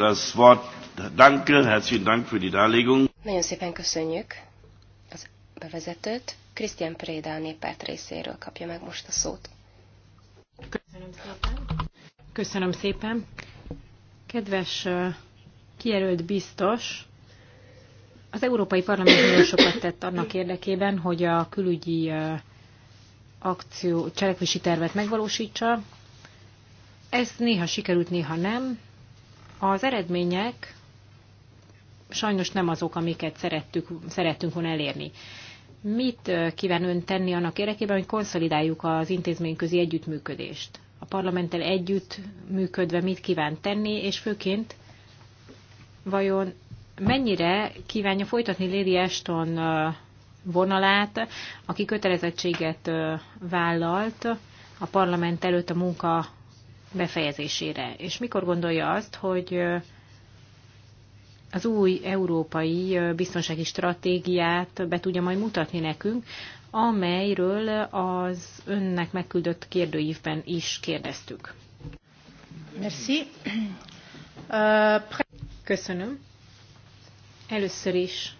das Wort. Danke, herzlichen Dank für die Darlegung. Nagyon szépen köszönjük az bevezetőt. Christian Préda a néppárt részéről kapja meg most a szót. Köszönöm szépen. Köszönöm szépen. Kedves kijelölt biztos, az Európai Parlament nagyon sokat tett annak érdekében, hogy a külügyi akció cselekvési tervet megvalósítsa. Ez néha sikerült, néha nem. Az eredmények sajnos nem azok, amiket szerettük, szerettünk volna elérni. Mit kíván ön tenni annak érdekében, hogy konszolidáljuk az intézményközi együttműködést? A parlamenttel együtt működve mit kíván tenni, és főként vajon mennyire kívánja folytatni Lady Ashton vonalát, aki kötelezettséget vállalt a parlament előtt a munka befejezésére? És mikor gondolja azt, hogy az új európai biztonsági stratégiát be tudja majd mutatni nekünk, amelyről az önnek megküldött kérdőívben is kérdeztük. Merci. Euh, Köszönöm. Először is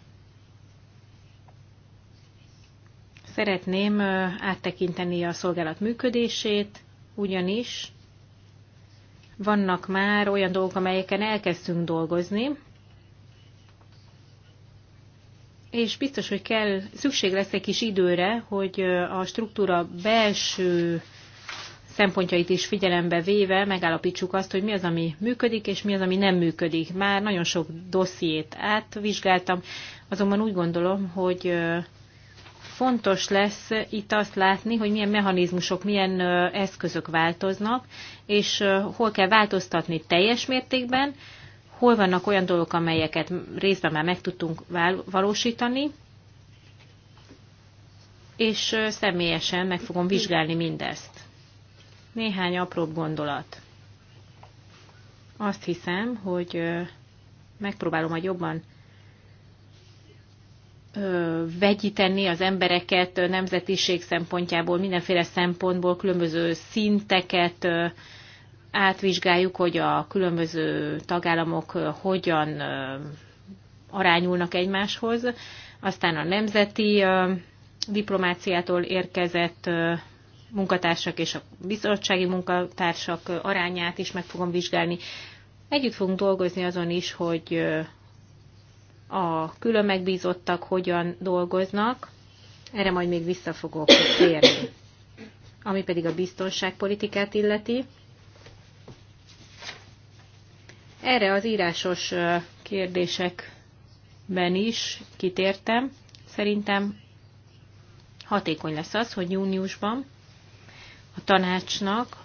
szeretném áttekinteni a szolgálat működését, ugyanis vannak már olyan dolgok, amelyeken elkezdtünk dolgozni, és biztos, hogy kell, szükség lesz egy kis időre, hogy a struktúra belső szempontjait is figyelembe véve megállapítsuk azt, hogy mi az, ami működik, és mi az, ami nem működik. Már nagyon sok dossziét átvizsgáltam, azonban úgy gondolom, hogy fontos lesz itt azt látni, hogy milyen mechanizmusok, milyen eszközök változnak, és hol kell változtatni teljes mértékben, hol vannak olyan dolgok, amelyeket részben már meg tudtunk valósítani, és személyesen meg fogom vizsgálni mindezt. Néhány apróbb gondolat. Azt hiszem, hogy megpróbálom majd jobban vegyíteni az embereket nemzetiség szempontjából, mindenféle szempontból különböző szinteket átvizsgáljuk, hogy a különböző tagállamok hogyan arányulnak egymáshoz. Aztán a nemzeti diplomáciától érkezett munkatársak és a bizottsági munkatársak arányát is meg fogom vizsgálni. Együtt fogunk dolgozni azon is, hogy a külön megbízottak hogyan dolgoznak, erre majd még vissza fogok térni. Ami pedig a biztonságpolitikát illeti, erre az írásos kérdésekben is kitértem. Szerintem hatékony lesz az, hogy júniusban a tanácsnak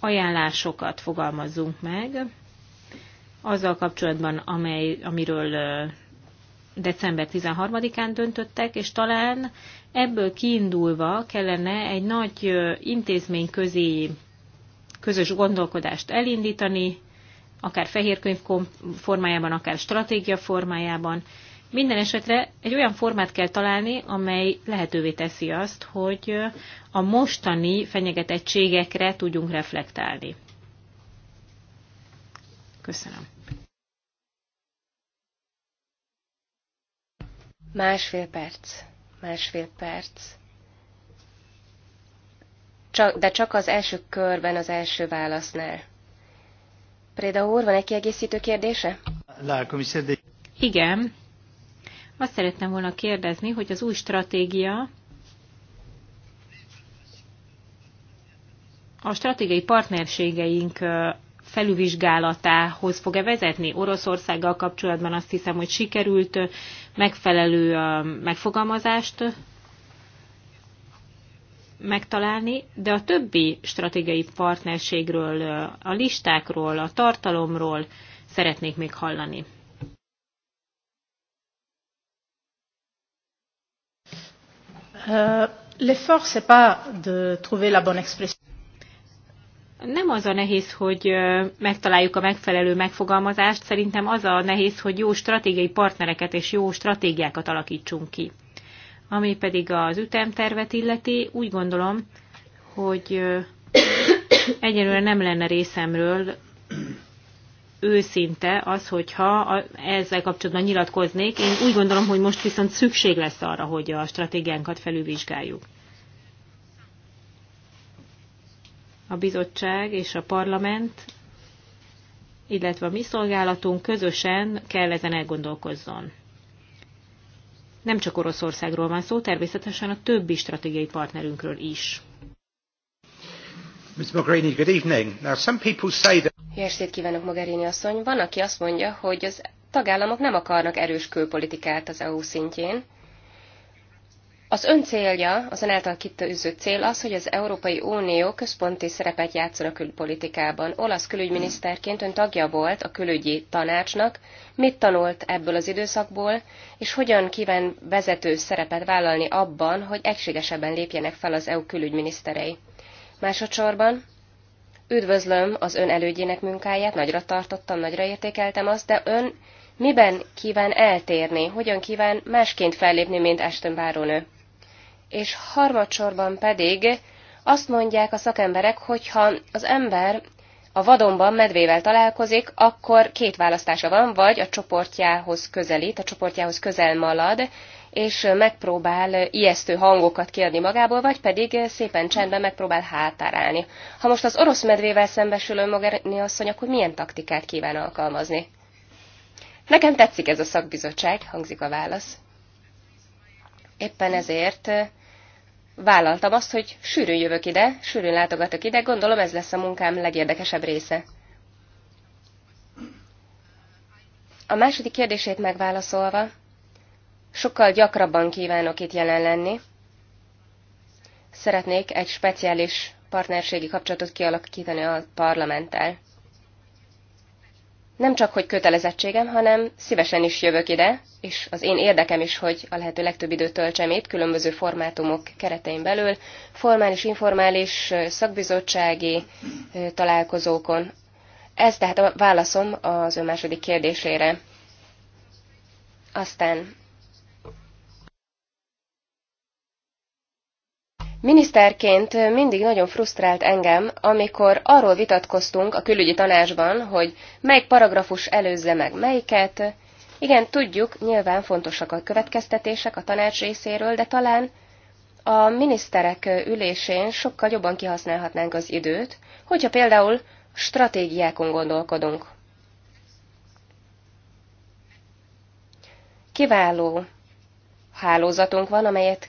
ajánlásokat fogalmazzunk meg, azzal kapcsolatban, amely, amiről december 13-án döntöttek, és talán ebből kiindulva kellene egy nagy intézmény közé közös gondolkodást elindítani, akár fehérkönyv formájában, akár stratégia formájában. Minden esetre egy olyan formát kell találni, amely lehetővé teszi azt, hogy a mostani fenyegetettségekre tudjunk reflektálni. Köszönöm. Másfél perc. Másfél perc. Csak, de csak az első körben az első válasznál. Préda úr, van egy kiegészítő kérdése? Igen. Azt szerettem volna kérdezni, hogy az új stratégia a stratégiai partnerségeink felülvizsgálatához fog-e vezetni? Oroszországgal kapcsolatban azt hiszem, hogy sikerült megfelelő megfogalmazást megtalálni, de a többi stratégiai partnerségről, a listákról, a tartalomról szeretnék még hallani. Uh, L'effort, c'est pas de trouver la bonne expression nem az a nehéz, hogy megtaláljuk a megfelelő megfogalmazást, szerintem az a nehéz, hogy jó stratégiai partnereket és jó stratégiákat alakítsunk ki. Ami pedig az ütemtervet illeti, úgy gondolom, hogy egyelőre nem lenne részemről őszinte az, hogyha ezzel kapcsolatban nyilatkoznék. Én úgy gondolom, hogy most viszont szükség lesz arra, hogy a stratégiánkat felülvizsgáljuk. a bizottság és a parlament, illetve a mi szolgálatunk közösen kell ezen elgondolkozzon. Nem csak Oroszországról van szó, természetesen a többi stratégiai partnerünkről is. Ms. good evening. some people say that... Jó estét kívánok, Mogherini asszony. Van, aki azt mondja, hogy az tagállamok nem akarnak erős külpolitikát az EU szintjén, az ön célja, az ön által kitűzött cél az, hogy az Európai Unió központi szerepet játszon a külpolitikában. Olasz külügyminiszterként ön tagja volt a külügyi tanácsnak. Mit tanult ebből az időszakból, és hogyan kíván vezető szerepet vállalni abban, hogy egységesebben lépjenek fel az EU külügyminiszterei? Másodszorban, üdvözlöm az ön elődjének munkáját, nagyra tartottam, nagyra értékeltem azt, de ön miben kíván eltérni, hogyan kíván másként fellépni, mint Ashton bárónő? és harmadsorban pedig azt mondják a szakemberek, hogyha az ember a vadonban medvével találkozik, akkor két választása van, vagy a csoportjához közelít, a csoportjához közel malad, és megpróbál ijesztő hangokat kiadni magából, vagy pedig szépen csendben megpróbál hátárálni. Ha most az orosz medvével szembesülő Mogherini asszony, akkor milyen taktikát kíván alkalmazni? Nekem tetszik ez a szakbizottság, hangzik a válasz. Éppen ezért vállaltam azt, hogy sűrűn jövök ide, sűrűn látogatok ide, gondolom ez lesz a munkám legérdekesebb része. A második kérdését megválaszolva, sokkal gyakrabban kívánok itt jelen lenni. Szeretnék egy speciális partnerségi kapcsolatot kialakítani a parlamenttel nem csak, hogy kötelezettségem, hanem szívesen is jövök ide, és az én érdekem is, hogy a lehető legtöbb időt töltsem itt, különböző formátumok keretein belül, formális, informális, szakbizottsági találkozókon. Ez tehát a válaszom az ön második kérdésére. Aztán Miniszterként mindig nagyon frusztrált engem, amikor arról vitatkoztunk a külügyi tanácsban, hogy melyik paragrafus előzze meg melyiket. Igen, tudjuk, nyilván fontosak a következtetések a tanács részéről, de talán a miniszterek ülésén sokkal jobban kihasználhatnánk az időt, hogyha például stratégiákon gondolkodunk. Kiváló hálózatunk van, amelyet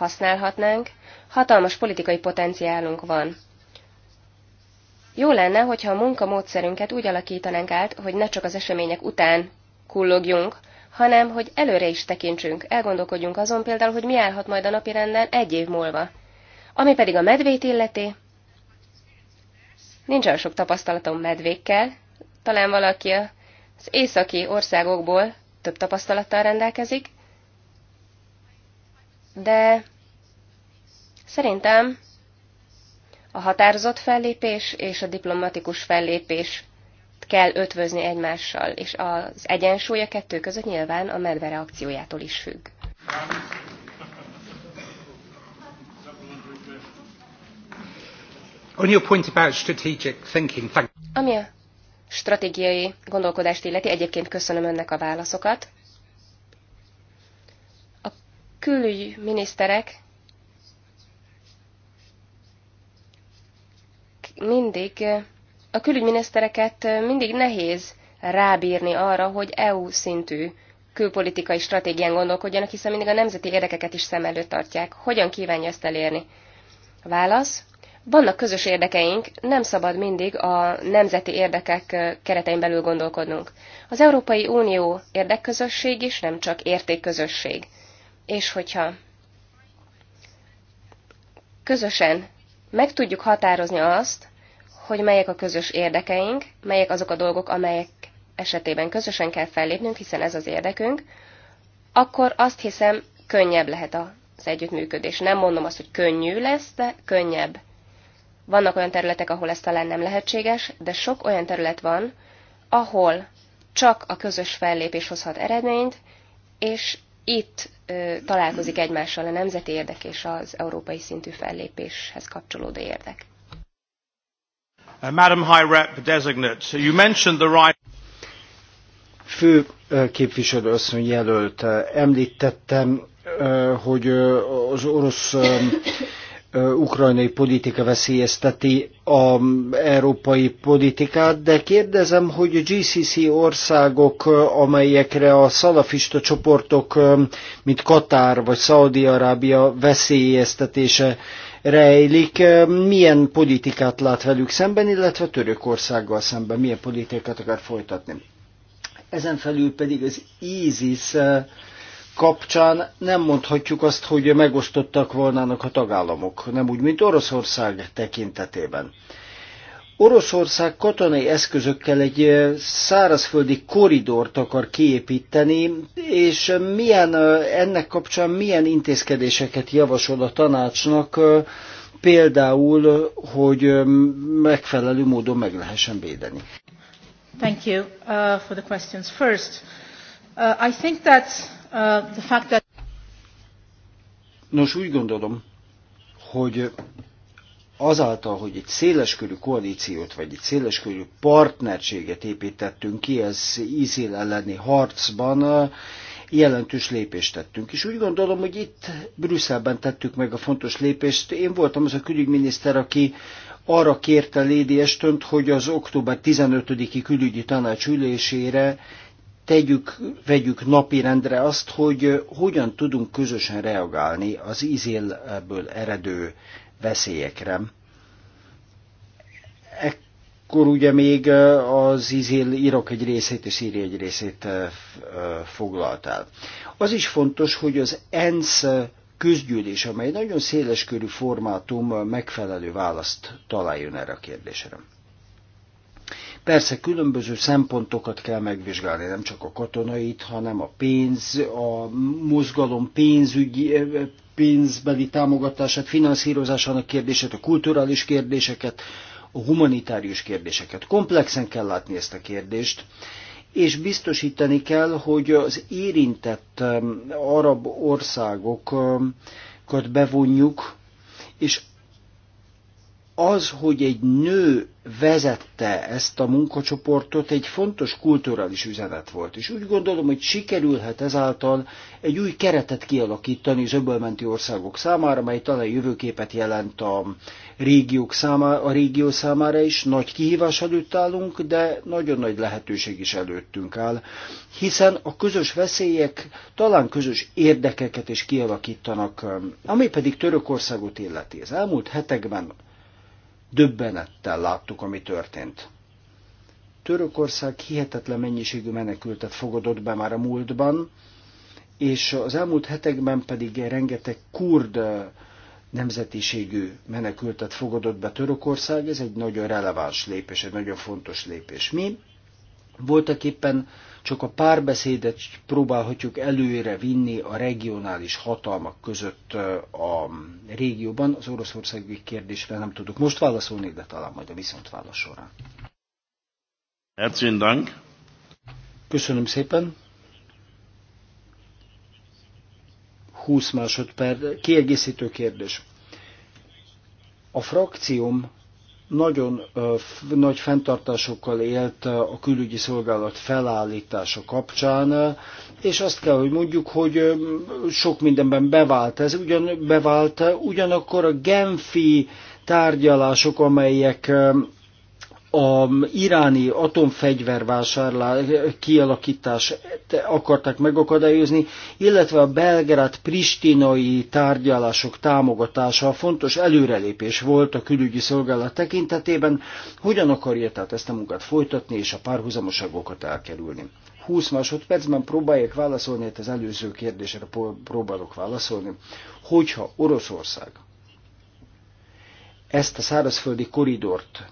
használhatnánk, hatalmas politikai potenciálunk van. Jó lenne, hogyha a munkamódszerünket úgy alakítanánk át, hogy ne csak az események után kullogjunk, hanem hogy előre is tekintsünk, elgondolkodjunk azon például, hogy mi állhat majd a napi renden egy év múlva. Ami pedig a medvét illeti, nincs olyan sok tapasztalatom medvékkel, talán valaki az északi országokból több tapasztalattal rendelkezik, de szerintem a határozott fellépés és a diplomatikus fellépés kell ötvözni egymással, és az egyensúly a kettő között nyilván a medve reakciójától is függ. On your point about strategic thinking, thank Ami a stratégiai gondolkodást illeti, egyébként köszönöm önnek a válaszokat miniszterek mindig, a külügyminisztereket mindig nehéz rábírni arra, hogy EU szintű külpolitikai stratégián gondolkodjanak, hiszen mindig a nemzeti érdekeket is szem előtt tartják. Hogyan kívánja ezt elérni? Válasz. Vannak közös érdekeink, nem szabad mindig a nemzeti érdekek keretein belül gondolkodnunk. Az Európai Unió érdekközösség is nem csak értékközösség és hogyha közösen meg tudjuk határozni azt, hogy melyek a közös érdekeink, melyek azok a dolgok, amelyek esetében közösen kell fellépnünk, hiszen ez az érdekünk, akkor azt hiszem, könnyebb lehet az együttműködés. Nem mondom azt, hogy könnyű lesz, de könnyebb. Vannak olyan területek, ahol ez talán nem lehetséges, de sok olyan terület van, ahol csak a közös fellépés hozhat eredményt, és itt találkozik egymással a nemzeti érdek és az európai szintű fellépéshez kapcsolódó érdek. Uh, Madam High Rep Designate, you mentioned the right... Fő képviselő asszony jelölt, említettem, hogy az orosz ukrajnai politika veszélyezteti a európai politikát, de kérdezem, hogy a GCC országok, amelyekre a szalafista csoportok, mint Katár vagy Szaudi-Arábia veszélyeztetése rejlik, milyen politikát lát velük szemben, illetve Törökországgal szemben, milyen politikát akar folytatni. Ezen felül pedig az ISIS kapcsán nem mondhatjuk azt, hogy megosztottak volnának a tagállamok, nem úgy, mint Oroszország tekintetében. Oroszország katonai eszközökkel egy szárazföldi koridort akar kiépíteni, és milyen, ennek kapcsán milyen intézkedéseket javasol a tanácsnak, például, hogy megfelelő módon meg lehessen védeni. Thank you uh, for the questions. First, uh, I think that Uh, Nos, úgy gondolom, hogy azáltal, hogy egy széleskörű koalíciót, vagy egy széleskörű partnerséget építettünk ki az ISIL elleni harcban, uh, jelentős lépést tettünk. És úgy gondolom, hogy itt Brüsszelben tettük meg a fontos lépést. Én voltam az a külügyminiszter, aki arra kérte Lady Estönt, hogy az október 15-i külügyi tanács ülésére tegyük, vegyük napi rendre azt, hogy hogyan tudunk közösen reagálni az izélből eredő veszélyekre. Ekkor ugye még az izél Irak egy részét és Szíria egy részét foglaltál. Az is fontos, hogy az ENSZ közgyűlés, amely nagyon széleskörű formátum megfelelő választ találjon erre a kérdésre. Persze különböző szempontokat kell megvizsgálni, nem csak a katonait, hanem a pénz, a mozgalom pénzügyi, eh, eh, pénzbeli támogatását, finanszírozásának kérdését, a kulturális kérdéseket, a humanitárius kérdéseket. Komplexen kell látni ezt a kérdést, és biztosítani kell, hogy az érintett eh, arab országokat bevonjuk, és az, hogy egy nő vezette ezt a munkacsoportot, egy fontos kulturális üzenet volt. És úgy gondolom, hogy sikerülhet ezáltal egy új keretet kialakítani az öbölmenti országok számára, mely talán jövőképet jelent a, régiók számára, a régió számára is. Nagy kihívás előtt állunk, de nagyon nagy lehetőség is előttünk áll, hiszen a közös veszélyek talán közös érdekeket is kialakítanak, ami pedig Törökországot illeti. Az elmúlt hetekben döbbenettel láttuk, ami történt. Törökország hihetetlen mennyiségű menekültet fogadott be már a múltban, és az elmúlt hetekben pedig rengeteg kurd nemzetiségű menekültet fogadott be Törökország, ez egy nagyon releváns lépés, egy nagyon fontos lépés. Mi voltak éppen csak a párbeszédet próbálhatjuk előre vinni a regionális hatalmak között a régióban. Az oroszországi kérdésre nem tudok most válaszolni, de talán majd a viszontválasz során. Dank. Köszönöm szépen. 20 másodperc. Kiegészítő kérdés. A frakcióm nagyon ö, nagy fenntartásokkal élt a külügyi szolgálat felállítása kapcsán, és azt kell, hogy mondjuk, hogy ö, sok mindenben bevált ez, ugyan, bevált, ugyanakkor a Genfi tárgyalások, amelyek a iráni atomfegyvervásárlás kialakítás akarták megakadályozni, illetve a belgrád-pristinai tárgyalások támogatása fontos előrelépés volt a külügyi szolgálat tekintetében, hogyan akarja tehát ezt a munkát folytatni és a párhuzamoságokat elkerülni. 20 másodpercben próbáljak válaszolni, hát az előző kérdésre próbálok válaszolni, hogyha Oroszország ezt a szárazföldi koridort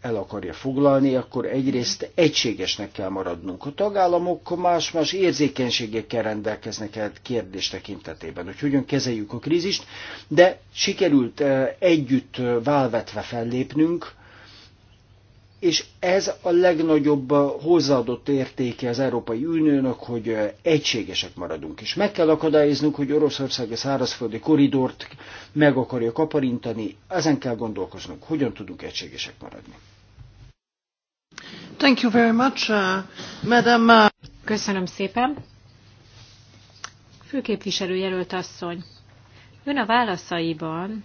el akarja foglalni, akkor egyrészt egységesnek kell maradnunk. A tagállamok más-más érzékenységekkel rendelkeznek el kérdés tekintetében, hogy hogyan kezeljük a krízist, de sikerült e, együtt e, válvetve fellépnünk, és ez a legnagyobb eh, hozzáadott értéke az Európai Uniónak, hogy eh, egységesek maradunk. És meg kell akadályoznunk, hogy Oroszország a szárazföldi koridort meg akarja kaparintani, ezen kell gondolkoznunk, hogyan tudunk egységesek maradni. Thank you very much, uh, Madam. Uh, Köszönöm szépen. Főképviselő jelölt asszony, ön a válaszaiban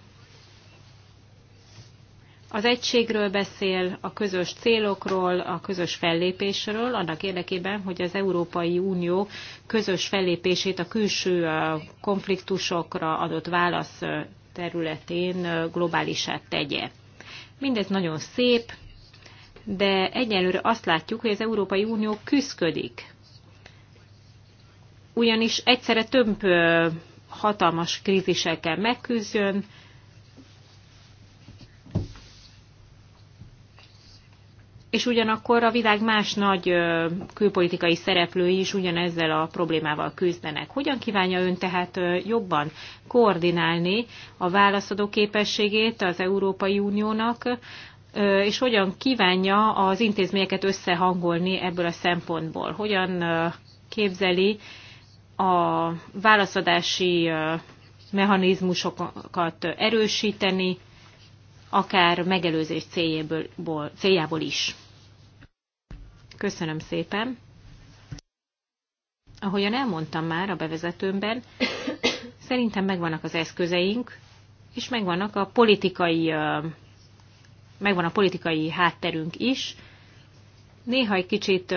az egységről beszél, a közös célokról, a közös fellépésről, annak érdekében, hogy az Európai Unió közös fellépését a külső konfliktusokra adott válasz területén globálisát tegye. Mindez nagyon szép, de egyelőre azt látjuk, hogy az Európai Unió küzdködik. Ugyanis egyszerre több hatalmas krízisekkel megküzdjön, és ugyanakkor a világ más nagy külpolitikai szereplői is ugyanezzel a problémával küzdenek. Hogyan kívánja ön tehát jobban koordinálni a válaszadó képességét az Európai Uniónak, és hogyan kívánja az intézményeket összehangolni ebből a szempontból? Hogyan képzeli a válaszadási mechanizmusokat erősíteni, akár megelőzés céljából, céljából is. Köszönöm szépen. Ahogyan elmondtam már a bevezetőmben, szerintem megvannak az eszközeink, és megvannak a politikai, megvan a politikai hátterünk is. Néha egy kicsit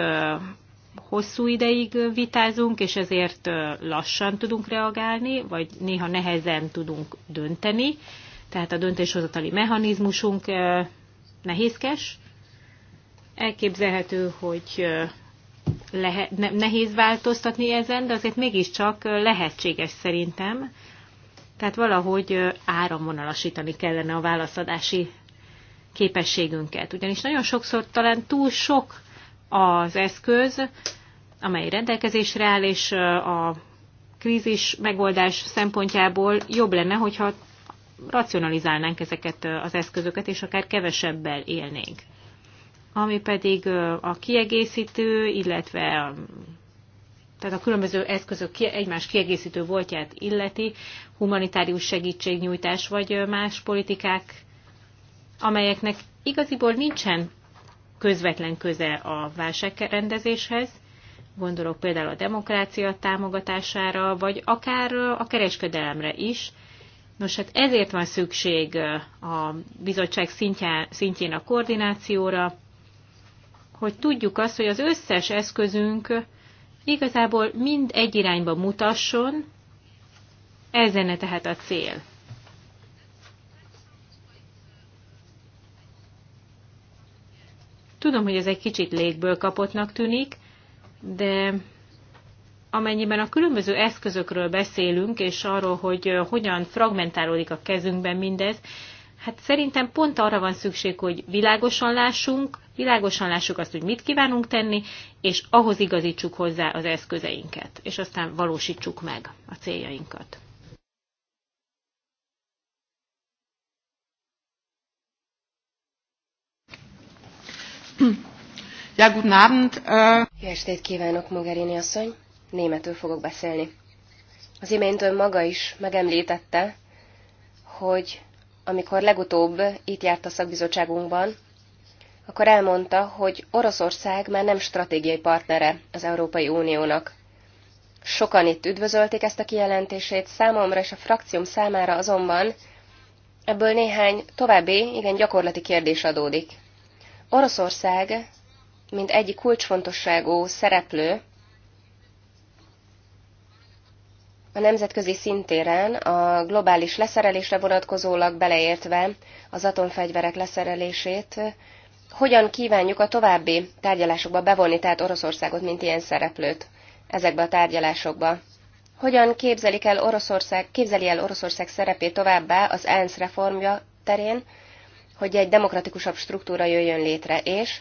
hosszú ideig vitázunk, és ezért lassan tudunk reagálni, vagy néha nehezen tudunk dönteni. Tehát a döntéshozatali mechanizmusunk nehézkes, Elképzelhető, hogy lehet, nehéz változtatni ezen, de azért mégiscsak lehetséges szerintem. Tehát valahogy áramvonalasítani kellene a válaszadási képességünket. Ugyanis nagyon sokszor talán túl sok az eszköz, amely rendelkezésre áll, és a krízis megoldás szempontjából jobb lenne, hogyha racionalizálnánk ezeket az eszközöket, és akár kevesebbel élnénk ami pedig a kiegészítő, illetve tehát a különböző eszközök egymás kiegészítő voltját illeti, humanitárius segítségnyújtás vagy más politikák, amelyeknek igaziból nincsen közvetlen köze a válságrendezéshez, gondolok például a demokrácia támogatására, vagy akár a kereskedelemre is. Nos, hát ezért van szükség a bizottság szintján, szintjén a koordinációra, hogy tudjuk azt, hogy az összes eszközünk igazából mind egy irányba mutasson, ez lenne tehát a cél. Tudom, hogy ez egy kicsit légből kapottnak tűnik, de amennyiben a különböző eszközökről beszélünk, és arról, hogy hogyan fragmentálódik a kezünkben mindez, hát szerintem pont arra van szükség, hogy világosan lássunk, világosan lássuk azt, hogy mit kívánunk tenni, és ahhoz igazítsuk hozzá az eszközeinket, és aztán valósítsuk meg a céljainkat. Ja, guten Abend. Uh... Jó estét kívánok, Mogherini asszony. Németül fogok beszélni. Az imént ön maga is megemlítette, hogy amikor legutóbb itt járt a szakbizottságunkban, akkor elmondta, hogy Oroszország már nem stratégiai partnere az Európai Uniónak. Sokan itt üdvözölték ezt a kijelentését, számomra és a frakcióm számára azonban ebből néhány további, igen gyakorlati kérdés adódik. Oroszország, mint egyik kulcsfontosságú szereplő a nemzetközi szintéren a globális leszerelésre vonatkozólag beleértve az atomfegyverek leszerelését hogyan kívánjuk a további tárgyalásokba bevonni, tehát Oroszországot, mint ilyen szereplőt ezekbe a tárgyalásokba. Hogyan képzelik el Oroszország, képzeli el Oroszország szerepét továbbá az ENSZ reformja terén, hogy egy demokratikusabb struktúra jöjjön létre, és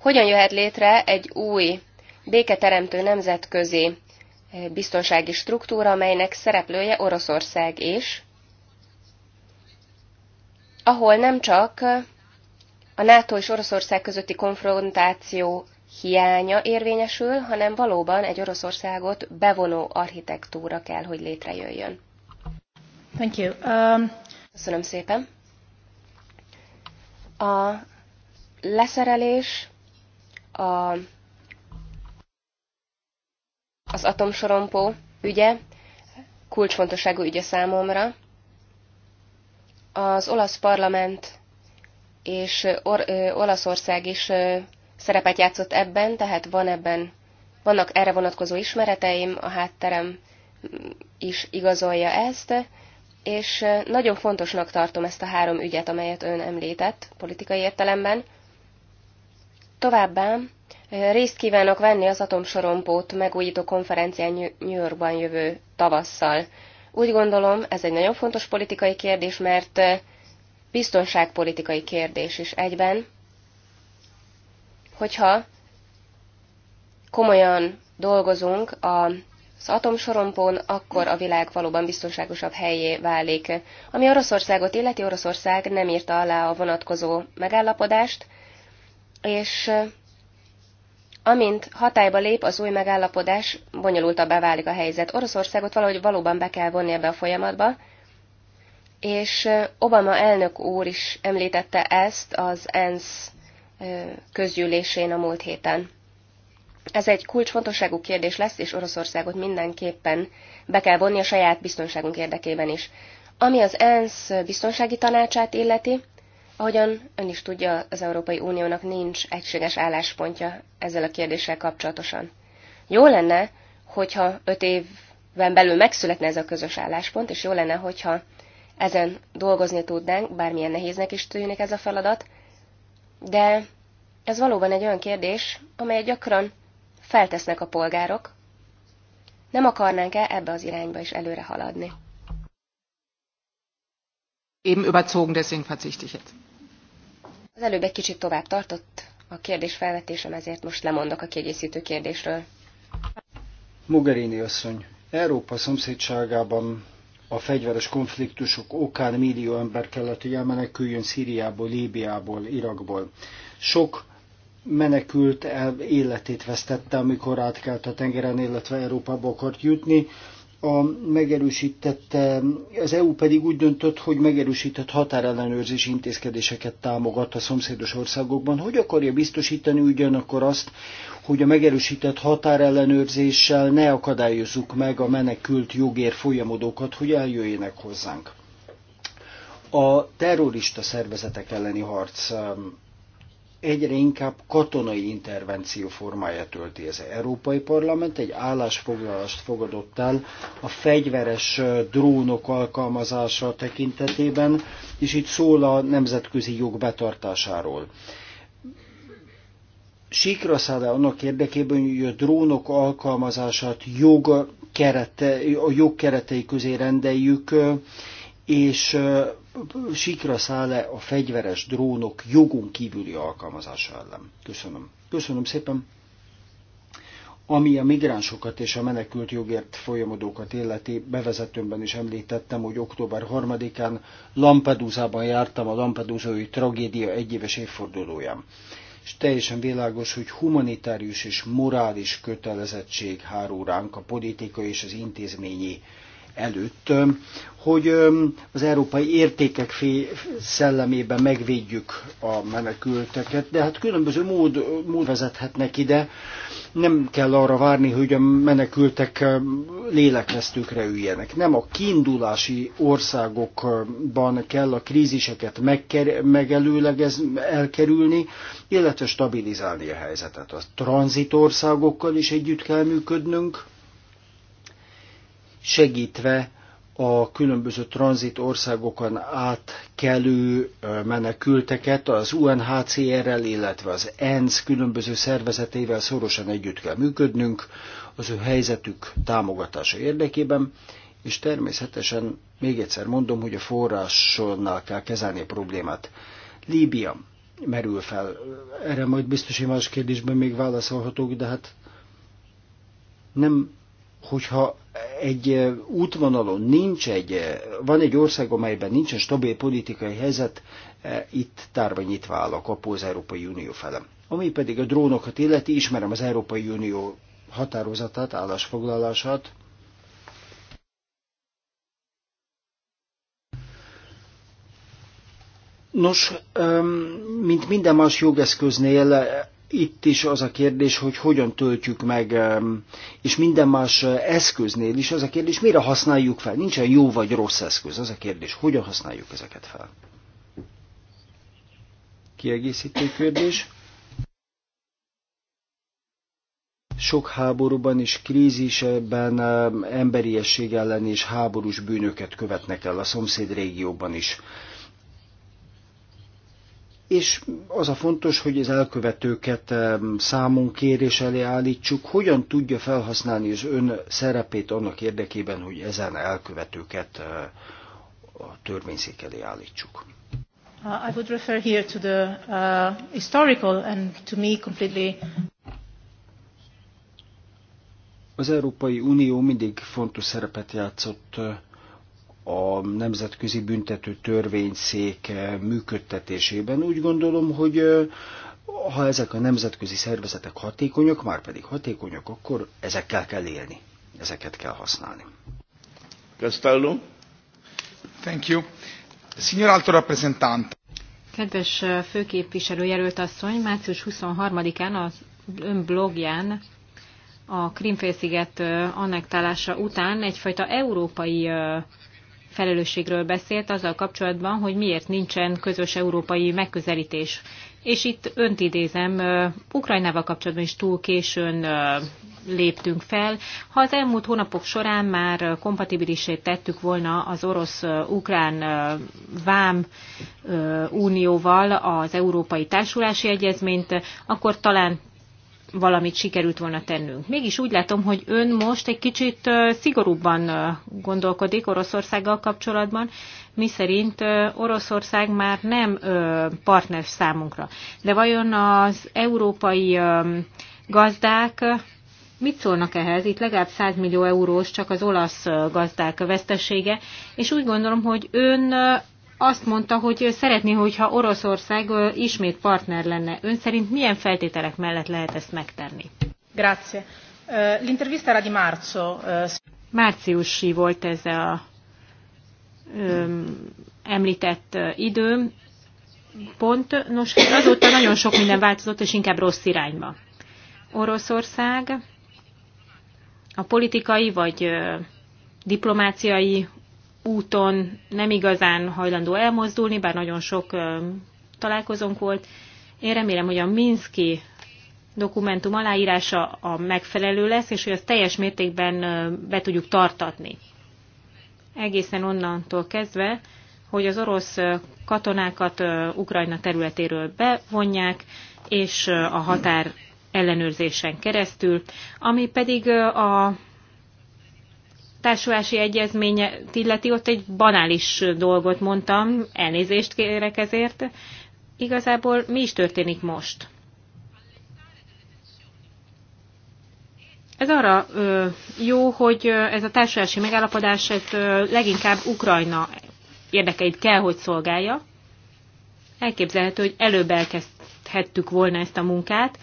hogyan jöhet létre egy új béketeremtő nemzetközi eh, biztonsági struktúra, amelynek szereplője Oroszország is, ahol nem csak a NATO és Oroszország közötti konfrontáció hiánya érvényesül, hanem valóban egy Oroszországot bevonó architektúra kell, hogy létrejöjjön. Thank you. Um... Köszönöm szépen. A leszerelés, a, az atomsorompó ügye kulcsfontosságú ügye számomra. Az olasz parlament és Or- Olaszország is szerepet játszott ebben, tehát van ebben, vannak erre vonatkozó ismereteim, a hátterem mm, is igazolja ezt, és nagyon fontosnak tartom ezt a három ügyet, amelyet ön említett politikai értelemben. Továbbá részt kívánok venni az atomsorompót megújító konferencián New Yorkban jövő tavasszal. Úgy gondolom, ez egy nagyon fontos politikai kérdés, mert biztonságpolitikai kérdés is egyben, hogyha komolyan dolgozunk az atomsorompón, akkor a világ valóban biztonságosabb helyé válik. Ami Oroszországot illeti, Oroszország nem írta alá a vonatkozó megállapodást, és amint hatályba lép az új megállapodás, bonyolultabbá válik a helyzet. Oroszországot valahogy valóban be kell vonni ebbe a folyamatba, és Obama elnök úr is említette ezt az ENSZ közgyűlésén a múlt héten. Ez egy kulcsfontosságú kérdés lesz, és Oroszországot mindenképpen be kell vonni a saját biztonságunk érdekében is. Ami az ENSZ biztonsági tanácsát illeti, ahogyan ön is tudja, az Európai Uniónak nincs egységes álláspontja ezzel a kérdéssel kapcsolatosan. Jó lenne, hogyha öt évben belül megszületne ez a közös álláspont, és jó lenne, hogyha ezen dolgozni tudnánk, bármilyen nehéznek is tűnik ez a feladat, de ez valóban egy olyan kérdés, amelyet gyakran feltesznek a polgárok. Nem akarnánk-e ebbe az irányba is előre haladni? Én überzogen, deswegen verzichte ich jetzt. Az előbb egy kicsit tovább tartott a kérdés felvetésem, ezért most lemondok a kiegészítő kérdésről. Mogherini asszony, Európa szomszédságában a fegyveres konfliktusok okán millió ember kellett, hogy elmeneküljön Szíriából, Líbiából, Irakból. Sok menekült el, életét vesztette, amikor átkelt a tengeren, illetve Európába akart jutni a megerősítette, az EU pedig úgy döntött, hogy megerősített határellenőrzési intézkedéseket támogat a szomszédos országokban. Hogy akarja biztosítani ugyanakkor azt, hogy a megerősített határellenőrzéssel ne akadályozzuk meg a menekült jogér folyamodókat, hogy eljöjjenek hozzánk? A terrorista szervezetek elleni harc egyre inkább katonai intervenció formáját tölti. Ez Európai Parlament egy állásfoglalást fogadott el a fegyveres drónok alkalmazása tekintetében, és itt szól a nemzetközi jog betartásáról Sikra száll -e annak érdekében, hogy a drónok alkalmazását jog kerete, a jog keretei közé rendeljük, és sikra száll-e a fegyveres drónok jogon kívüli alkalmazása ellen. Köszönöm. Köszönöm szépen. Ami a migránsokat és a menekült jogért folyamodókat illeti, bevezetőmben is említettem, hogy október 3-án Lampedusában jártam a Lampedusai tragédia egyéves évfordulóján. És teljesen világos, hogy humanitárius és morális kötelezettség hárul ránk a politika és az intézményi előtt hogy az európai értékek szellemében megvédjük a menekülteket, de hát különböző mód, mód vezethetnek ide. Nem kell arra várni, hogy a menekültek lélekvesztőkre üljenek. Nem a kiindulási országokban kell a kríziseket megker- megelőlegez, elkerülni, illetve stabilizálni a helyzetet. A tranzitországokkal is együtt kell működnünk, segítve a különböző tranzit országokon átkelő menekülteket az UNHCR-rel, illetve az ENSZ különböző szervezetével szorosan együtt kell működnünk az ő helyzetük támogatása érdekében, és természetesen még egyszer mondom, hogy a forrásonnal kell kezelni a problémát. Líbia merül fel. Erre majd biztos, hogy más kérdésben még válaszolhatok, de hát nem, hogyha egy útvonalon nincs egy, van egy ország, amelyben nincsen stabil politikai helyzet, itt tárva nyitva áll a kapó az Európai Unió felem. Ami pedig a drónokat illeti, ismerem az Európai Unió határozatát, állásfoglalását, Nos, mint minden más jogeszköznél, itt is az a kérdés, hogy hogyan töltjük meg, és minden más eh, eszköznél is az a kérdés, mire használjuk fel. Nincsen jó vagy rossz eszköz, az a kérdés, hogyan használjuk ezeket fel. Kiegészítő kérdés. Sok háborúban és krízisben emberiesség ellen és háborús bűnöket követnek el a szomszéd régióban is és az a fontos, hogy az elkövetőket számon kérés elé állítsuk, hogyan tudja felhasználni az ön szerepét annak érdekében, hogy ezen elkövetőket eh, a törvényszék elé állítsuk. Uh, I would refer here to the uh, historical and to me completely az Európai Unió mindig fontos szerepet játszott eh, a Nemzetközi Büntető Törvényszék eh, működtetésében. Úgy gondolom, hogy eh, ha ezek a nemzetközi szervezetek hatékonyak, már pedig hatékonyak, akkor ezekkel kell élni, ezeket kell használni. Castello. Thank you. Signor Alto Rappresentante. Kedves eh, főképviselőjelölt asszony, március 23-án az ön blogján a Krimfélsziget annektálása után egyfajta európai felelősségről beszélt azzal kapcsolatban, hogy miért nincsen közös európai megközelítés. És itt önt idézem, Ukrajnával kapcsolatban is túl későn léptünk fel. Ha az elmúlt hónapok során már kompatibilisé tettük volna az orosz-ukrán vám unióval az európai társulási egyezményt, akkor talán valamit sikerült volna tennünk. Mégis úgy látom, hogy ön most egy kicsit szigorúbban gondolkodik Oroszországgal kapcsolatban, miszerint Oroszország már nem partner számunkra. De vajon az európai gazdák mit szólnak ehhez? Itt legalább 100 millió eurós csak az olasz gazdák vesztesége, és úgy gondolom, hogy ön azt mondta, hogy szeretné, hogyha Oroszország ismét partner lenne. Ön szerint milyen feltételek mellett lehet ezt megtenni? Grazie. L'intervista era di marzo. Márciusi volt ez a említett idő. Pont, nos, hát azóta nagyon sok minden változott, és inkább rossz irányba. Oroszország a politikai vagy diplomáciai úton nem igazán hajlandó elmozdulni, bár nagyon sok találkozónk volt. Én remélem, hogy a Minszki dokumentum aláírása a megfelelő lesz, és hogy azt teljes mértékben be tudjuk tartatni. Egészen onnantól kezdve, hogy az orosz katonákat Ukrajna területéről bevonják, és a határ ellenőrzésen keresztül, ami pedig a társulási egyezményet illeti, ott egy banális dolgot mondtam, elnézést kérek ezért. Igazából mi is történik most? Ez arra ö, jó, hogy ez a társulási megállapodás ez, ö, leginkább Ukrajna érdekeit kell, hogy szolgálja. Elképzelhető, hogy előbb elkezdhettük volna ezt a munkát.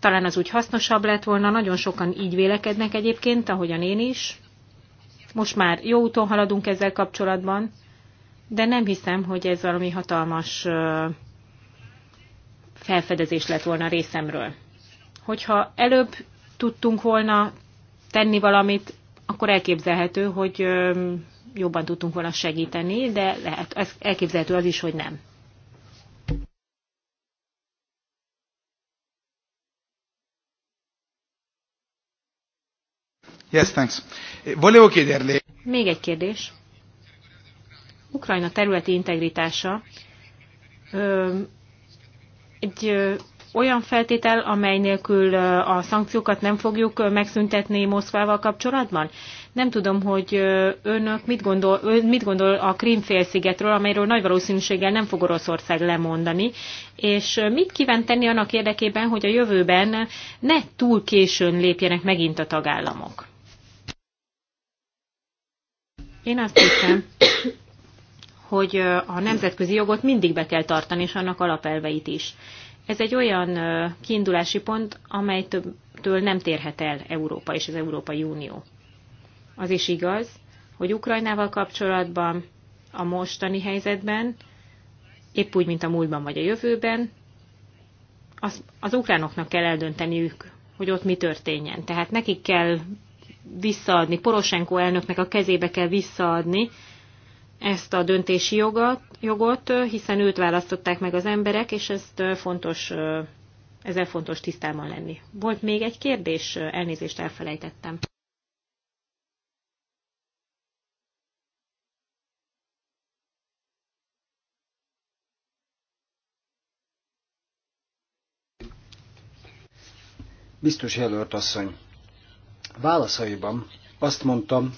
Talán az úgy hasznosabb lett volna, nagyon sokan így vélekednek egyébként, ahogyan én is. Most már jó úton haladunk ezzel kapcsolatban, de nem hiszem, hogy ez valami hatalmas felfedezés lett volna részemről. Hogyha előbb tudtunk volna tenni valamit, akkor elképzelhető, hogy jobban tudtunk volna segíteni, de lehet, elképzelhető az is, hogy nem. Yes, thanks. Volevo chiederle... Még egy kérdés. Ukrajna területi integritása ö, egy ö, olyan feltétel, amely nélkül a szankciókat nem fogjuk megszüntetni Moszkvával kapcsolatban? Nem tudom, hogy önök mit gondol, ö, mit gondol a Krímfélszigetről, amelyről nagy valószínűséggel nem fog Oroszország lemondani, és mit kíván tenni annak érdekében, hogy a jövőben ne túl későn lépjenek megint a tagállamok? Én azt hiszem, hogy a nemzetközi jogot mindig be kell tartani, és annak alapelveit is. Ez egy olyan kiindulási pont, amelytől nem térhet el Európa és az Európai Unió. Az is igaz, hogy Ukrajnával kapcsolatban a mostani helyzetben, épp úgy, mint a múltban vagy a jövőben, az, az ukránoknak kell eldönteniük, hogy ott mi történjen. Tehát nekik kell visszaadni, Poroshenko elnöknek a kezébe kell visszaadni ezt a döntési jogot, jogot, hiszen őt választották meg az emberek, és ezt fontos, ezzel fontos tisztában lenni. Volt még egy kérdés, elnézést elfelejtettem. Biztos jelölt asszony, Válaszaiban azt mondtam,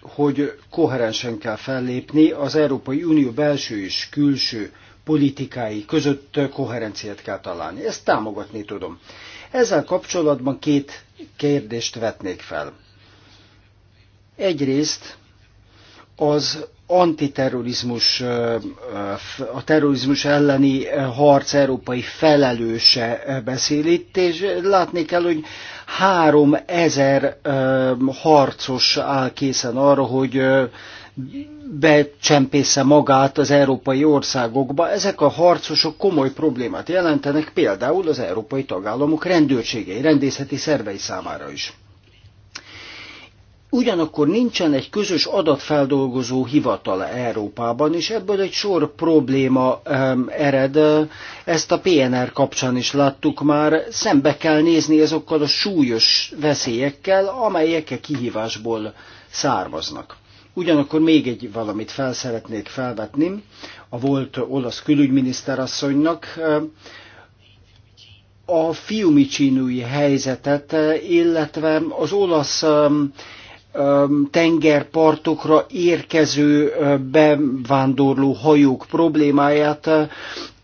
hogy koherensen kell fellépni, az Európai Unió belső és külső politikái között koherenciát kell találni. Ezt támogatni tudom. Ezzel kapcsolatban két kérdést vetnék fel. Egyrészt az antiterrorizmus, a terrorizmus elleni harc európai felelőse beszél itt, és látni kell, hogy három ezer harcos áll készen arra, hogy becsempésze magát az európai országokba. Ezek a harcosok komoly problémát jelentenek például az európai tagállamok rendőrségei, rendészeti szervei számára is. Ugyanakkor nincsen egy közös adatfeldolgozó hivatala Európában, és ebből egy sor probléma um, ered. Ezt a PNR kapcsán is láttuk már. Szembe kell nézni azokkal a súlyos veszélyekkel, amelyek a e kihívásból származnak. Ugyanakkor még egy valamit fel szeretnék felvetni a volt olasz külügyminiszterasszonynak. a fiumicsinúi helyzetet, illetve az olasz tengerpartokra érkező bevándorló hajók problémáját.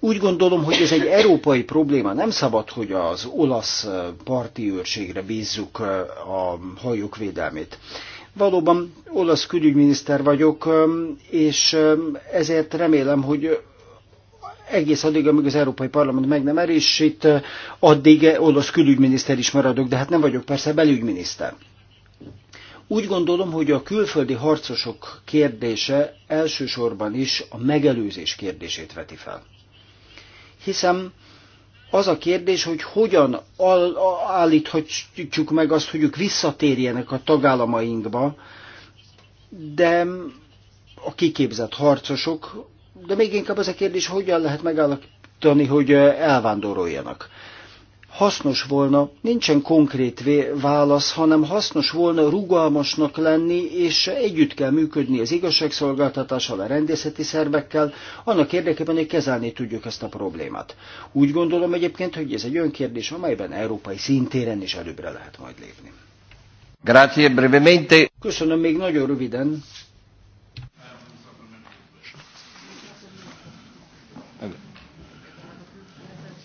Úgy gondolom, hogy ez egy európai probléma. Nem szabad, hogy az olasz parti őrségre bízzuk a hajók védelmét. Valóban olasz külügyminiszter vagyok, és ezért remélem, hogy egész addig, amíg az Európai Parlament meg nem erősít, addig olasz külügyminiszter is maradok, de hát nem vagyok persze belügyminiszter. Úgy gondolom, hogy a külföldi harcosok kérdése elsősorban is a megelőzés kérdését veti fel. Hiszem, az a kérdés, hogy hogyan állíthatjuk meg azt, hogy ők visszatérjenek a tagállamainkba, de a kiképzett harcosok, de még inkább az a kérdés, hogyan lehet megállapítani, hogy eh, elvándoroljanak hasznos volna, nincsen konkrét válasz, hanem hasznos volna rugalmasnak lenni, és együtt kell működni az igazságszolgáltatással, a rendészeti szervekkel, annak érdekében, hogy kezelni tudjuk ezt a problémát. Úgy gondolom egyébként, hogy ez egy önkérdés, kérdés, amelyben európai szintéren is előbbre lehet majd lépni. Grazie brevemente. Köszönöm még nagyon röviden.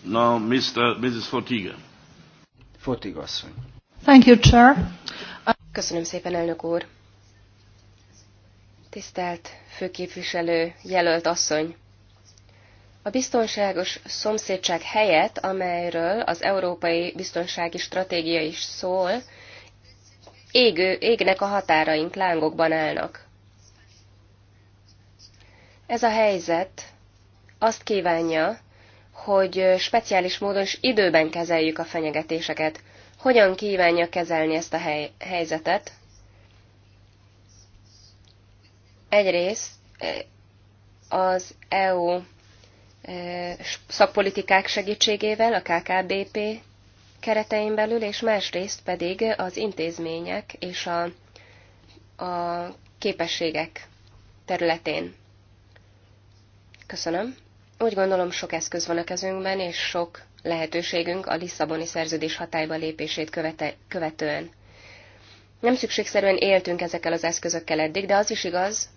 Now, Mr. Mrs. Fortiga. Fortiga asszony. Thank you, Chair. Köszönöm szépen, elnök úr. Tisztelt főképviselő, jelölt asszony! A biztonságos szomszédság helyett, amelyről az Európai Biztonsági Stratégia is szól, égő, égnek a határaink lángokban állnak. Ez a helyzet azt kívánja, hogy speciális módon és időben kezeljük a fenyegetéseket. Hogyan kívánja kezelni ezt a hely, helyzetet? Egyrészt az EU szakpolitikák segítségével, a KKBP keretein belül, és másrészt pedig az intézmények és a, a képességek területén. Köszönöm. Úgy gondolom, sok eszköz van a kezünkben, és sok lehetőségünk a Lisszaboni szerződés hatályba lépését követe, követően. Nem szükségszerűen éltünk ezekkel az eszközökkel eddig, de az is igaz,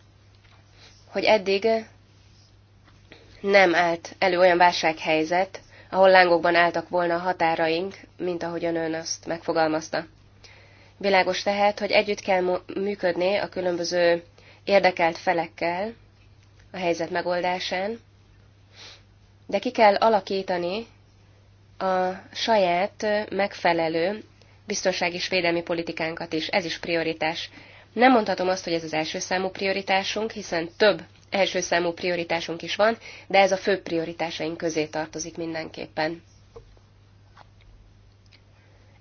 hogy eddig nem állt elő olyan válsághelyzet, ahol lángokban álltak volna a határaink, mint ahogyan ön azt megfogalmazta. Világos tehát, hogy együtt kell működni a különböző érdekelt felekkel a helyzet megoldásán, de ki kell alakítani a saját megfelelő biztonsági és védelmi politikánkat is. Ez is prioritás. Nem mondhatom azt, hogy ez az első számú prioritásunk, hiszen több első számú prioritásunk is van, de ez a fő prioritásaink közé tartozik mindenképpen.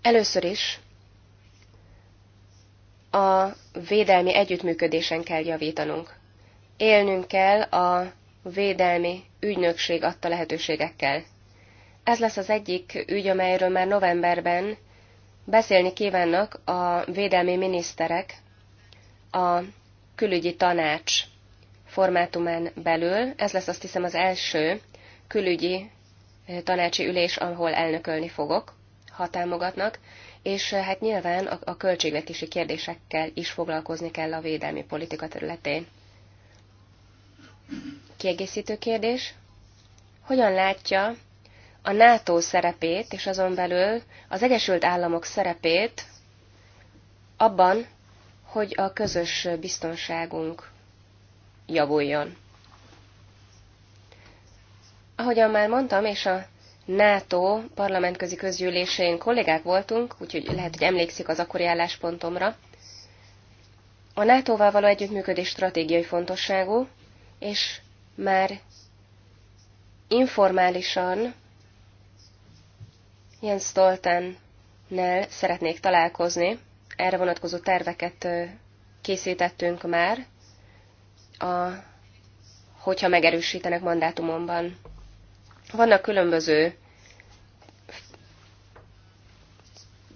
Először is a védelmi együttműködésen kell javítanunk. Élnünk kell a védelmi ügynökség adta lehetőségekkel. Ez lesz az egyik ügy, amelyről már novemberben beszélni kívánnak a védelmi miniszterek a külügyi tanács formátumán belül. Ez lesz azt hiszem az első külügyi eh, tanácsi ülés, ahol elnökölni fogok, ha támogatnak, és eh, hát nyilván a, a költségvetési kérdésekkel is foglalkozni kell a védelmi politika területén kiegészítő kérdés. Hogyan látja a NATO szerepét, és azon belül az Egyesült Államok szerepét abban, hogy a közös biztonságunk javuljon? Ahogyan már mondtam, és a NATO parlamentközi közgyűlésén kollégák voltunk, úgyhogy lehet, hogy emlékszik az akkori álláspontomra. A NATO-val való együttműködés stratégiai fontosságú, és már informálisan Jens Stoltennel szeretnék találkozni. Erre vonatkozó terveket készítettünk már, a, hogyha megerősítenek mandátumomban. Vannak különböző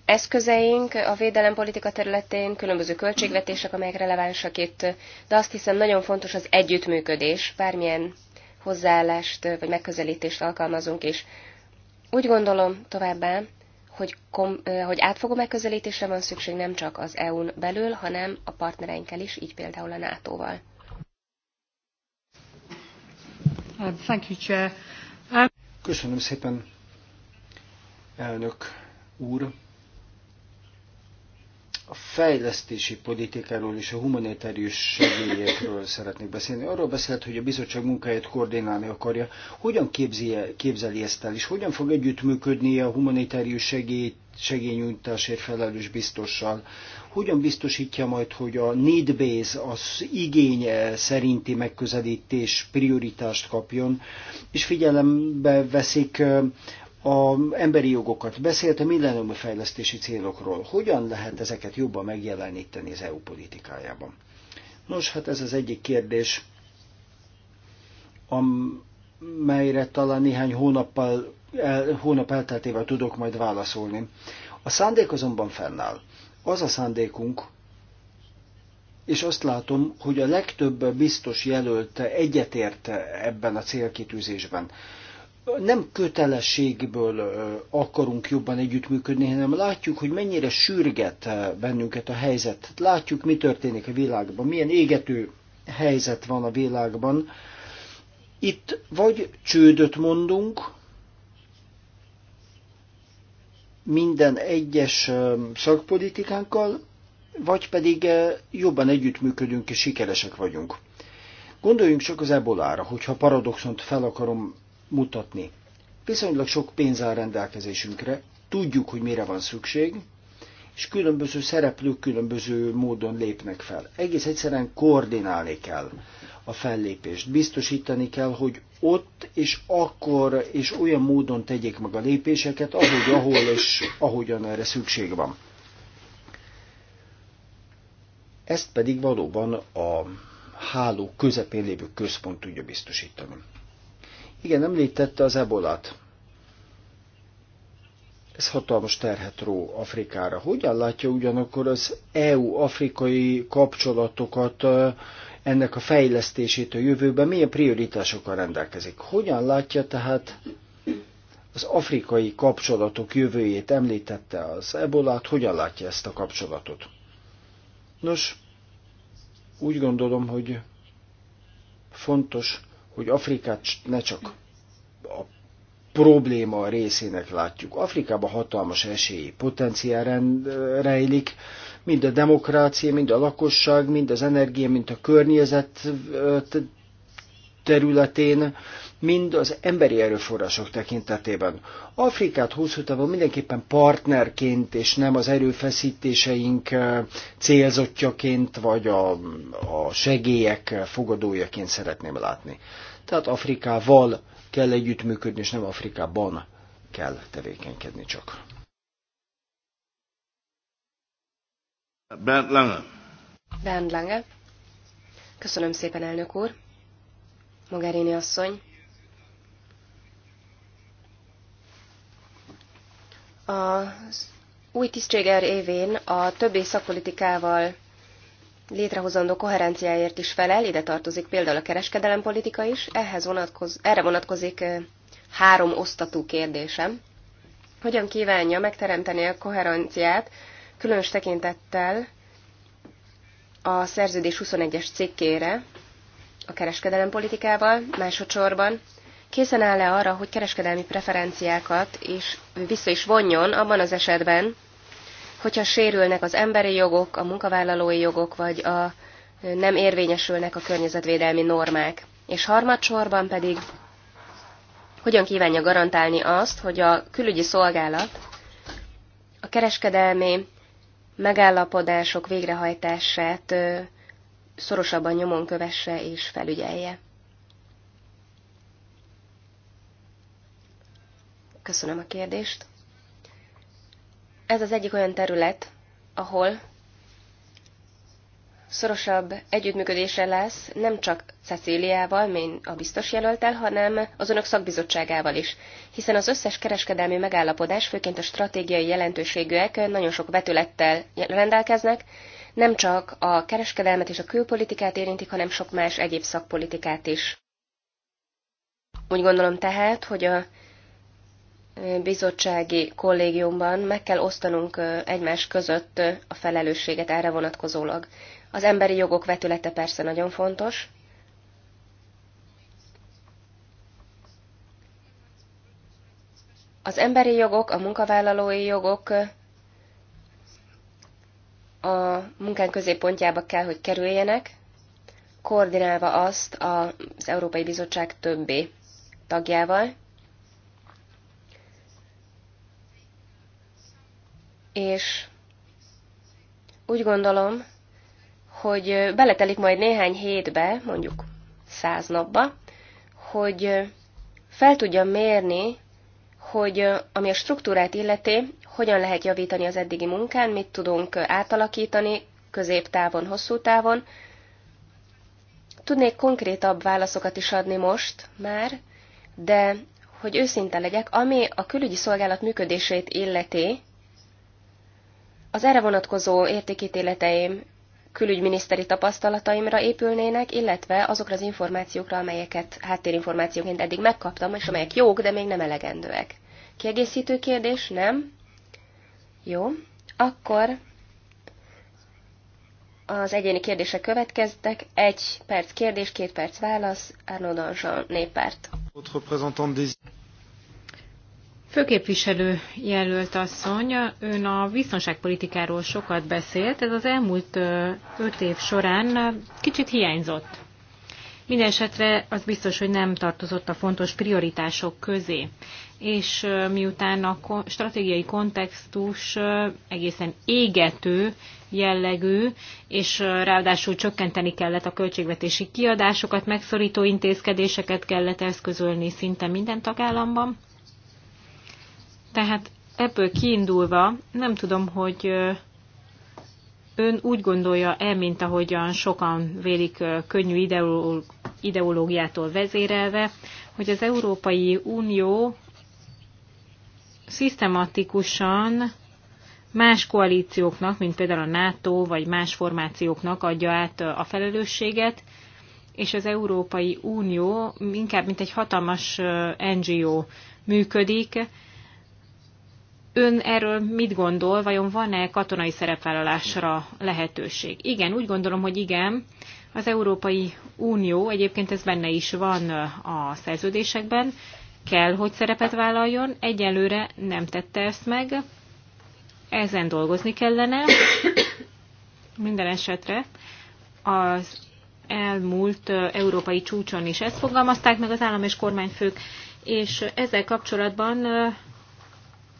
eszközeink a védelempolitika területén, különböző költségvetések, amelyek relevánsak itt, de azt hiszem nagyon fontos az együttműködés, bármilyen hozzáállást vagy megközelítést alkalmazunk is. Úgy gondolom továbbá, hogy, kom, hogy átfogó megközelítésre van szükség nem csak az EU-n belül, hanem a partnereinkkel is, így például a NATO-val. Uh, um, Köszönöm szépen, elnök úr a fejlesztési politikáról és a humanitárius segélyekről szeretnék beszélni. Arról beszélt, hogy a bizottság munkáját koordinálni akarja. Hogyan képzi, képzeli ezt el, és hogyan fog együttműködni a humanitárius segély, segélynyújtásért felelős biztossal? Hogyan biztosítja majd, hogy a need base, az igény szerinti megközelítés prioritást kapjon, és figyelembe veszik a emberi jogokat beszélt, a millenniumi fejlesztési célokról. Hogyan lehet ezeket jobban megjeleníteni az EU politikájában? Nos, hát ez az egyik kérdés, amelyre talán néhány hónappal, el, hónap elteltével tudok majd válaszolni. A szándék azonban fennáll. Az a szándékunk, és azt látom, hogy a legtöbb biztos jelölte egyetért ebben a célkitűzésben nem kötelességből akarunk jobban együttműködni, hanem látjuk, hogy mennyire sürget bennünket a helyzet. Hát látjuk, mi történik a világban, milyen égető helyzet van a világban. Itt vagy csődöt mondunk, minden egyes szakpolitikánkkal, vagy pedig jobban együttműködünk és sikeresek vagyunk. Gondoljunk csak az ebolára, hogyha paradoxont fel akarom mutatni. Viszonylag sok pénz áll rendelkezésünkre, tudjuk, hogy mire van szükség, és különböző szereplők különböző módon lépnek fel. Egész egyszerűen koordinálni kell a fellépést. Biztosítani kell, hogy ott és akkor és olyan módon tegyék meg a lépéseket, ahogy, ahol és ahogyan erre szükség van. Ezt pedig valóban a háló közepén lévő központ tudja biztosítani. Igen, említette az ebolat. Ez hatalmas terhet ró Afrikára. Hogyan látja ugyanakkor az EU-afrikai kapcsolatokat, ennek a fejlesztését a jövőben, milyen prioritásokkal rendelkezik? Hogyan látja tehát az afrikai kapcsolatok jövőjét említette az ebolát, hogyan látja ezt a kapcsolatot? Nos, úgy gondolom, hogy fontos, hogy Afrikát ne csak a probléma részének látjuk. Afrikában hatalmas esélyi potenciál rejlik, mind a demokrácia, mind a lakosság, mind az energia, mind a környezet területén mind az emberi erőforrások tekintetében. Afrikát hosszú távon mindenképpen partnerként, és nem az erőfeszítéseink eh, célzottjaként, vagy a, a segélyek fogadójaként szeretném látni. Tehát Afrikával kell együttműködni, és nem Afrikában kell tevékenykedni csak. Bernd Lange. Bernd Lange. Köszönöm szépen, elnök úr. Mogherini asszony. Az új tisztséger évén a többi szakpolitikával létrehozandó koherenciáért is felel, ide tartozik például a kereskedelempolitika is, ehhez vonatkoz, erre vonatkozik három osztatú kérdésem. Hogyan kívánja megteremteni a koherenciát különös tekintettel a szerződés 21-es cikkére a kereskedelempolitikával, másodszorban készen áll-e arra, hogy kereskedelmi preferenciákat is vissza is vonjon abban az esetben, hogyha sérülnek az emberi jogok, a munkavállalói jogok, vagy a nem érvényesülnek a környezetvédelmi normák. És harmadsorban pedig hogyan kívánja garantálni azt, hogy a külügyi szolgálat a kereskedelmi megállapodások végrehajtását szorosabban nyomon kövesse és felügyelje. Köszönöm a kérdést. Ez az egyik olyan terület, ahol szorosabb együttműködésre lesz nem csak Cecíliával, mint a biztos jelöltel, hanem az önök szakbizottságával is, hiszen az összes kereskedelmi megállapodás, főként a stratégiai jelentőségűek nagyon sok vetülettel rendelkeznek, nem csak a kereskedelmet és a külpolitikát érintik, hanem sok más egyéb szakpolitikát is. Úgy gondolom tehát, hogy a bizottsági kollégiumban meg kell osztanunk egymás között a felelősséget erre vonatkozólag. Az emberi jogok vetülete persze nagyon fontos. Az emberi jogok, a munkavállalói jogok a munkánk középpontjába kell, hogy kerüljenek, koordinálva azt az Európai Bizottság többi tagjával, és úgy gondolom, hogy beletelik majd néhány hétbe, mondjuk száz napba, hogy fel tudjam mérni, hogy ami a struktúrát illeti, hogyan lehet javítani az eddigi munkán, mit tudunk átalakítani középtávon, hosszú távon. Tudnék konkrétabb válaszokat is adni most már, de hogy őszinte legyek, ami a külügyi szolgálat működését illeti, az erre vonatkozó értékítéleteim külügyminiszteri tapasztalataimra épülnének, illetve azokra az információkra, amelyeket háttérinformációként eddig megkaptam, és amelyek jók, de még nem elegendőek. Kiegészítő kérdés? Nem? Jó. Akkor az egyéni kérdések következtek. Egy perc kérdés, két perc válasz. Arnaud Danjean, néppárt. Főképviselő jelölt asszony, ön a biztonságpolitikáról sokat beszélt, ez az elmúlt öt év során kicsit hiányzott. Mindenesetre az biztos, hogy nem tartozott a fontos prioritások közé. És miután a stratégiai kontextus egészen égető jellegű, és ráadásul csökkenteni kellett a költségvetési kiadásokat, megszorító intézkedéseket kellett eszközölni szinte minden tagállamban, tehát ebből kiindulva nem tudom, hogy ön úgy gondolja-e, mint ahogyan sokan vélik könnyű ideológiától vezérelve, hogy az Európai Unió szisztematikusan más koalícióknak, mint például a NATO vagy más formációknak adja át a felelősséget, és az Európai Unió inkább mint egy hatalmas NGO működik, Ön erről mit gondol, vajon van-e katonai szerepvállalásra lehetőség? Igen, úgy gondolom, hogy igen. Az Európai Unió, egyébként ez benne is van a szerződésekben, kell, hogy szerepet vállaljon, egyelőre nem tette ezt meg, ezen dolgozni kellene, minden esetre az elmúlt európai csúcson is ezt fogalmazták meg az állam és kormányfők, és ezzel kapcsolatban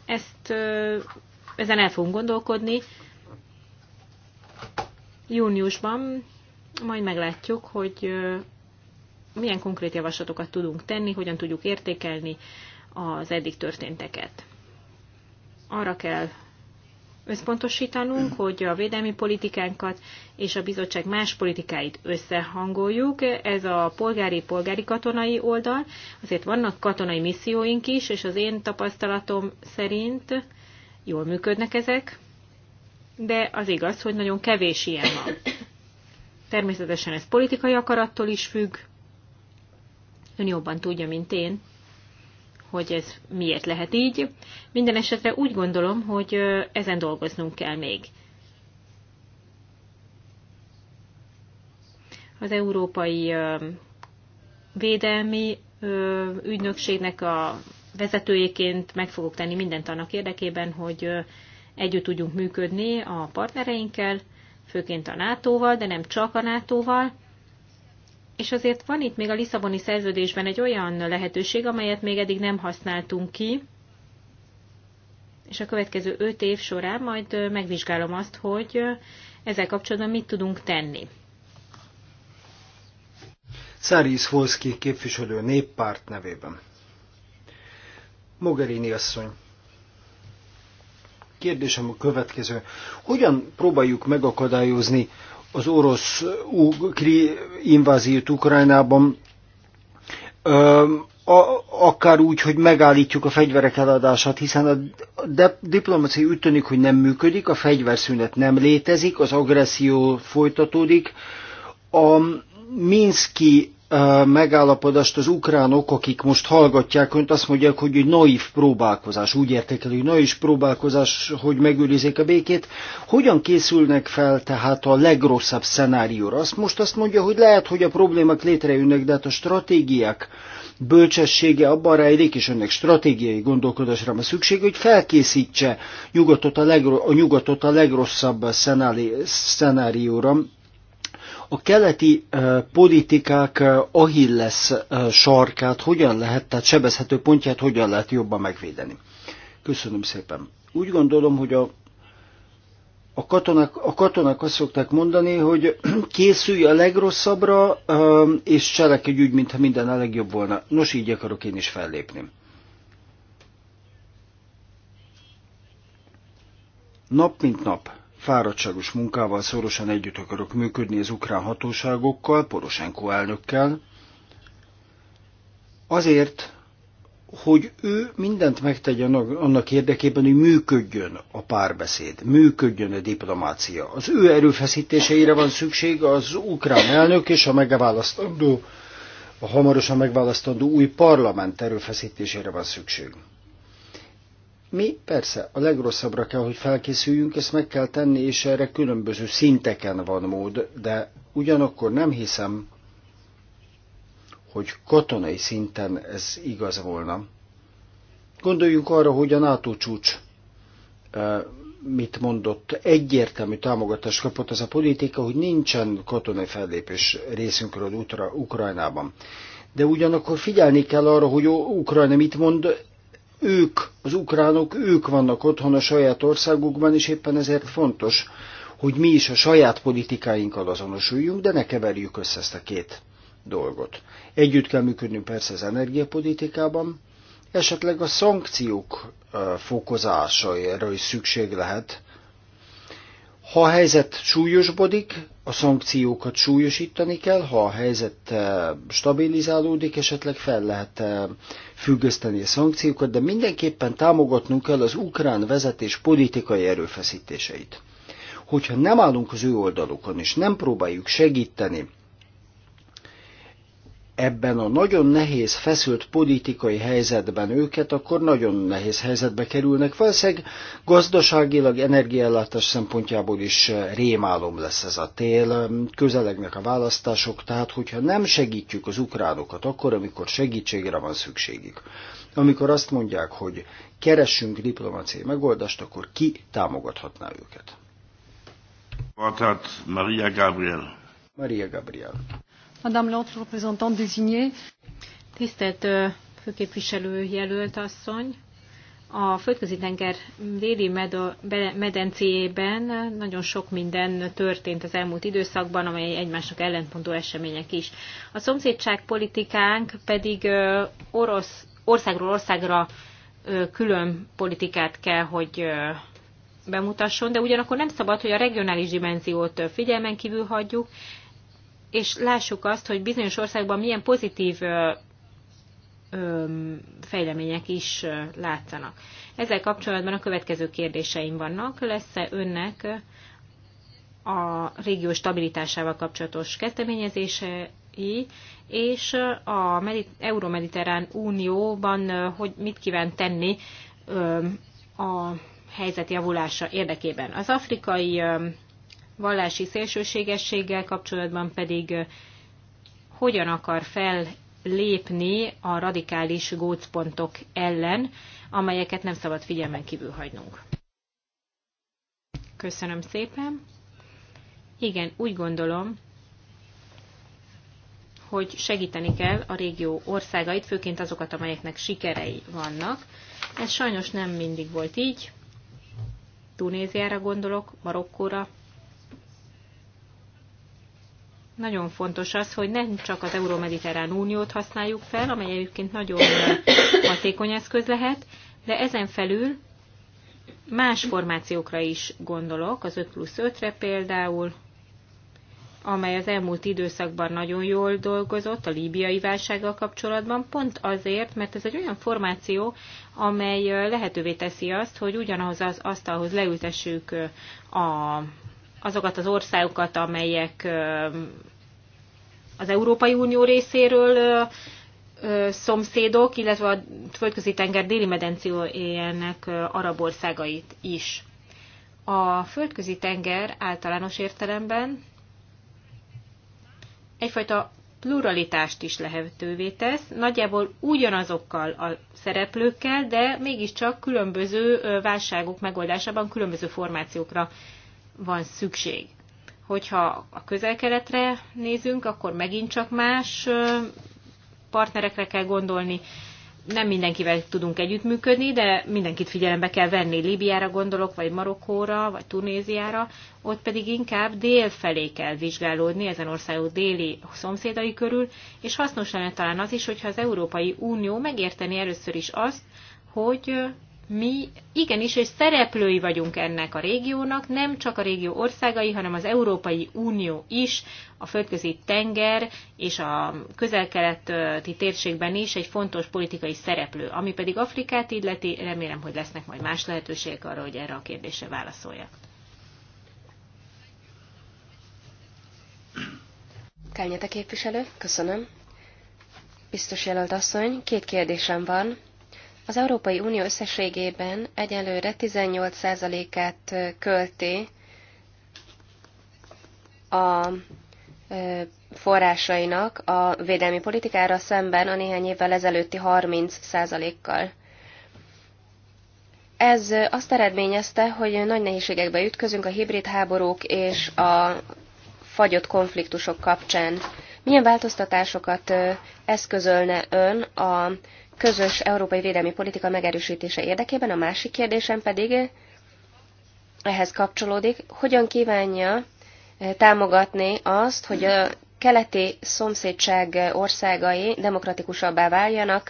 ezt ezen el fogunk gondolkodni. Júniusban majd meglátjuk, hogy milyen konkrét javaslatokat tudunk tenni, hogyan tudjuk értékelni az eddig történteket. Arra kell összpontosítanunk, hogy a védelmi politikánkat és a bizottság más politikáit összehangoljuk. Ez a polgári-polgári katonai oldal. Azért vannak katonai misszióink is, és az én tapasztalatom szerint jól működnek ezek, de az igaz, hogy nagyon kevés ilyen van. Természetesen ez politikai akarattól is függ. Ön jobban tudja, mint én, hogy ez miért lehet így. Minden esetre úgy gondolom, hogy ezen dolgoznunk kell még. Az Európai Védelmi Ügynökségnek a vezetőjéként meg fogok tenni mindent annak érdekében, hogy együtt tudjunk működni a partnereinkkel, főként a NATO-val, de nem csak a NATO-val, és azért van itt még a Lisszaboni szerződésben egy olyan lehetőség, amelyet még eddig nem használtunk ki, és a következő öt év során majd megvizsgálom azt, hogy ezzel kapcsolatban mit tudunk tenni. Szári Volszki képviselő néppárt nevében. Mogherini asszony. Kérdésem a következő. Hogyan próbáljuk megakadályozni az orosz inváziót Ukrajnában, akár úgy, hogy megállítjuk a fegyverek eladását, hiszen a de, úgy tűnik, hogy nem működik, a fegyverszünet nem létezik, az agresszió folytatódik. A Minszki megállapodást az ukránok, akik most hallgatják önt, azt mondják, hogy egy naív próbálkozás, úgy értékelő, hogy naív próbálkozás, hogy megőrizzék a békét. Hogyan készülnek fel tehát a legrosszabb szenárióra? Azt most azt mondja, hogy lehet, hogy a problémák létrejönnek, de hát a stratégiák bölcsessége abban rejlik, és önnek stratégiai gondolkodásra van szükség, hogy felkészítse nyugatot a, legro- a nyugatot a legrosszabb szenári- szenárióra, a keleti politikák ahilles sarkát hogyan lehet, tehát sebezhető pontját hogyan lehet jobban megvédeni? Köszönöm szépen. Úgy gondolom, hogy a a katonák, a katonák azt szokták mondani, hogy készülj a legrosszabbra, és cselekedj úgy, mintha minden a legjobb volna. Nos, így akarok én is fellépni. Nap mint nap fáradtságos munkával szorosan együtt akarok működni az ukrán hatóságokkal, Poroshenko elnökkel, azért, hogy ő mindent megtegyen annak érdekében, hogy működjön a párbeszéd, működjön a diplomácia. Az ő erőfeszítéseire van szükség az ukrán elnök és a megválasztandó, a hamarosan megválasztandó új parlament erőfeszítésére van szükség. Mi persze a legrosszabbra kell, hogy felkészüljünk, ezt meg kell tenni, és erre különböző szinteken van mód, de ugyanakkor nem hiszem, hogy katonai szinten ez igaz volna. Gondoljunk arra, hogy a NATO csúcs mit mondott, egyértelmű támogatást kapott az a politika, hogy nincsen katonai fellépés részünkről útra Ukrajnában. De ugyanakkor figyelni kell arra, hogy Ukrajna mit mond, ők, az ukránok, ők vannak otthon a saját országukban, és éppen ezért fontos, hogy mi is a saját politikáinkkal azonosuljunk, de ne keverjük össze ezt a két dolgot. Együtt kell működnünk persze az energiapolitikában, esetleg a szankciók eh, fokozására is szükség lehet, ha a helyzet súlyosbodik, a szankciókat súlyosítani kell, ha a helyzet eh, stabilizálódik, esetleg fel lehet eh, függeszteni a szankciókat, de mindenképpen támogatnunk kell az ukrán vezetés politikai erőfeszítéseit. Hogyha nem állunk az ő oldalukon, és nem próbáljuk segíteni ebben a nagyon nehéz, feszült politikai helyzetben őket, akkor nagyon nehéz helyzetbe kerülnek. Valószínűleg gazdaságilag, energiállátás szempontjából is rémálom lesz ez a tél. Közelegnek a választások, tehát hogyha nem segítjük az ukránokat, akkor, amikor segítségre van szükségük, amikor azt mondják, hogy keressünk diplomáciai megoldást, akkor ki támogathatná őket? Maria Gabriel. Maria Gabriel. Madame l'autre représentante désignée. Tisztelt főképviselő jelölt asszony, a földközi tenger déli medencéjében nagyon sok minden történt az elmúlt időszakban, amely egymásnak ellentmondó események is. A szomszédság politikánk pedig orosz, országról országra külön politikát kell, hogy bemutasson, de ugyanakkor nem szabad, hogy a regionális dimenziót figyelmen kívül hagyjuk, és lássuk azt, hogy bizonyos országban milyen pozitív fejlemények is látszanak. Ezzel kapcsolatban a következő kérdéseim vannak. Lesz-e önnek a régió stabilitásával kapcsolatos kezdeményezései, és a Euromediterrán Unióban hogy mit kíván tenni a helyzet javulása érdekében. Az afrikai vallási szélsőségességgel kapcsolatban pedig hogyan akar fellépni a radikális gócpontok ellen, amelyeket nem szabad figyelmen kívül hagynunk. Köszönöm szépen. Igen, úgy gondolom, hogy segíteni kell a régió országait, főként azokat, amelyeknek sikerei vannak. Ez sajnos nem mindig volt így. Tunéziára gondolok, Marokkóra, nagyon fontos az, hogy nem csak az Euró-Mediterrán Uniót használjuk fel, amely egyébként nagyon hatékony eszköz lehet, de ezen felül más formációkra is gondolok, az 5 plusz 5-re például, amely az elmúlt időszakban nagyon jól dolgozott a líbiai válsággal kapcsolatban, pont azért, mert ez egy olyan formáció, amely lehetővé teszi azt, hogy ugyanahoz az asztalhoz leültessük a, azokat az országokat, amelyek az Európai Unió részéről szomszédok, illetve a földközi tenger déli medencéjének arab országait is. A földközi tenger általános értelemben egyfajta pluralitást is lehetővé tesz, nagyjából ugyanazokkal a szereplőkkel, de mégiscsak különböző válságok megoldásában különböző formációkra van szükség. Hogyha a közelkeletre nézünk, akkor megint csak más partnerekre kell gondolni. Nem mindenkivel tudunk együttműködni, de mindenkit figyelembe kell venni. Líbiára gondolok, vagy Marokkóra, vagy Tunéziára. Ott pedig inkább dél felé kell vizsgálódni, ezen országok déli szomszédai körül, és hasznos lenne talán az is, hogyha az Európai Unió megérteni először is azt, hogy mi igenis, és szereplői vagyunk ennek a régiónak, nem csak a régió országai, hanem az Európai Unió is, a földközi tenger és a közel-keleti térségben is egy fontos politikai szereplő. Ami pedig Afrikát illeti, remélem, hogy lesznek majd más lehetőségek arra, hogy erre a kérdésre válaszoljak. Kányete képviselő, köszönöm. Biztos jelölt asszony, két kérdésem van. Az Európai Unió összességében egyelőre 18%-át költi a forrásainak a védelmi politikára szemben a néhány évvel ezelőtti 30%-kal. Ez azt eredményezte, hogy nagy nehézségekbe ütközünk a hibrid háborúk és a fagyott konfliktusok kapcsán. Milyen változtatásokat eszközölne ön a közös európai védelmi politika megerősítése érdekében, a másik kérdésem pedig ehhez kapcsolódik, hogyan kívánja eh, támogatni azt, hogy a keleti szomszédság országai demokratikusabbá váljanak,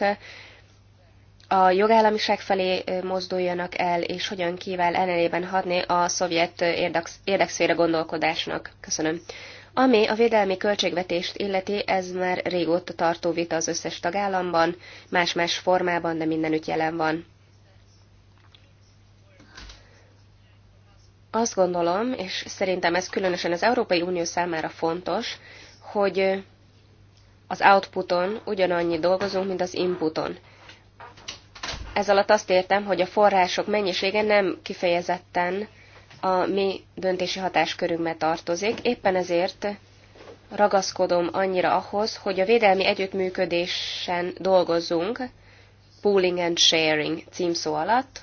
a jogállamiság felé eh, mozduljanak el, és hogyan kíván ellenében hadni a szovjet érdekszféra gondolkodásnak. Köszönöm. Ami a védelmi költségvetést illeti, ez már régóta tartó vita az összes tagállamban, más-más formában, de mindenütt jelen van. Azt gondolom, és szerintem ez különösen az Európai Unió számára fontos, hogy az outputon ugyanannyi dolgozunk, mint az inputon. Ez alatt azt értem, hogy a források mennyisége nem kifejezetten a mi döntési hatáskörünkbe tartozik. Éppen ezért ragaszkodom annyira ahhoz, hogy a védelmi együttműködésen dolgozzunk, pooling and sharing címszó alatt,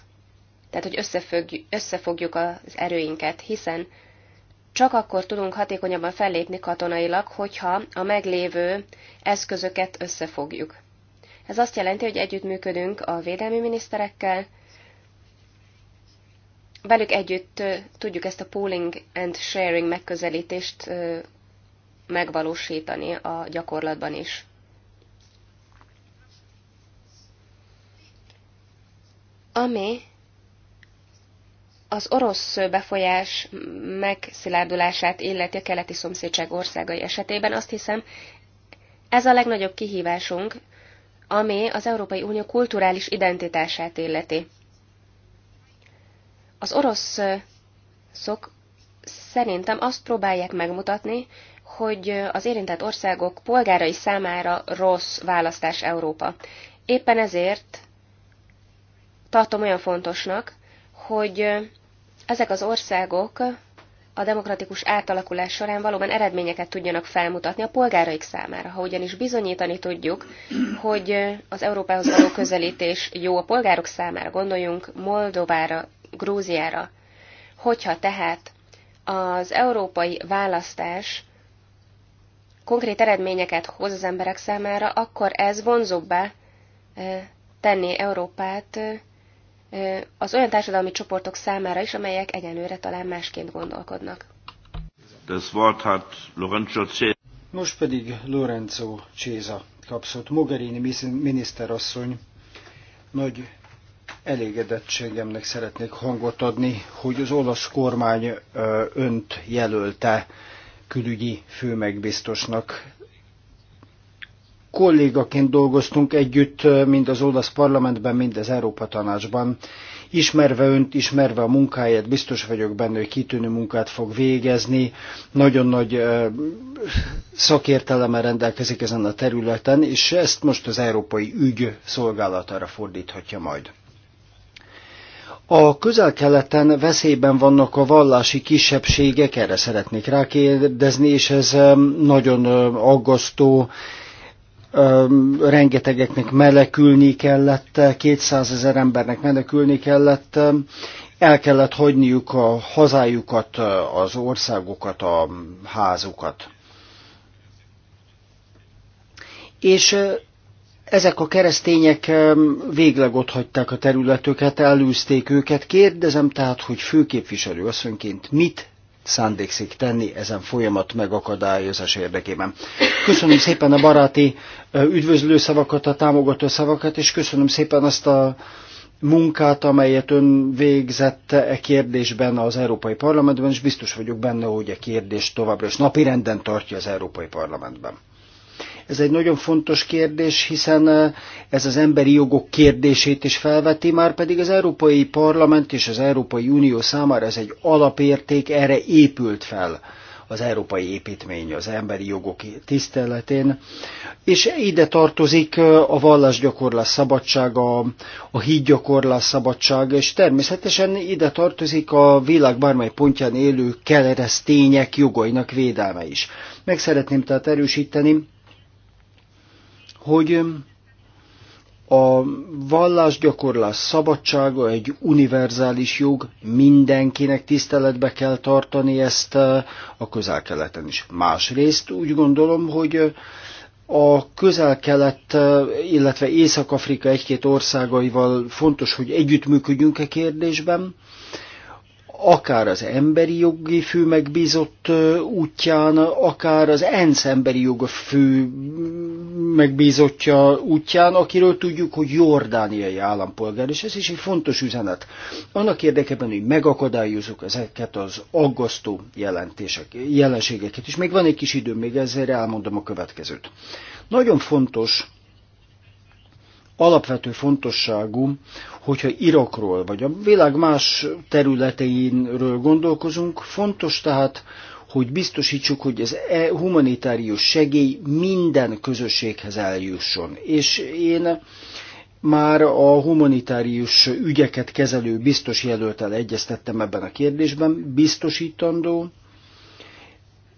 tehát hogy összefogjuk, az erőinket, hiszen csak akkor tudunk hatékonyabban fellépni katonailag, hogyha a meglévő eszközöket összefogjuk. Ez azt jelenti, hogy együttműködünk a védelmi miniszterekkel, velük együtt tudjuk ezt a pooling and sharing megközelítést megvalósítani a gyakorlatban is. Ami az orosz befolyás megszilárdulását illeti a keleti szomszédság országai esetében, azt hiszem, ez a legnagyobb kihívásunk, ami az Európai Unió kulturális identitását illeti. Az oroszok szerintem azt próbálják megmutatni, hogy az érintett országok polgárai számára rossz választás Európa. Éppen ezért tartom olyan fontosnak, hogy ezek az országok a demokratikus átalakulás során valóban eredményeket tudjanak felmutatni a polgáraik számára. Ha ugyanis bizonyítani tudjuk, hogy az Európához való közelítés jó a polgárok számára, gondoljunk Moldovára, Grúziára. Hogyha tehát az európai választás konkrét eredményeket hoz az emberek számára, akkor ez vonzóbbá tenni Európát az olyan társadalmi csoportok számára is, amelyek egyenlőre talán másként gondolkodnak. Das Wort hat Lorenzo Most pedig Lorenzo Césa kapszott. Mogherini miniszterasszony nagy elégedettségemnek szeretnék hangot adni, hogy az olasz kormány önt jelölte külügyi főmegbiztosnak. Kollégaként dolgoztunk együtt, mind az olasz parlamentben, mind az Európa Tanácsban. Ismerve önt, ismerve a munkáját, biztos vagyok benne, hogy kitűnő munkát fog végezni. Nagyon nagy szakértelemmel rendelkezik ezen a területen, és ezt most az Európai Ügy szolgálatára fordíthatja majd. A közel-keleten veszélyben vannak a vallási kisebbségek, erre szeretnék rákérdezni, és ez nagyon aggasztó. Rengetegeknek melekülni kellett, 200 ezer embernek menekülni kellett, el kellett hagyniuk a hazájukat, az országukat, a házukat. És ezek a keresztények végleg otthagyták a területüket, elűzték őket. Kérdezem tehát, hogy főképviselő asszonyként mit szándékszik tenni ezen folyamat megakadályozás érdekében. Köszönöm szépen a baráti üdvözlő szavakat, a támogató szavakat, és köszönöm szépen azt a munkát, amelyet ön végzett e kérdésben az Európai Parlamentben, és biztos vagyok benne, hogy a e kérdés továbbra is napirenden tartja az Európai Parlamentben. Ez egy nagyon fontos kérdés, hiszen eh, ez az emberi jogok kérdését is felveti, már pedig az Európai Parlament és az Európai Unió számára ez egy alapérték, erre épült fel az európai építmény az emberi jogok tiszteletén, és ide tartozik eh, a vallásgyakorlás szabadsága, a hídgyakorlás szabadsága, és természetesen ide tartozik a világ bármely pontján élő keresztények jogainak védelme is. Meg szeretném tehát erősíteni, hogy a vallásgyakorlás szabadsága egy univerzális jog, mindenkinek tiszteletbe kell tartani ezt eh, a közel-keleten is. Másrészt úgy gondolom, hogy eh, a közel-kelet, eh, illetve Észak-Afrika egy-két országaival fontos, hogy együttműködjünk e kérdésben, akár az emberi jogi fő megbízott útján, akár az ENSZ emberi jogi fő megbízottja útján, akiről tudjuk, hogy jordániai állampolgár, és ez is egy fontos üzenet. Annak érdekében, hogy megakadályozzuk ezeket az aggasztó jelentések, jelenségeket. És még van egy kis időm, még ezzel elmondom a következőt. Nagyon fontos, alapvető fontosságú, hogyha Irakról vagy a világ más területeinről gondolkozunk, fontos tehát, hogy biztosítsuk, hogy az e humanitárius segély minden közösséghez eljusson. És én már a humanitárius ügyeket kezelő biztos jelöltel egyeztettem ebben a kérdésben, biztosítandó,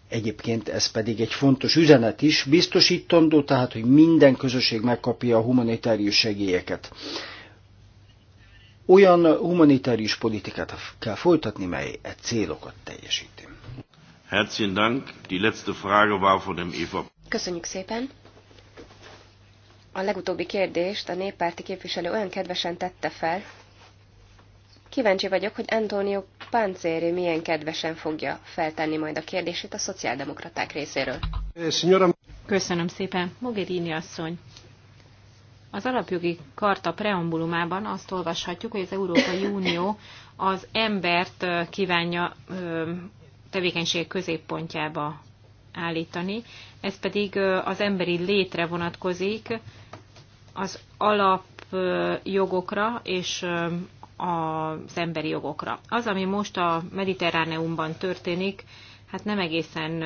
Egyébként ez pedig egy fontos üzenet is, biztosítandó, tehát, hogy minden közösség megkapja a humanitárius segélyeket. Olyan humanitárius politikát kell folytatni, mely e célokat teljesíti. Herzlichen Dank. Die letzte Frage war von dem Köszönjük szépen. A legutóbbi kérdést a néppárti képviselő olyan kedvesen tette fel, Kíváncsi vagyok, hogy Antonio Pancéri milyen kedvesen fogja feltenni majd a kérdését a szociáldemokraták részéről. Eh, Köszönöm szépen. Mogherini asszony. Az alapjogi karta preambulumában azt olvashatjuk, hogy az Európai Unió az embert eh, kívánja eh, tevékenység középpontjába állítani. Ez pedig az emberi létre vonatkozik, az alapjogokra és az emberi jogokra. Az, ami most a Mediterráneumban történik, hát nem egészen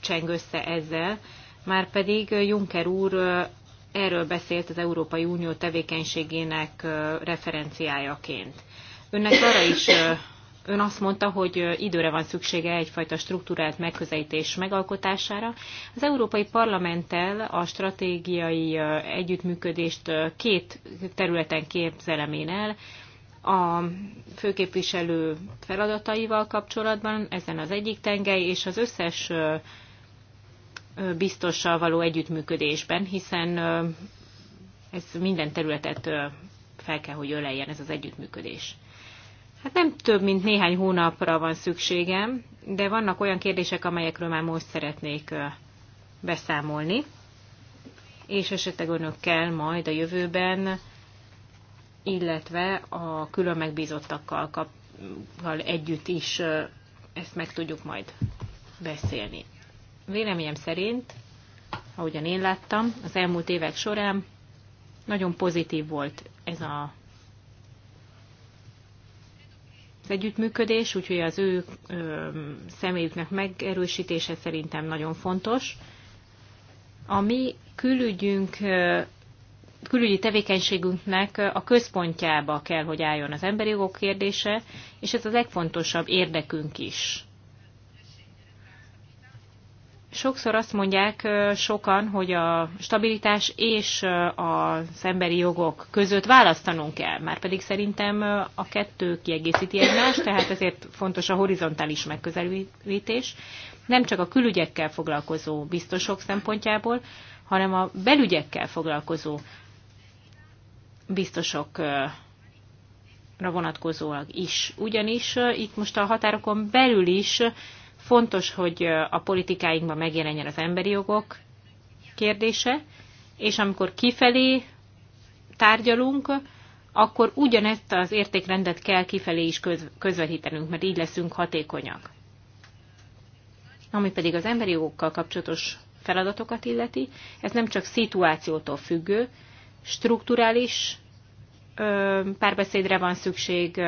cseng össze ezzel, már pedig Juncker úr erről beszélt az Európai Unió tevékenységének referenciájaként. Önnek arra is Ön azt mondta, hogy időre van szüksége egyfajta struktúrált megközelítés megalkotására. Az Európai Parlamenttel a stratégiai együttműködést két területen képzelem én el. A főképviselő feladataival kapcsolatban ezen az egyik tengely, és az összes biztossal való együttműködésben, hiszen ez minden területet fel kell, hogy öleljen ez az együttműködés. Hát nem több, mint néhány hónapra van szükségem, de vannak olyan kérdések, amelyekről már most szeretnék beszámolni, és esetleg önökkel majd a jövőben, illetve a külön megbízottakkal kap, együtt is ezt meg tudjuk majd beszélni. Véleményem szerint, ahogyan én láttam, az elmúlt évek során nagyon pozitív volt ez a az együttműködés, úgyhogy az ő ö, személyüknek megerősítése szerintem nagyon fontos. A mi külügyünk, külügyi tevékenységünknek a központjába kell, hogy álljon az emberi jogok kérdése, és ez az legfontosabb érdekünk is. Sokszor azt mondják sokan, hogy a stabilitás és az emberi jogok között választanunk kell, már pedig szerintem a kettő kiegészíti egymást, tehát ezért fontos a horizontális megközelítés, nem csak a külügyekkel foglalkozó biztosok szempontjából, hanem a belügyekkel foglalkozó biztosok vonatkozóak is. Ugyanis itt most a határokon belül is Fontos, hogy a politikáinkban megjelenjen az emberi jogok kérdése, és amikor kifelé tárgyalunk, akkor ugyanezt az értékrendet kell kifelé is közvetítenünk, mert így leszünk hatékonyak. Ami pedig az emberi jogokkal kapcsolatos feladatokat illeti, ez nem csak szituációtól függő, strukturális párbeszédre van szükség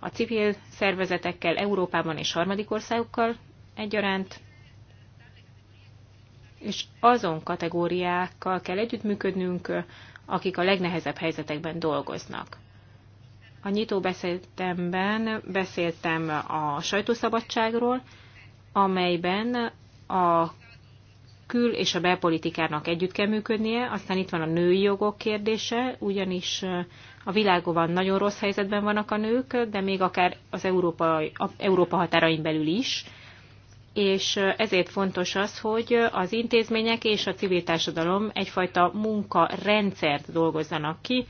a civil szervezetekkel, Európában és harmadik országokkal egyaránt, és azon kategóriákkal kell együttműködnünk, akik a legnehezebb helyzetekben dolgoznak. A beszéltemben beszéltem a sajtószabadságról, amelyben a kül- és a belpolitikának együtt kell működnie, aztán itt van a női jogok kérdése, ugyanis a világban nagyon rossz helyzetben vannak a nők, de még akár az Európa, a Európa határain belül is és ezért fontos az, hogy az intézmények és a civil társadalom egyfajta munkarendszert dolgozzanak ki,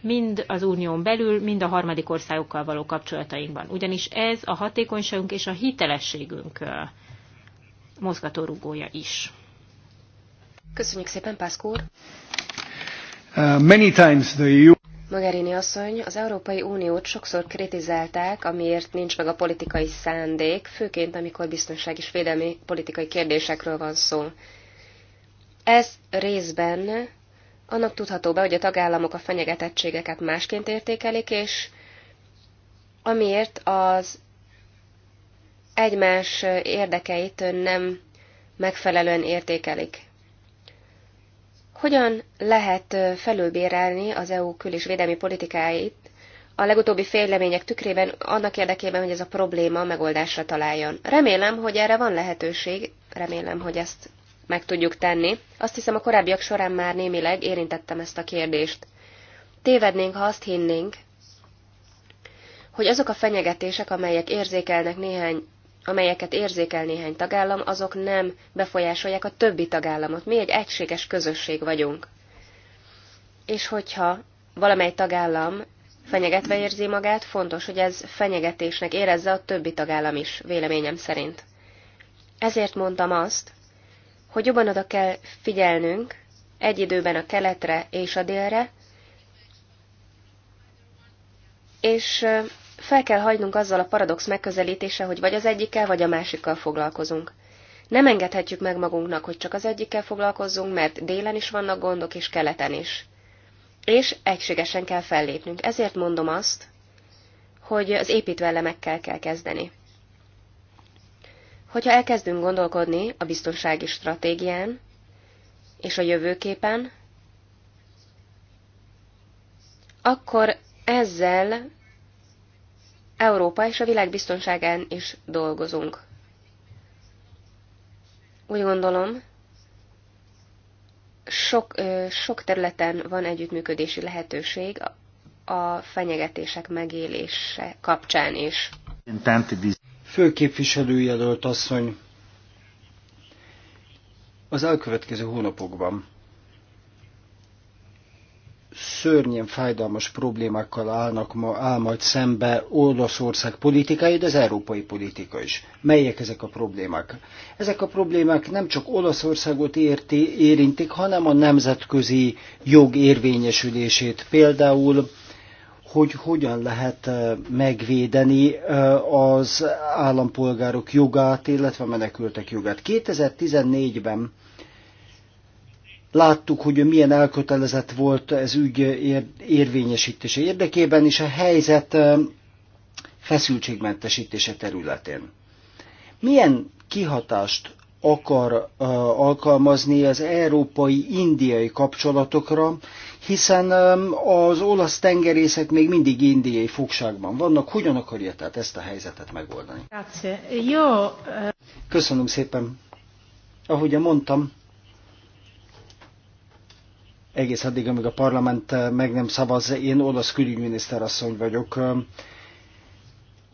mind az unión belül, mind a harmadik országokkal való kapcsolatainkban. Ugyanis ez a hatékonyságunk és a hitelességünk mozgatórugója is. Köszönjük szépen, Pászkó úr! Uh, many times the EU... Mogherini asszony, az Európai Uniót sokszor kritizálták, amiért nincs meg a politikai szándék, főként amikor biztonság és védelmi politikai kérdésekről van szó. Ez részben annak tudható be, hogy a tagállamok a fenyegetettségeket másként értékelik, és amiért az egymás érdekeit nem megfelelően értékelik. Hogyan lehet felülbérelni az EU kül- és védelmi politikáit a legutóbbi fejlemények tükrében annak érdekében, hogy ez a probléma megoldásra találjon? Remélem, hogy erre van lehetőség, remélem, hogy ezt meg tudjuk tenni. Azt hiszem, a korábbiak során már némileg érintettem ezt a kérdést. Tévednénk, ha azt hinnénk, hogy azok a fenyegetések, amelyek érzékelnek néhány amelyeket érzékel néhány tagállam, azok nem befolyásolják a többi tagállamot. Mi egy egységes közösség vagyunk. És hogyha valamely tagállam fenyegetve érzi magát, fontos, hogy ez fenyegetésnek érezze a többi tagállam is, véleményem szerint. Ezért mondtam azt, hogy jobban oda kell figyelnünk egy időben a keletre és a délre, és fel kell hagynunk azzal a paradox megközelítése, hogy vagy az egyikkel, vagy a másikkal foglalkozunk. Nem engedhetjük meg magunknak, hogy csak az egyikkel foglalkozzunk, mert délen is vannak gondok, és keleten is. És egységesen kell fellépnünk. Ezért mondom azt, hogy az építőelemekkel kell kezdeni. Hogyha elkezdünk gondolkodni a biztonsági stratégián és a jövőképen, akkor ezzel Európa és a világ biztonságán is dolgozunk. Úgy gondolom, sok, sok területen van együttműködési lehetőség a fenyegetések megélése kapcsán is. Főképviselőjelölt asszony, az elkövetkező hónapokban szörnyen fájdalmas problémákkal állnak ma, áll majd szembe Olaszország politikai, de az európai politika is. Melyek ezek a problémák? Ezek a problémák nem csak Olaszországot érti, érintik, hanem a nemzetközi jog érvényesülését. Például hogy hogyan lehet eh, megvédeni eh, az állampolgárok jogát, illetve menekültek jogát. 2014-ben Láttuk, hogy milyen elkötelezett volt ez ügy érvényesítése érdekében, és a helyzet feszültségmentesítése területén. Milyen kihatást akar uh, alkalmazni az európai-indiai kapcsolatokra, hiszen um, az olasz tengerészek még mindig indiai fogságban vannak. Hogyan akarja tehát ezt a helyzetet megoldani? Jó. Köszönöm szépen. Ahogy mondtam, egész addig, amíg a parlament eh, meg nem szavaz, én olasz külügyminiszter asszony vagyok.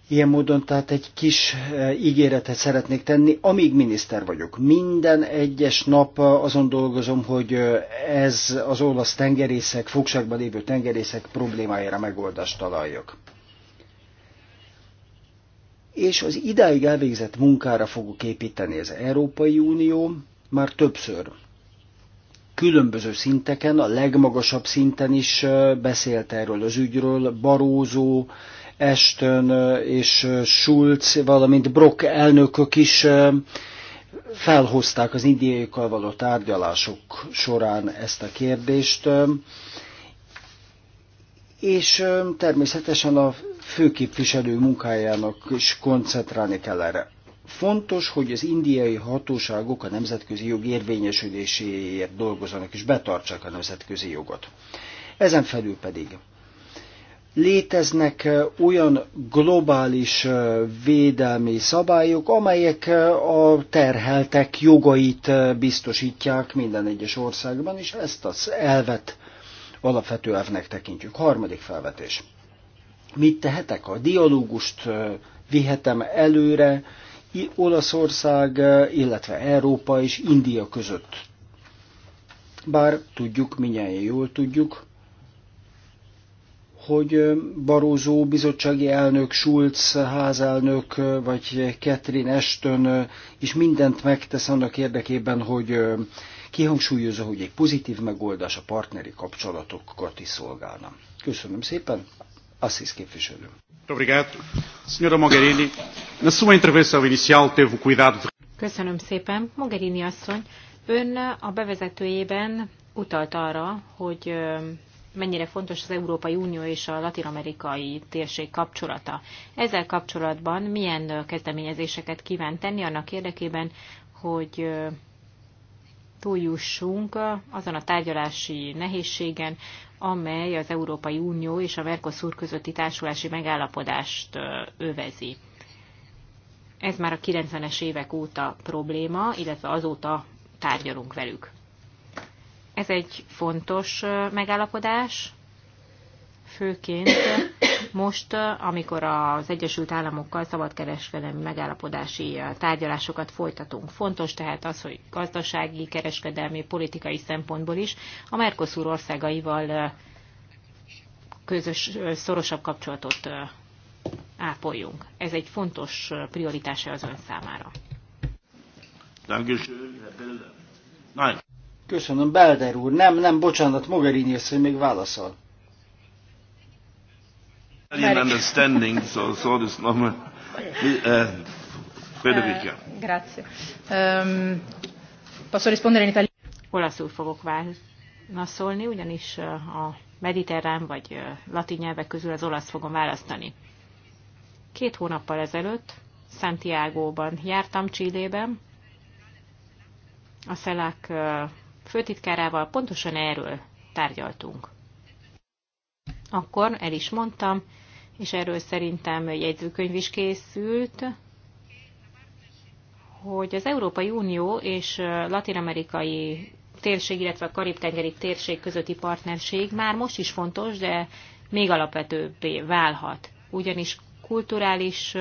Ilyen módon tehát egy kis eh, ígéretet szeretnék tenni, amíg miniszter vagyok. Minden egyes nap eh, azon dolgozom, hogy ez az olasz tengerészek, fogságban lévő tengerészek problémájára megoldást találjak. És az idáig elvégzett munkára fogok építeni az Európai Unió, már többször különböző szinteken, a legmagasabb szinten is beszélt erről az ügyről, Barózó, Estön és Schulz, valamint Brock elnökök is felhozták az indiaiakkal való tárgyalások során ezt a kérdést, és természetesen a főképviselő munkájának is koncentrálni kell erre. Fontos, hogy az indiai hatóságok a nemzetközi jog érvényesüléséért dolgozanak és betartsák a nemzetközi jogot. Ezen felül pedig léteznek eh, olyan globális eh, védelmi szabályok, amelyek eh, a terheltek jogait biztosítják minden egyes országban, és ezt az elvet alapvető elvnek tekintjük. Harmadik felvetés. Mit tehetek? A dialógust vihetem előre, Olaszország, e, illetve Európa és India között. Bár tudjuk, minnyáján jól tudjuk, hogy e, Barózó bizottsági elnök, Schulz házelnök, e, vagy Catherine Ashton is mindent megtesz annak érdekében, hogy kihangsúlyozza, hogy egy pozitív megoldás a partneri kapcsolatokat is szolgálna. Köszönöm szépen, Assis képviselő. Köszönöm szépen. Mogherini asszony, ön a bevezetőjében utalt arra, hogy mennyire fontos az Európai Unió és a latin-amerikai térség kapcsolata. Ezzel kapcsolatban milyen kezdeményezéseket kíván tenni annak érdekében, hogy túljussunk azon a tárgyalási nehézségen, amely az Európai Unió és a Mercosur közötti társulási megállapodást övezi. Ez már a 90-es évek óta probléma, illetve azóta tárgyalunk velük. Ez egy fontos megállapodás, főként most, amikor az Egyesült Államokkal szabadkereskedelmi megállapodási tárgyalásokat folytatunk. Fontos tehát az, hogy gazdasági, kereskedelmi, politikai szempontból is a Mercosur országaival közös, szorosabb kapcsolatot ápoljunk. Ez egy fontos prioritása az ön számára. Köszönöm, Belder úr. Nem, nem, bocsánat, Mogherini hogy még válaszol. Eh, eh, ehm, Olaszul fogok válaszolni, ugyanis eh, a mediterrán vagy latin nyelvek közül az olasz fogom választani. Két hónappal ezelőtt Santiago-ban jártam Csillében, a szelák főtitkárával pontosan erről tárgyaltunk akkor el is mondtam, és erről szerintem jegyzőkönyv is készült, hogy az Európai Unió és latin-amerikai térség, illetve a karib-tengeri térség közötti partnerség már most is fontos, de még alapvetőbbé válhat. Ugyanis kulturális,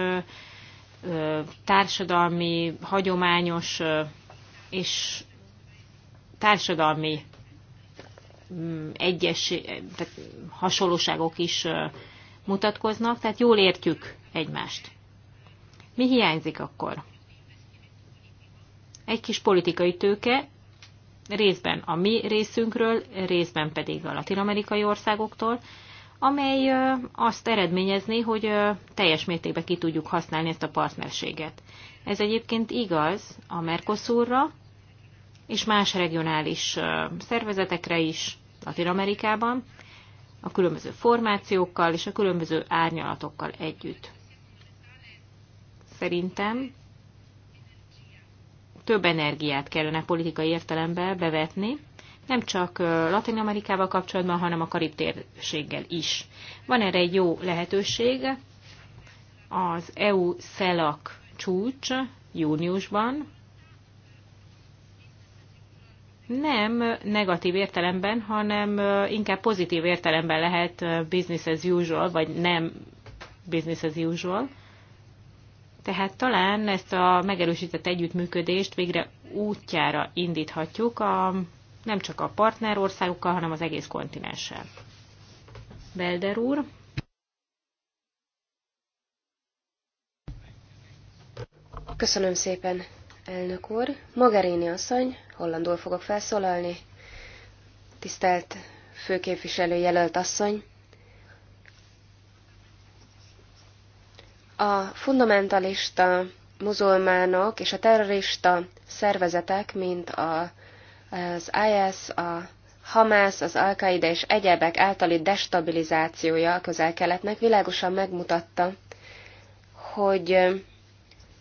társadalmi, hagyományos és társadalmi Mm, egyes, tehát hasonlóságok is mutatkoznak, tehát jól értjük egymást. Mi hiányzik akkor? Egy kis politikai tőke, részben a mi részünkről, részben pedig a latinamerikai országoktól, amely azt eredményezné, hogy teljes mértékben ki tudjuk használni ezt a partnerséget. Ez egyébként igaz a Mercosurra, és más regionális szervezetekre is Latin Amerikában, a különböző formációkkal és a különböző árnyalatokkal együtt. Szerintem több energiát kellene politikai értelembe bevetni, nem csak Latin Amerikával kapcsolatban, hanem a karib térséggel is. Van erre egy jó lehetőség, az EU-SELAC csúcs júniusban, nem negatív értelemben, hanem inkább pozitív értelemben lehet business as usual, vagy nem business as usual. Tehát talán ezt a megerősített együttműködést végre útjára indíthatjuk a, nem csak a partnerországokkal, hanem az egész kontinenssel. Belder úr. Köszönöm szépen elnök úr. Magaréni asszony, hollandul fogok felszólalni. Tisztelt főképviselő jelölt asszony. A fundamentalista muzulmánok és a terrorista szervezetek, mint a, az IS, a Hamász, az al qaeda és egyebek általi destabilizációja a közel-keletnek világosan megmutatta, hogy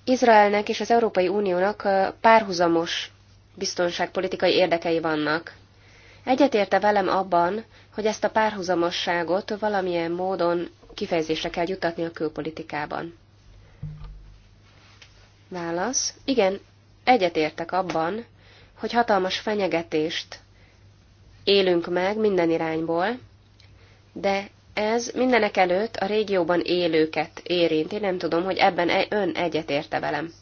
Izraelnek és az Európai Uniónak párhuzamos biztonságpolitikai érdekei vannak. Egyetérte velem abban, hogy ezt a párhuzamosságot valamilyen módon kifejezésre kell juttatni a külpolitikában. Válasz. Igen, egyetértek abban, hogy hatalmas fenyegetést élünk meg minden irányból, de ez mindenek előtt a régióban élőket érinti, nem tudom, hogy ebben e- ön egyetérte velem.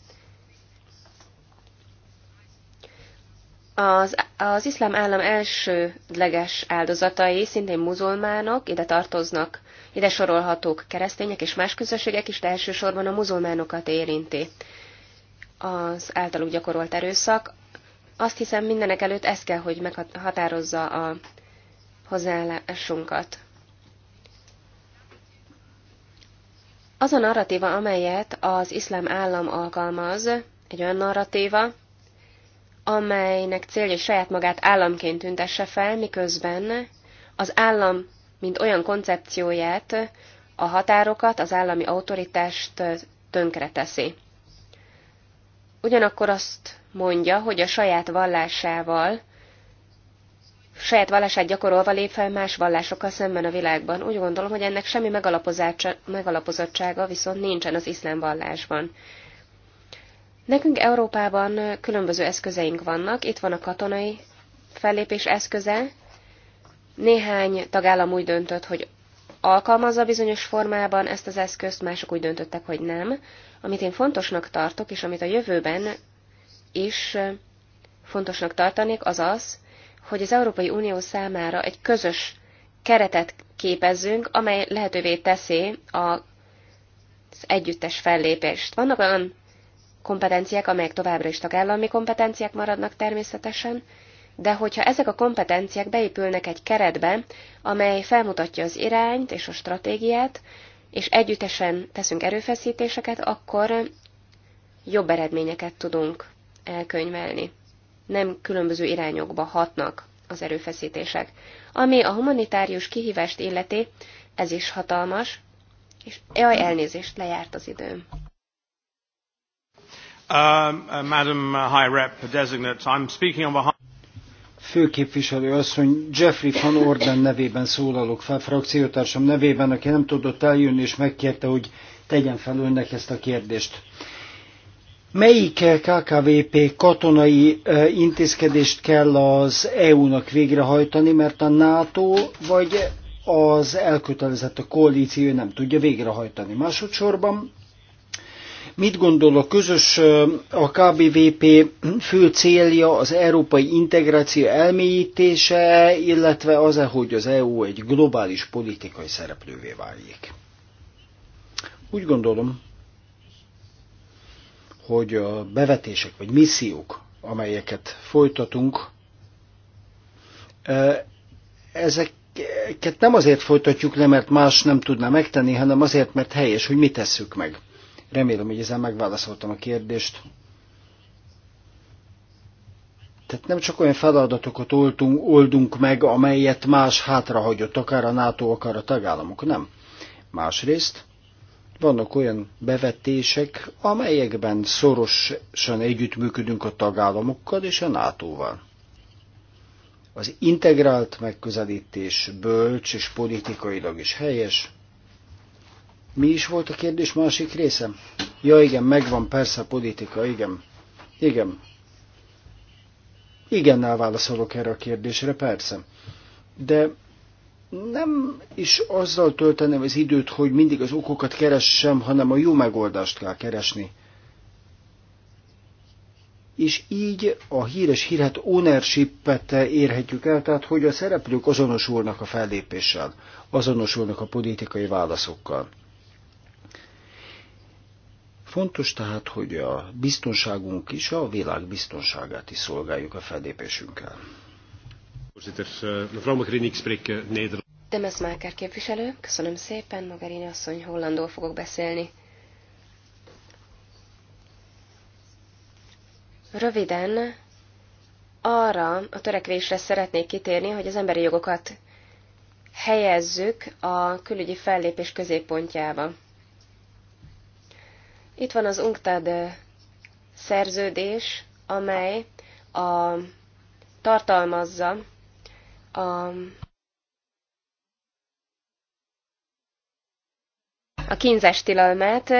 Az, az iszlám állam elsődleges áldozatai szintén muzulmánok, ide tartoznak, ide sorolhatók keresztények és más közösségek is, de elsősorban a muzulmánokat érinti az általuk gyakorolt erőszak. Azt hiszem mindenek előtt ez kell, hogy meghatározza a hozzáállásunkat. Az a narratíva, amelyet az iszlám állam alkalmaz, egy olyan narratíva, amelynek célja, hogy saját magát államként tüntesse fel, miközben az állam, mint olyan koncepcióját, a határokat, az állami autoritást tönkreteszi. Ugyanakkor azt mondja, hogy a saját vallásával saját vallását gyakorolva lép fel más vallásokkal szemben a világban. Úgy gondolom, hogy ennek semmi megalapozottsága viszont nincsen az iszlám vallásban. Nekünk Európában különböző eszközeink vannak. Itt van a katonai fellépés eszköze. Néhány tagállam úgy döntött, hogy alkalmazza bizonyos formában ezt az eszközt, mások úgy döntöttek, hogy nem. Amit én fontosnak tartok, és amit a jövőben is fontosnak tartanék, az az, hogy az Európai Unió számára egy közös keretet képezzünk, amely lehetővé teszi az együttes fellépést. Vannak olyan kompetenciák, amelyek továbbra is tagállami kompetenciák maradnak természetesen, de hogyha ezek a kompetenciák beépülnek egy keretbe, amely felmutatja az irányt és a stratégiát, és együttesen teszünk erőfeszítéseket, akkor jobb eredményeket tudunk elkönyvelni nem különböző irányokba hatnak az erőfeszítések. Ami a humanitárius kihívást illeti, ez is hatalmas, és jaj, elnézést, lejárt az időm. Uh, uh, Madam High Rep Designate, I'm speaking on behalf főképviselő asszony Jeffrey van Orden nevében szólalok fel, frakciótársam nevében, aki nem tudott eljönni, és megkérte, hogy tegyen fel önnek ezt a kérdést. Melyik KKVP katonai intézkedést kell az EU-nak végrehajtani, mert a NATO vagy az elkötelezett a koalíció nem tudja végrehajtani. Másodszorban Mit gondol a közös, a KBVP fő célja az európai integráció elmélyítése, illetve az -e, hogy az EU egy globális politikai szereplővé váljék? Úgy gondolom, hogy a bevetések vagy missziók, amelyeket folytatunk, eh, ezeket nem azért folytatjuk le, mert más nem tudná megtenni, hanem azért, mert helyes, hogy mi tesszük meg. Remélem, hogy ezzel megválaszoltam a kérdést. Tehát nem csak olyan feladatokat oldunk, oldunk meg, amelyet más hátrahagyott, akár a NATO, akár a tagállamok, nem. Másrészt vannak olyan bevetések, amelyekben szorosan együttműködünk a tagállamokkal és a NATO-val. Az integrált megközelítés bölcs és politikailag is helyes. Mi is volt a kérdés másik része? Ja igen, megvan persze a politika, igen. Igen. Igennel válaszolok erre a kérdésre, persze. De nem is azzal töltenem az időt, hogy mindig az okokat keressem, hanem a jó megoldást kell keresni. És így a híres hírhet ownership-et érhetjük el, tehát hogy a szereplők azonosulnak a fellépéssel, azonosulnak a politikai válaszokkal. Fontos tehát, hogy a biztonságunk is a világ biztonságát is szolgáljuk a fellépésünkkel. Voorzitter, eh, mevrouw Magrini, ik spreek eh, Demes Máker képviselő, köszönöm szépen, Magarini asszony, hollandól fogok beszélni. Röviden arra a törekvésre szeretnék kitérni, hogy az emberi jogokat helyezzük a külügyi fellépés középpontjába. Itt van az UNCTAD szerződés, amely a, tartalmazza a a kínzás tilalmát,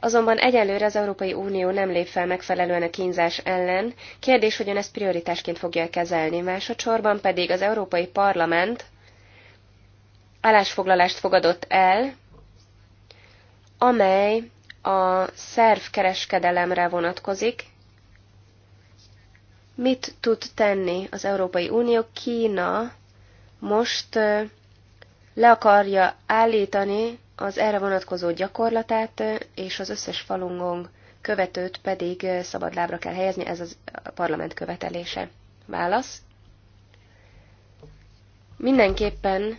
azonban egyelőre az Európai Unió nem lép fel megfelelően a kínzás ellen. Kérdés, hogy ön ezt prioritásként fogja kezelni. Másodszorban pedig az Európai Parlament állásfoglalást fogadott el, amely a szervkereskedelemre vonatkozik. Mit tud tenni az Európai Unió? Kína most le akarja állítani az erre vonatkozó gyakorlatát és az összes falungong követőt pedig szabad lábra kell helyezni, ez az a parlament követelése. Válasz. Mindenképpen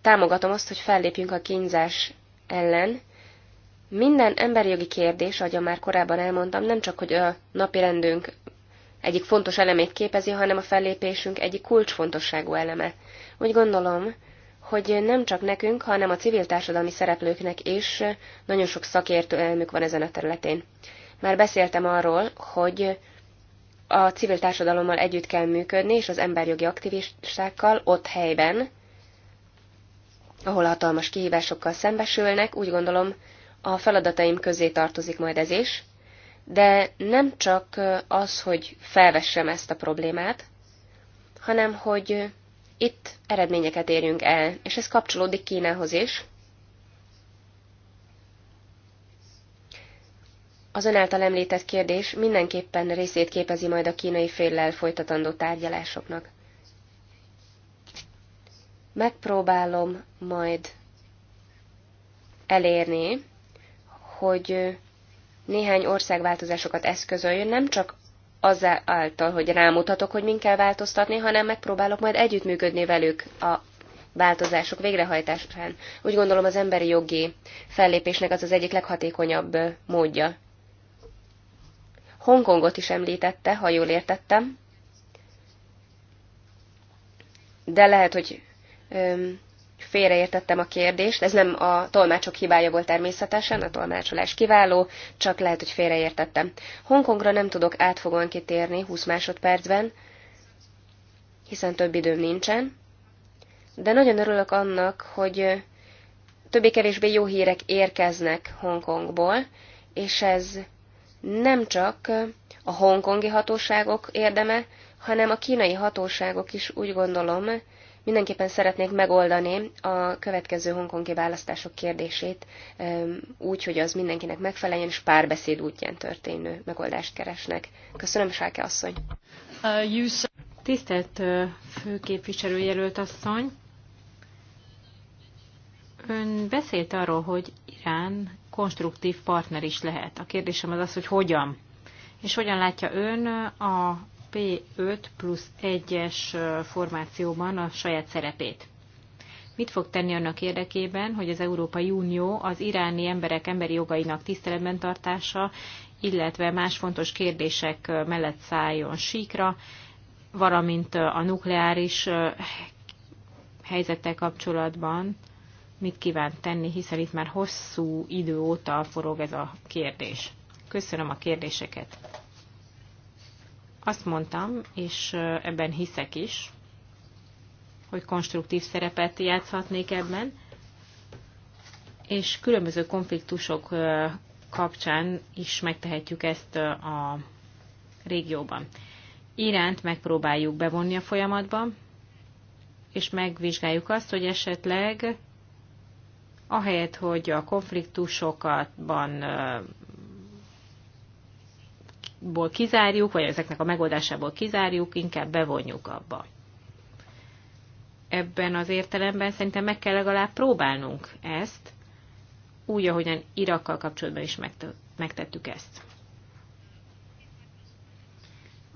támogatom azt, hogy fellépjünk a kínzás ellen. Minden emberi jogi kérdés, ahogy már korábban elmondtam, nem csak, hogy a napi rendünk egyik fontos elemét képezi, hanem a fellépésünk egyik kulcsfontosságú eleme. Úgy gondolom, hogy nem csak nekünk, hanem a civil társadalmi szereplőknek is nagyon sok szakértő elmük van ezen a területén. Már beszéltem arról, hogy a civil társadalommal együtt kell működni, és az emberjogi aktivistákkal ott helyben, ahol hatalmas kihívásokkal szembesülnek, úgy gondolom, a feladataim közé tartozik majd ez is, de nem csak az, hogy felvessem ezt a problémát, hanem hogy itt eredményeket érjünk el, és ez kapcsolódik Kínához is. Az ön által említett kérdés mindenképpen részét képezi majd a kínai féllel folytatandó tárgyalásoknak. Megpróbálom majd elérni, hogy néhány országváltozásokat eszközöljön, nem csak azáltal, hogy rámutatok, hogy min kell változtatni, hanem megpróbálok majd együttműködni velük a változások végrehajtásán. Úgy gondolom az emberi jogi fellépésnek az az egyik leghatékonyabb módja. Hongkongot is említette, ha jól értettem, de lehet, hogy öm, félreértettem a kérdést. Ez nem a tolmácsok hibája volt természetesen, a tolmácsolás kiváló, csak lehet, hogy félreértettem. Hongkongra nem tudok átfogóan kitérni 20 másodpercben, hiszen több időm nincsen. De nagyon örülök annak, hogy többé-kevésbé jó hírek érkeznek Hongkongból, és ez nem csak a hongkongi hatóságok érdeme, hanem a kínai hatóságok is úgy gondolom, Mindenképpen szeretnék megoldani a következő hongkongi választások kérdését úgy, hogy az mindenkinek megfeleljen, és párbeszéd útján történő megoldást keresnek. Köszönöm, Sáke asszony! Uh, Tisztelt főképviselőjelölt asszony! Ön beszélt arról, hogy Irán konstruktív partner is lehet. A kérdésem az az, hogy hogyan? És hogyan látja ön a P5 plusz 1-es formációban a saját szerepét. Mit fog tenni annak érdekében, hogy az Európai Unió az iráni emberek emberi jogainak tiszteletben tartása, illetve más fontos kérdések mellett szálljon síkra, valamint a nukleáris helyzettel kapcsolatban mit kíván tenni, hiszen itt már hosszú idő óta forog ez a kérdés. Köszönöm a kérdéseket! Azt mondtam, és ebben hiszek is, hogy konstruktív szerepet játszhatnék ebben, és különböző konfliktusok kapcsán is megtehetjük ezt a régióban. Iránt megpróbáljuk bevonni a folyamatba, és megvizsgáljuk azt, hogy esetleg ahelyett, hogy a konfliktusokban ból kizárjuk, vagy ezeknek a megoldásából kizárjuk, inkább bevonjuk abba. Ebben az értelemben szerintem meg kell legalább próbálnunk ezt, úgy, ahogyan Irakkal kapcsolatban is megtettük ezt.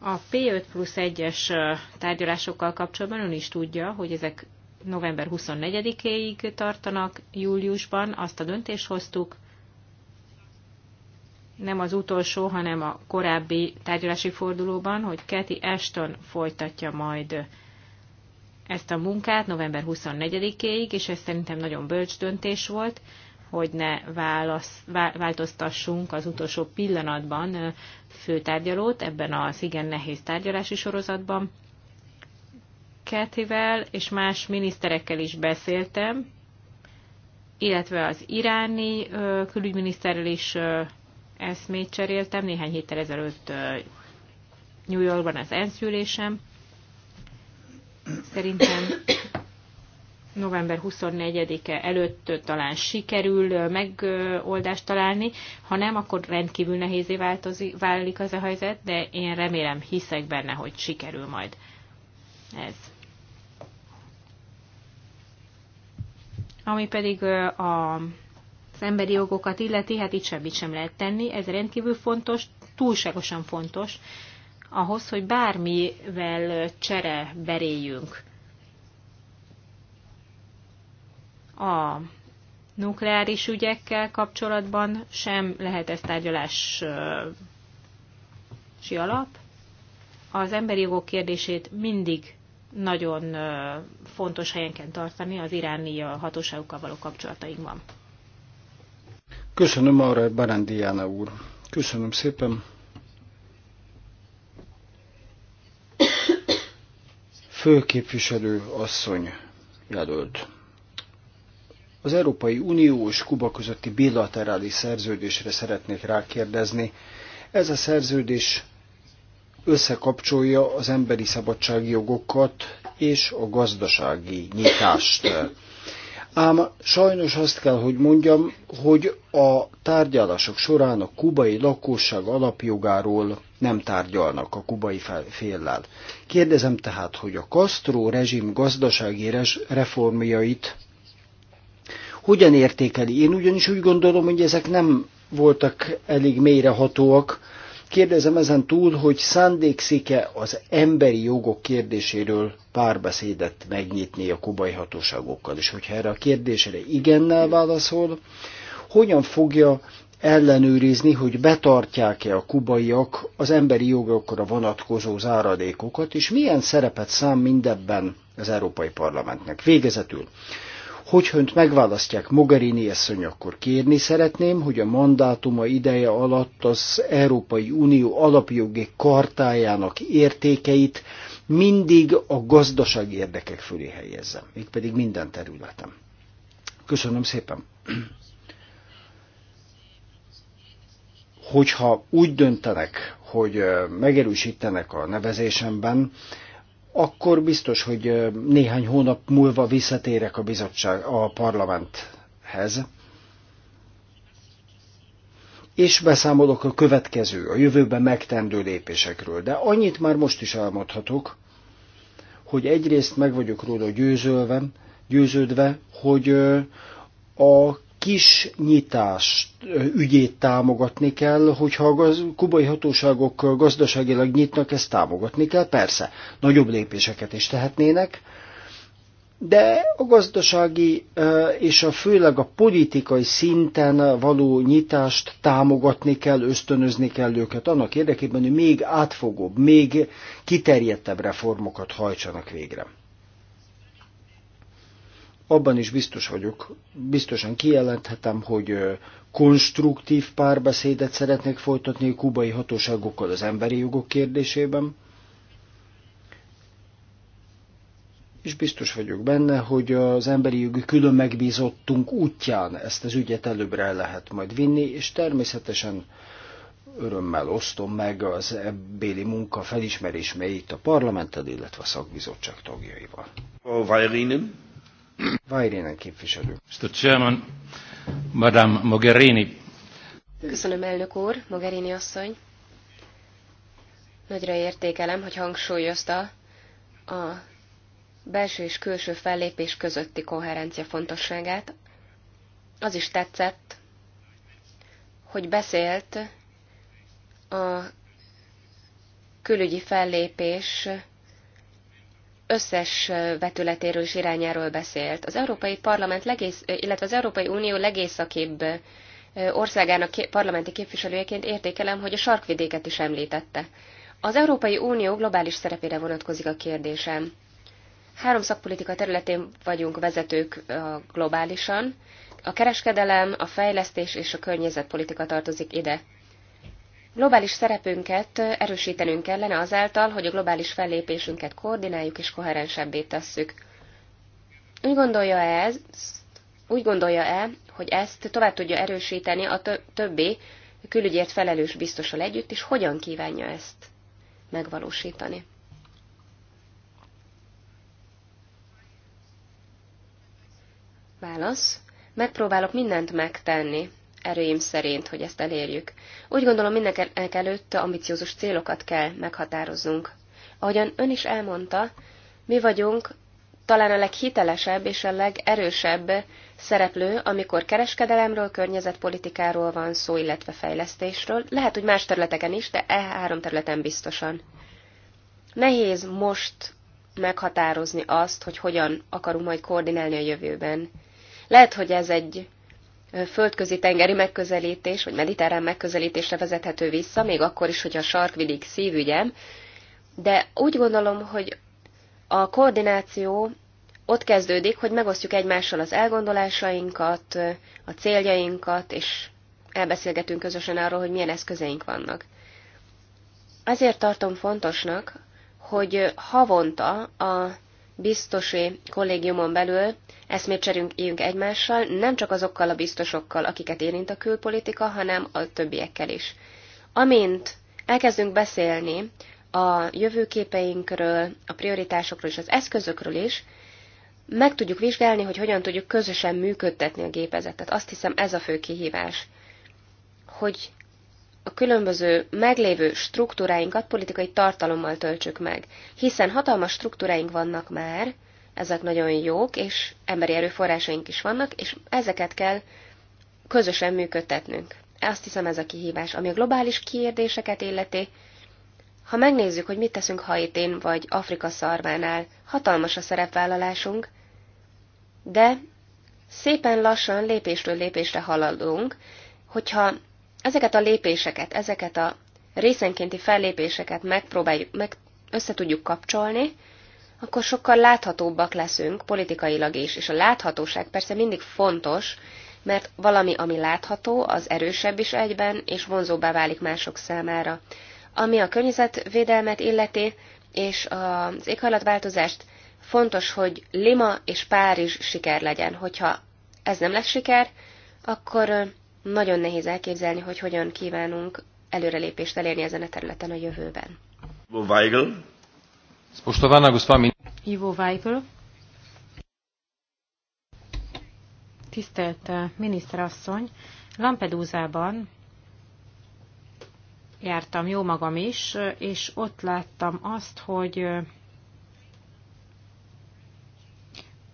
A P5 plusz 1-es tárgyalásokkal kapcsolatban ön is tudja, hogy ezek november 24-éig tartanak, júliusban azt a döntést hoztuk, nem az utolsó, hanem a korábbi tárgyalási fordulóban, hogy Keti Ashton folytatja majd ezt a munkát november 24-éig, és ez szerintem nagyon bölcs döntés volt, hogy ne válasz, változtassunk az utolsó pillanatban főtárgyalót ebben az igen nehéz tárgyalási sorozatban. Kettivel és más miniszterekkel is beszéltem, illetve az iráni külügyminiszterrel is eszmét cseréltem néhány héttel ezelőtt New Yorkban az ENSZ gyűlésem. Szerintem november 24-e előtt talán sikerül megoldást találni, ha nem, akkor rendkívül nehézé változik, válik az a helyzet, de én remélem, hiszek benne, hogy sikerül majd ez. Ami pedig a az emberi jogokat illeti, hát itt semmit sem lehet tenni. Ez rendkívül fontos, túlságosan fontos ahhoz, hogy bármivel csere beréljünk. A nukleáris ügyekkel kapcsolatban sem lehet ez tárgyalási alap. Az emberi jogok kérdését mindig nagyon fontos helyen kell tartani az iráni hatóságokkal való kapcsolatainkban. Köszönöm arra, Barándiána úr. Köszönöm szépen. Főképviselő asszony jelölt. Az Európai Unió és Kuba közötti bilaterális szerződésre szeretnék rákérdezni. Ez a szerződés összekapcsolja az emberi szabadságjogokat és a gazdasági nyitást Ám sajnos azt kell, hogy mondjam, hogy a tárgyalások során a kubai lakosság alapjogáról nem tárgyalnak a kubai féllel. Kérdezem tehát, hogy a Castro rezsim gazdasági reformjait hogyan értékeli? Én ugyanis úgy gondolom, hogy ezek nem voltak elég mélyrehatóak, Kérdezem ezen túl, hogy szándékszik-e az emberi jogok kérdéséről párbeszédet megnyitni a kubai hatóságokkal, és hogyha erre a kérdésre igennel válaszol, hogyan fogja ellenőrizni, hogy betartják-e a kubaiak az emberi jogokra vonatkozó záradékokat, és milyen szerepet szám mindebben az Európai Parlamentnek. Végezetül, hogy önt megválasztják Mogherini eszony, akkor kérni szeretném, hogy a mandátuma ideje alatt az Európai Unió alapjogi kartájának értékeit mindig a gazdasági érdekek fölé helyezzem, mégpedig minden területen. Köszönöm szépen! Hogyha úgy döntenek, hogy megerősítenek a nevezésemben, akkor biztos, hogy néhány hónap múlva visszatérek a bizottság, a parlamenthez. És beszámolok a következő, a jövőben megtendő lépésekről. De annyit már most is elmondhatok, hogy egyrészt meg vagyok róla győzölve, győződve, hogy a kis nyitás ügyét támogatni kell, hogyha a gaz, kubai hatóságok gazdaságilag nyitnak, ezt támogatni kell, persze, nagyobb lépéseket is tehetnének, de a gazdasági és a főleg a politikai szinten való nyitást támogatni kell, ösztönözni kell őket annak érdekében, hogy még átfogóbb, még kiterjedtebb reformokat hajtsanak végre abban is biztos vagyok, biztosan kijelenthetem, hogy konstruktív párbeszédet szeretnék folytatni a kubai hatóságokkal az emberi jogok kérdésében, és biztos vagyok benne, hogy az emberi jogi külön megbízottunk útján ezt az ügyet előbbre el lehet majd vinni, és természetesen örömmel osztom meg az ebbéli munka felismerésmeit a parlamenttel, illetve a szakbizottság tagjaival. A Weirinen. Vajrénen képviselő. Mr. Chairman, Madame Mogherini. Köszönöm, elnök úr, Mogherini asszony. Nagyra értékelem, hogy hangsúlyozta a belső és külső fellépés közötti koherencia fontosságát. Az is tetszett, hogy beszélt a külügyi fellépés összes vetületéről és irányáról beszélt. Az Európai Parlament, legész, illetve az Európai Unió legészakibb országának parlamenti képviselőjeként értékelem, hogy a sarkvidéket is említette. Az Európai Unió globális szerepére vonatkozik a kérdésem. Három szakpolitika területén vagyunk vezetők globálisan. A kereskedelem, a fejlesztés és a környezetpolitika tartozik ide. Globális szerepünket erősítenünk kellene azáltal, hogy a globális fellépésünket koordináljuk és koherensebbé tesszük. Úgy gondolja -e ez, úgy gondolja-e, hogy ezt tovább tudja erősíteni a többi külügyért felelős biztosal együtt, és hogyan kívánja ezt megvalósítani? Válasz. Megpróbálok mindent megtenni erőim szerint, hogy ezt elérjük. Úgy gondolom mindenek előtt ambiciózus célokat kell meghatároznunk. Ahogyan ön is elmondta, mi vagyunk talán a leghitelesebb és a legerősebb szereplő, amikor kereskedelemről, környezetpolitikáról van szó, illetve fejlesztésről. Lehet, hogy más területeken is, de e három területen biztosan. Nehéz most meghatározni azt, hogy hogyan akarunk majd koordinálni a jövőben. Lehet, hogy ez egy földközi tengeri megközelítés, vagy mediterrán megközelítésre vezethető vissza, még akkor is, hogy a sarkvidék szívügyem, de úgy gondolom, hogy a koordináció ott kezdődik, hogy megosztjuk egymással az elgondolásainkat, a céljainkat, és elbeszélgetünk közösen arról, hogy milyen eszközeink vannak. Ezért tartom fontosnak, hogy havonta a biztosi kollégiumon belül eszmét cserünk egymással, nem csak azokkal a biztosokkal, akiket érint a külpolitika, hanem a többiekkel is. Amint elkezdünk beszélni a jövőképeinkről, a prioritásokról és az eszközökről is, meg tudjuk vizsgálni, hogy hogyan tudjuk közösen működtetni a gépezetet. Azt hiszem ez a fő kihívás, hogy a különböző meglévő struktúráinkat politikai tartalommal töltsük meg, hiszen hatalmas struktúráink vannak már, ezek nagyon jók, és emberi erőforrásaink is vannak, és ezeket kell közösen működtetnünk. Azt hiszem ez a kihívás, ami a globális kérdéseket illeti. Ha megnézzük, hogy mit teszünk Haitén vagy Afrika szarvánál, hatalmas a szerepvállalásunk, de szépen lassan lépésről lépésre haladunk, hogyha Ezeket a lépéseket, ezeket a részenkénti fellépéseket megpróbáljuk, meg össze tudjuk kapcsolni, akkor sokkal láthatóbbak leszünk politikailag is. És a láthatóság persze mindig fontos, mert valami, ami látható, az erősebb is egyben, és vonzóbbá válik mások számára. Ami a környezetvédelmet illeti, és az éghajlatváltozást, fontos, hogy Lima és Párizs siker legyen. Hogyha ez nem lesz siker, akkor nagyon nehéz elképzelni, hogy hogyan kívánunk előrelépést elérni ezen a területen a jövőben. Ivo Weigel. Spoštovana gospa Ivo Weigel. Tisztelt eh, miniszterasszony, Lampedúzában jártam jó magam is, eh, és ott láttam azt, hogy eh,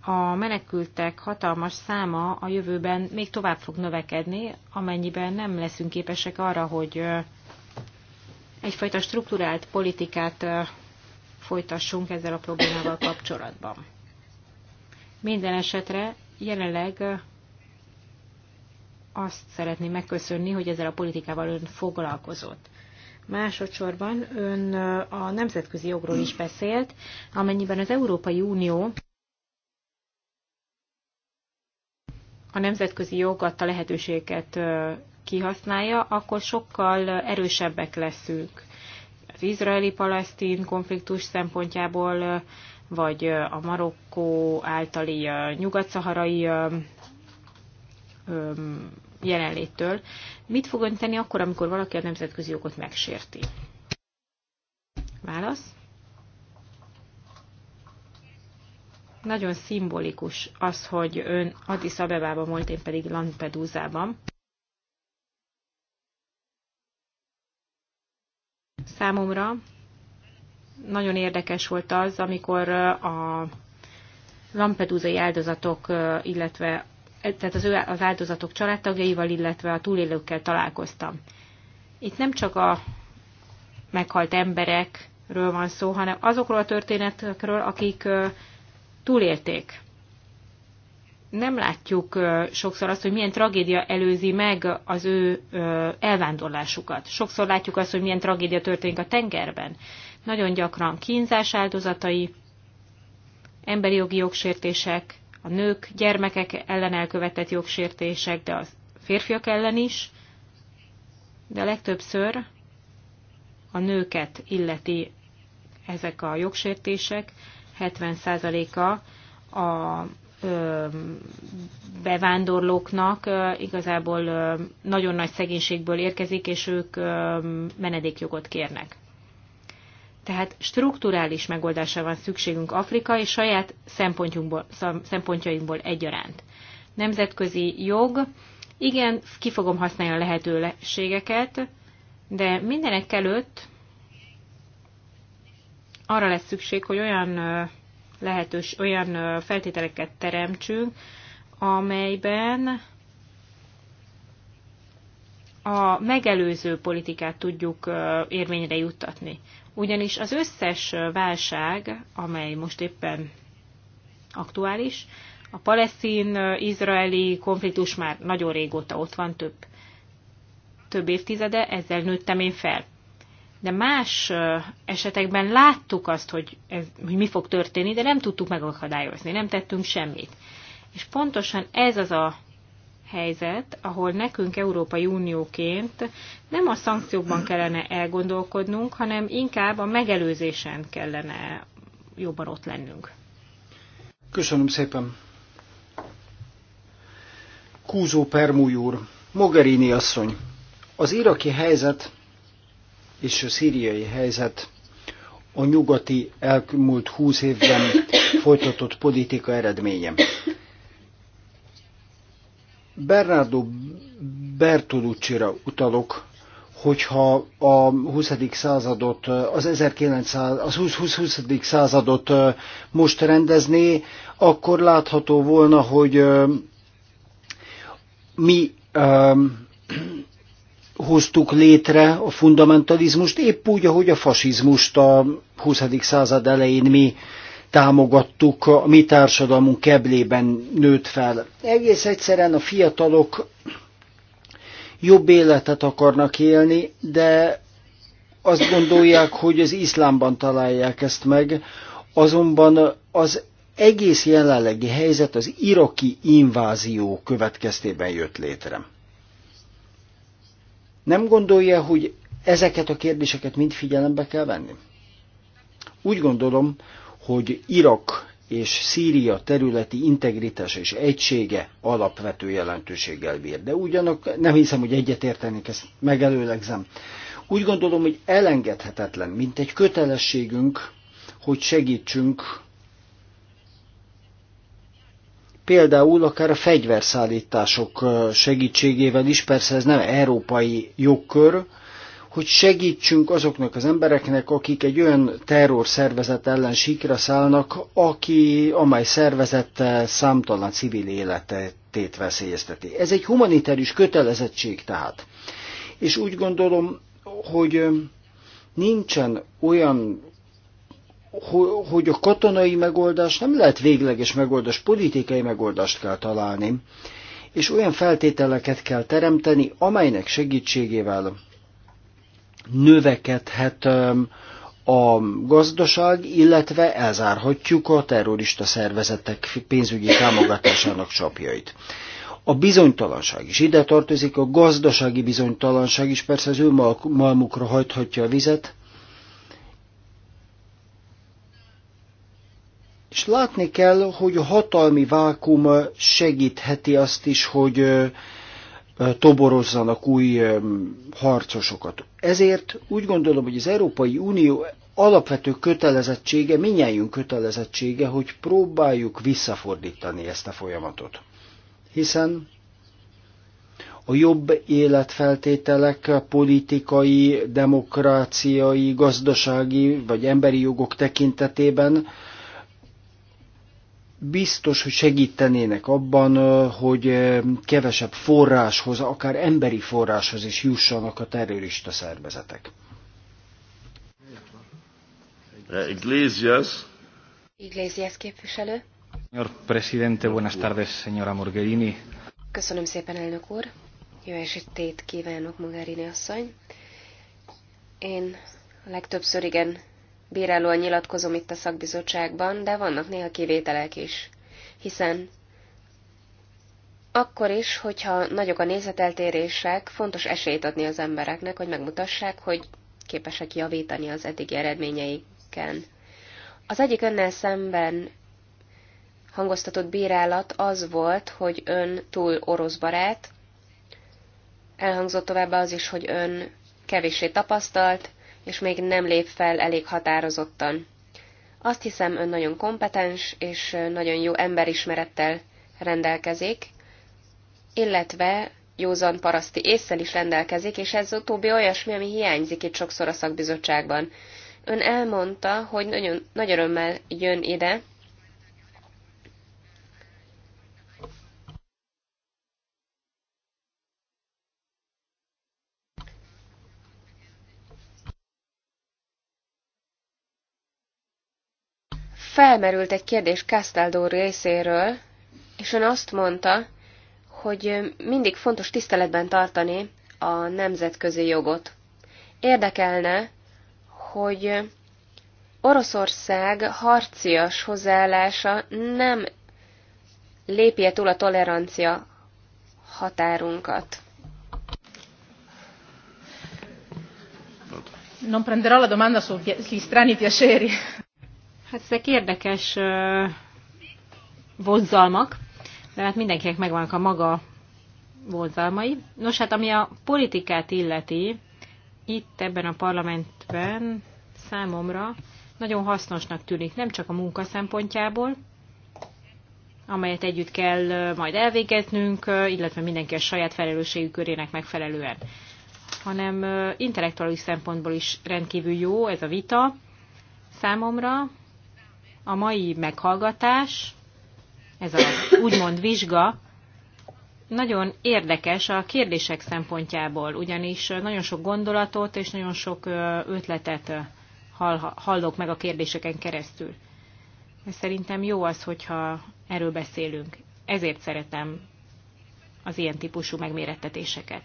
a menekültek hatalmas száma a jövőben még tovább fog növekedni, amennyiben nem leszünk képesek arra, hogy egyfajta strukturált politikát folytassunk ezzel a problémával kapcsolatban. Minden esetre jelenleg azt szeretném megköszönni, hogy ezzel a politikával ön foglalkozott. Másodszorban ön a nemzetközi jogról is beszélt, amennyiben az Európai Unió a nemzetközi jog adta lehetőséget kihasználja, akkor sokkal erősebbek leszünk. Az izraeli-palesztin konfliktus szempontjából, vagy a Marokkó általi nyugat-szaharai jelenléttől. Mit fog tenni akkor, amikor valaki a nemzetközi jogot megsérti? Válasz? Nagyon szimbolikus az, hogy ön Addis Abebában volt, én pedig Lampedúzában. Számomra nagyon érdekes volt az, amikor uh, a lampedúzai áldozatok, uh, illetve tehát az, ő, az áldozatok családtagjaival, illetve a túlélőkkel találkoztam. Itt nem csak a meghalt emberekről van szó, hanem azokról a történetekről, akik uh, túlélték. Nem látjuk sokszor azt, hogy milyen tragédia előzi meg az ő elvándorlásukat. Sokszor látjuk azt, hogy milyen tragédia történik a tengerben. Nagyon gyakran kínzás áldozatai, emberi jogi jogsértések, a nők, gyermekek ellen elkövetett jogsértések, de a férfiak ellen is, de legtöbbször a nőket illeti ezek a jogsértések, 70%-a a bevándorlóknak igazából nagyon nagy szegénységből érkezik, és ők menedékjogot kérnek. Tehát strukturális megoldásra van szükségünk Afrika és saját szempontjunkból, szempontjainkból egyaránt. Nemzetközi jog, igen, ki fogom használni a lehetőségeket, de mindenek előtt arra lesz szükség, hogy olyan lehetős, olyan feltételeket teremtsünk, amelyben a megelőző politikát tudjuk érvényre juttatni. Ugyanis az összes válság, amely most éppen aktuális, a palesztin-izraeli konfliktus már nagyon régóta ott van, több, több évtizede, ezzel nőttem én fel de más esetekben láttuk azt, hogy, ez, hogy mi fog történni, de nem tudtuk megakadályozni, nem tettünk semmit. És pontosan ez az a helyzet, ahol nekünk Európai Unióként nem a szankciókban kellene elgondolkodnunk, hanem inkább a megelőzésen kellene jobban ott lennünk. Köszönöm szépen. Kúzó Permúj úr, Mogherini asszony, az iraki helyzet és a szíriai helyzet a nyugati elmúlt húsz évben folytatott politika eredménye. Bernardo bertolucci utalok, hogyha a 20. századot, az 1900, az 20, 20, 20. századot most rendezné, akkor látható volna, hogy mi hoztuk létre a fundamentalizmust, épp úgy, ahogy a fasizmust a 20. század elején mi támogattuk, a mi társadalmunk keblében nőtt fel. Egész egyszerűen a fiatalok jobb életet akarnak élni, de azt gondolják, hogy az iszlámban találják ezt meg, azonban az egész jelenlegi helyzet az iraki invázió következtében jött létre. Nem gondolja, hogy ezeket a kérdéseket mind figyelembe kell venni? Úgy gondolom, hogy Irak és Szíria területi integritása és egysége alapvető jelentőséggel bír. De ugyanak nem hiszem, hogy egyetértenék, ezt megelőlegzem. Úgy gondolom, hogy elengedhetetlen, mint egy kötelességünk, hogy segítsünk például akár a fegyverszállítások segítségével is, persze ez nem európai jogkör, hogy segítsünk azoknak az embereknek, akik egy olyan terrorszervezet ellen sikra szállnak, aki, amely szervezet számtalan civil életét veszélyezteti. Ez egy humanitárius kötelezettség tehát. És úgy gondolom, hogy nincsen olyan hogy a katonai megoldás nem lehet végleges megoldás, politikai megoldást kell találni, és olyan feltételeket kell teremteni, amelynek segítségével növekedhet a gazdaság, illetve elzárhatjuk a terrorista szervezetek pénzügyi támogatásának csapjait. A bizonytalanság is ide tartozik, a gazdasági bizonytalanság is persze az ő malmukra hajthatja a vizet, És látni kell, hogy a hatalmi vákum segítheti azt is, hogy toborozzanak új harcosokat. Ezért úgy gondolom, hogy az Európai Unió alapvető kötelezettsége, minnyájunk kötelezettsége, hogy próbáljuk visszafordítani ezt a folyamatot. Hiszen a jobb életfeltételek politikai, demokráciai, gazdasági vagy emberi jogok tekintetében biztos, hogy segítenének abban, hogy kevesebb forráshoz, akár emberi forráshoz is jussanak a terrorista szervezetek. Eh, Iglesias. Iglesias képviselő. Señor presidente, buenas tardes, señora Morgherini. Köszönöm szépen, elnök úr. Jó estét kívánok, Mogherini asszony. Én legtöbbször igen bírálóan nyilatkozom itt a szakbizottságban, de vannak néha kivételek is. Hiszen akkor is, hogyha nagyok a nézeteltérések, fontos esélyt adni az embereknek, hogy megmutassák, hogy képesek javítani az eddigi eredményeiken. Az egyik önnel szemben hangoztatott bírálat az volt, hogy ön túl orosz barát, elhangzott továbbá az is, hogy ön kevéssé tapasztalt, és még nem lép fel elég határozottan. Azt hiszem, ön nagyon kompetens és nagyon jó emberismerettel rendelkezik, illetve józan paraszti észsel is rendelkezik, és ez utóbbi olyasmi, ami hiányzik itt sokszor a szakbizottságban. Ön elmondta, hogy nagyon nagy örömmel jön ide, felmerült egy kérdés Castaldo részéről, és ön azt mondta, hogy mindig fontos tiszteletben tartani a nemzetközi jogot. Érdekelne, hogy Oroszország harcias hozzáállása nem lépje túl a tolerancia határunkat. Non prenderò la domanda sugli strani piaceri. Hát ezek érdekes vonzalmak, de hát mindenkinek megvannak a maga vonzalmai. Nos, hát ami a politikát illeti, itt ebben a parlamentben számomra nagyon hasznosnak tűnik, nem csak a munka szempontjából, amelyet együtt kell majd elvégeznünk, illetve mindenki a saját felelősségű körének megfelelően, hanem intellektuális szempontból is rendkívül jó ez a vita számomra, a mai meghallgatás, ez a úgymond vizsga, nagyon érdekes a kérdések szempontjából, ugyanis nagyon sok gondolatot és nagyon sok ötletet hallok meg a kérdéseken keresztül. Szerintem jó az, hogyha erről beszélünk. Ezért szeretem az ilyen típusú megmérettetéseket.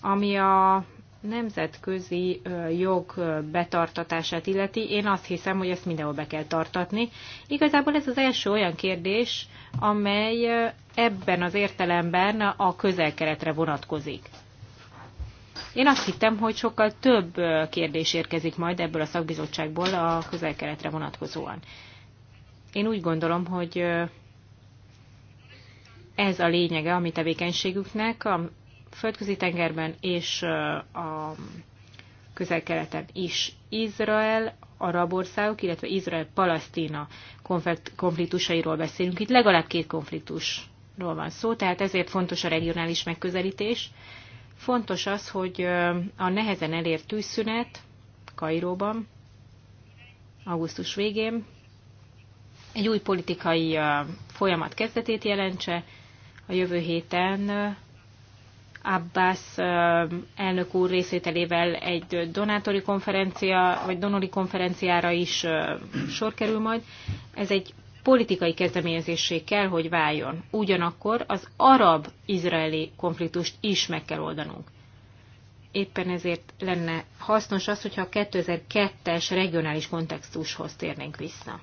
Ami a nemzetközi jog betartatását illeti, én azt hiszem, hogy ezt mindenhol be kell tartatni. Igazából ez az első olyan kérdés, amely ebben az értelemben a közelkeretre vonatkozik. Én azt hittem, hogy sokkal több kérdés érkezik majd ebből a szakbizottságból a közelkeretre vonatkozóan. Én úgy gondolom, hogy ez a lényege a mi tevékenységüknek, földközi tengerben és a közel-keleten is. Izrael, arab országok, illetve Izrael-Palasztina konfliktusairól beszélünk. Itt legalább két konfliktusról van szó, tehát ezért fontos a regionális megközelítés. Fontos az, hogy a nehezen elért tűzszünet Kairóban, augusztus végén, egy új politikai folyamat kezdetét jelentse. A jövő héten Abbas elnök úr részételével egy donátori konferencia, vagy donori konferenciára is sor kerül majd. Ez egy politikai kezdeményezésé kell, hogy váljon. Ugyanakkor az arab-izraeli konfliktust is meg kell oldanunk. Éppen ezért lenne hasznos az, hogyha a 2002-es regionális kontextushoz térnénk vissza.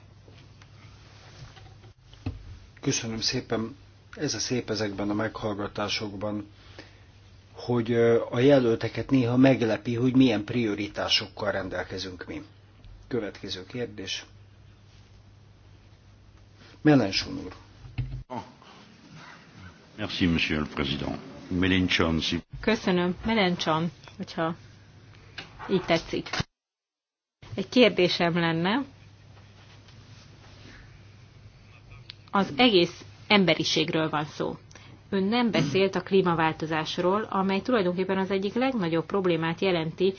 Köszönöm szépen. Ez a szép ezekben a meghallgatásokban hogy a jelölteket néha meglepi, hogy milyen prioritásokkal rendelkezünk mi. Következő kérdés. Melenchon úr. Merci, monsieur le président. Melenchon, si... Köszönöm. Melenchon, hogyha így tetszik. Egy kérdésem lenne. Az egész emberiségről van szó ön nem beszélt a klímaváltozásról, amely tulajdonképpen az egyik legnagyobb problémát jelenti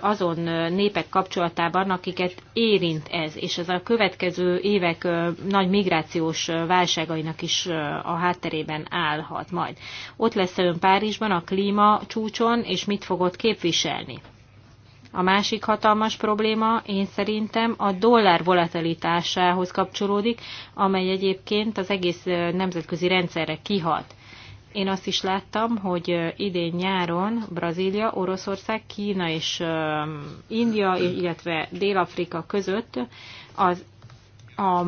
azon népek kapcsolatában, akiket érint ez, és ez a következő évek nagy migrációs válságainak is a hátterében állhat majd. Ott lesz ön Párizsban a klíma csúcson, és mit fogott képviselni? A másik hatalmas probléma én szerintem a dollár volatilitásához kapcsolódik, amely egyébként az egész nemzetközi rendszerre kihat. Én azt is láttam, hogy idén nyáron Brazília, Oroszország, Kína és India, illetve Dél-Afrika között az a,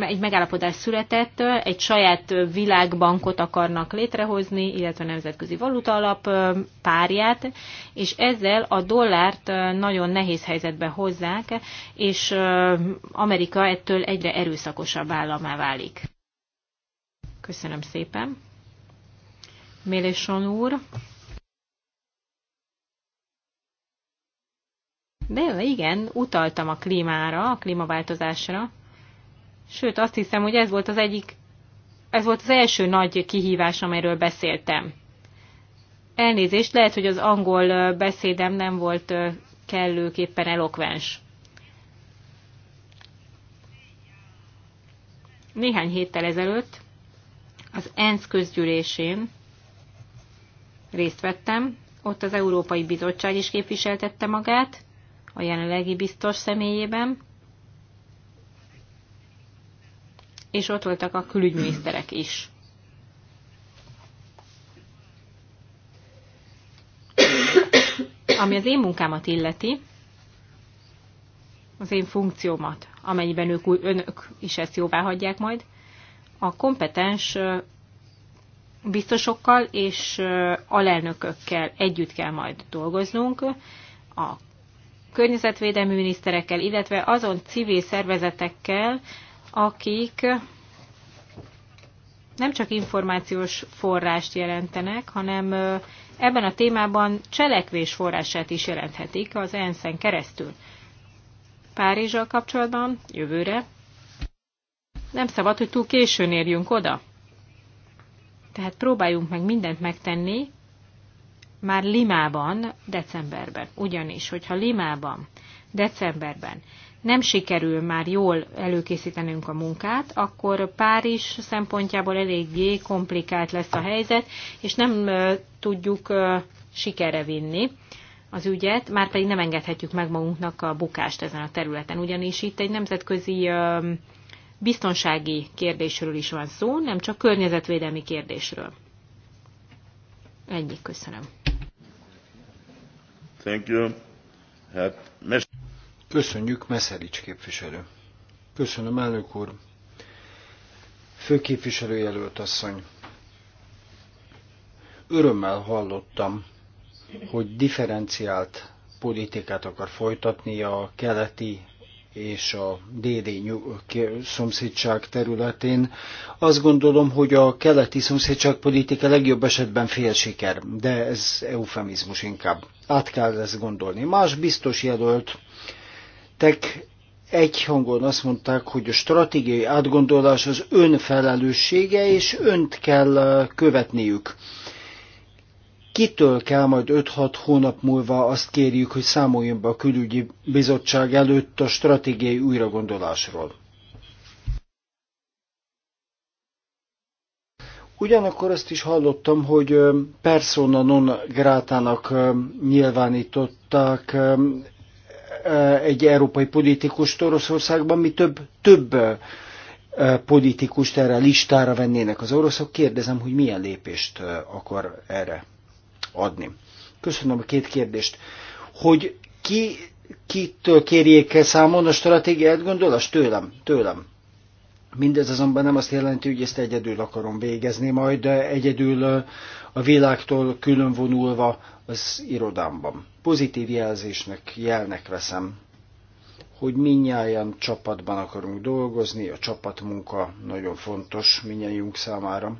egy megállapodás született, egy saját világbankot akarnak létrehozni, illetve nemzetközi valuta alap párját, és ezzel a dollárt nagyon nehéz helyzetbe hozzák, és Amerika ettől egyre erőszakosabb államá válik. Köszönöm szépen! Mélésson úr. De igen, utaltam a klímára, a klímaváltozásra. Sőt, azt hiszem, hogy ez volt az egyik, ez volt az első nagy kihívás, amiről beszéltem. Elnézést, lehet, hogy az angol beszédem nem volt kellőképpen elokvens. Néhány héttel ezelőtt az ENSZ közgyűlésén részt vettem. Ott az Európai Bizottság is képviseltette magát, a jelenlegi biztos személyében, és ott voltak a külügyminiszterek is. Ami az én munkámat illeti, az én funkciómat, amennyiben ők, önök is ezt jóvá hagyják majd, a kompetens biztosokkal és alelnökökkel együtt kell majd dolgoznunk, a környezetvédelmi miniszterekkel, illetve azon civil szervezetekkel, akik nem csak információs forrást jelentenek, hanem ebben a témában cselekvés forrását is jelenthetik az ENSZ-en keresztül. Párizsal kapcsolatban jövőre nem szabad, hogy túl későn érjünk oda. Tehát próbáljunk meg mindent megtenni, már Limában, decemberben. Ugyanis, hogyha Limában, decemberben nem sikerül már jól előkészítenünk a munkát, akkor Párizs szempontjából eléggé komplikált lesz a helyzet, és nem tudjuk sikerre vinni az ügyet, már pedig nem engedhetjük meg magunknak a bukást ezen a területen, ugyanis itt egy nemzetközi biztonsági kérdésről is van szó, nem csak környezetvédelmi kérdésről. Ennyi, köszönöm. Thank you. Hát, mes- Köszönjük, Meszelics képviselő. Köszönöm, elnök úr. Főképviselőjelölt asszony. Örömmel hallottam, hogy differenciált politikát akar folytatni a keleti és a DD szomszédság területén. Azt gondolom, hogy a keleti politika legjobb esetben fél siker, de ez eufemizmus inkább. Át kell ezt gondolni. Más biztos jelölt, tek egy hangon azt mondták, hogy a stratégiai átgondolás az önfelelőssége, és önt kell követniük kitől kell majd 5-6 hónap múlva azt kérjük, hogy számoljon be a külügyi bizottság előtt a stratégiai újragondolásról. Ugyanakkor azt is hallottam, hogy persona non grátának nyilvánították egy európai politikust Oroszországban, mi több, több politikust erre listára vennének az oroszok. Kérdezem, hogy milyen lépést akar erre adni. Köszönöm a két kérdést. Hogy ki, kitől kérjék számon a stratégiát, gondolás? Tőlem, tőlem. Mindez azonban nem azt jelenti, hogy ezt egyedül akarom végezni, majd egyedül a világtól különvonulva az irodámban. Pozitív jelzésnek, jelnek veszem, hogy minnyáján csapatban akarunk dolgozni, a csapatmunka nagyon fontos minnyájunk számára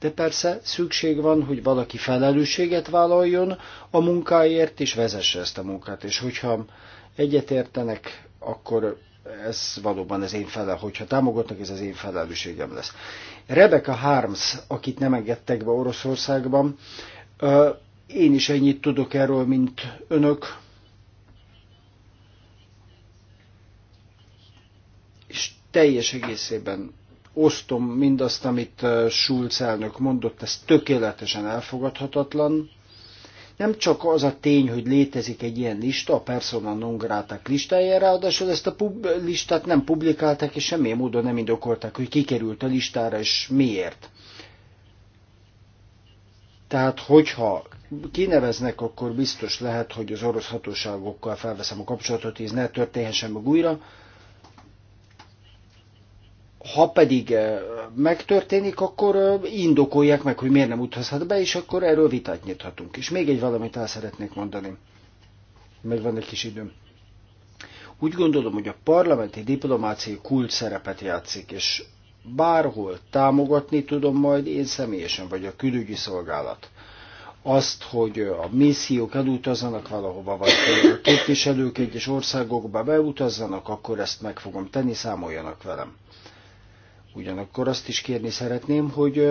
de persze szükség van, hogy valaki felelősséget vállaljon a munkáért, és vezesse ezt a munkát. És hogyha egyetértenek, akkor ez valóban az én felel, hogyha támogatnak, ez az én felelősségem lesz. Rebecca Harms, akit nem engedtek be Oroszországban, én is ennyit tudok erről, mint önök. És teljes egészében osztom mindazt, amit Schulz elnök mondott, ez tökéletesen elfogadhatatlan. Nem csak az a tény, hogy létezik egy ilyen lista, a persona non grata listája, ráadásul ezt a pub- listát nem publikálták, és semmilyen módon nem indokolták, hogy kikerült a listára, és miért. Tehát, hogyha kineveznek, akkor biztos lehet, hogy az orosz hatóságokkal felveszem a kapcsolatot, és ne történhessen meg újra, ha pedig eh, megtörténik, akkor eh, indokolják meg, hogy miért nem utazhat be, és akkor erről vitát nyithatunk. És még egy valamit el szeretnék mondani. Még van egy kis időm. Úgy gondolom, hogy a parlamenti diplomáciai kult szerepet játszik, és bárhol támogatni tudom majd én személyesen, vagy a külügyi szolgálat. Azt, hogy a missziók elutazzanak valahova, vagy a képviselők egyes országokba beutazzanak, akkor ezt meg fogom tenni, számoljanak velem. Ugyanakkor azt is kérni szeretném, hogy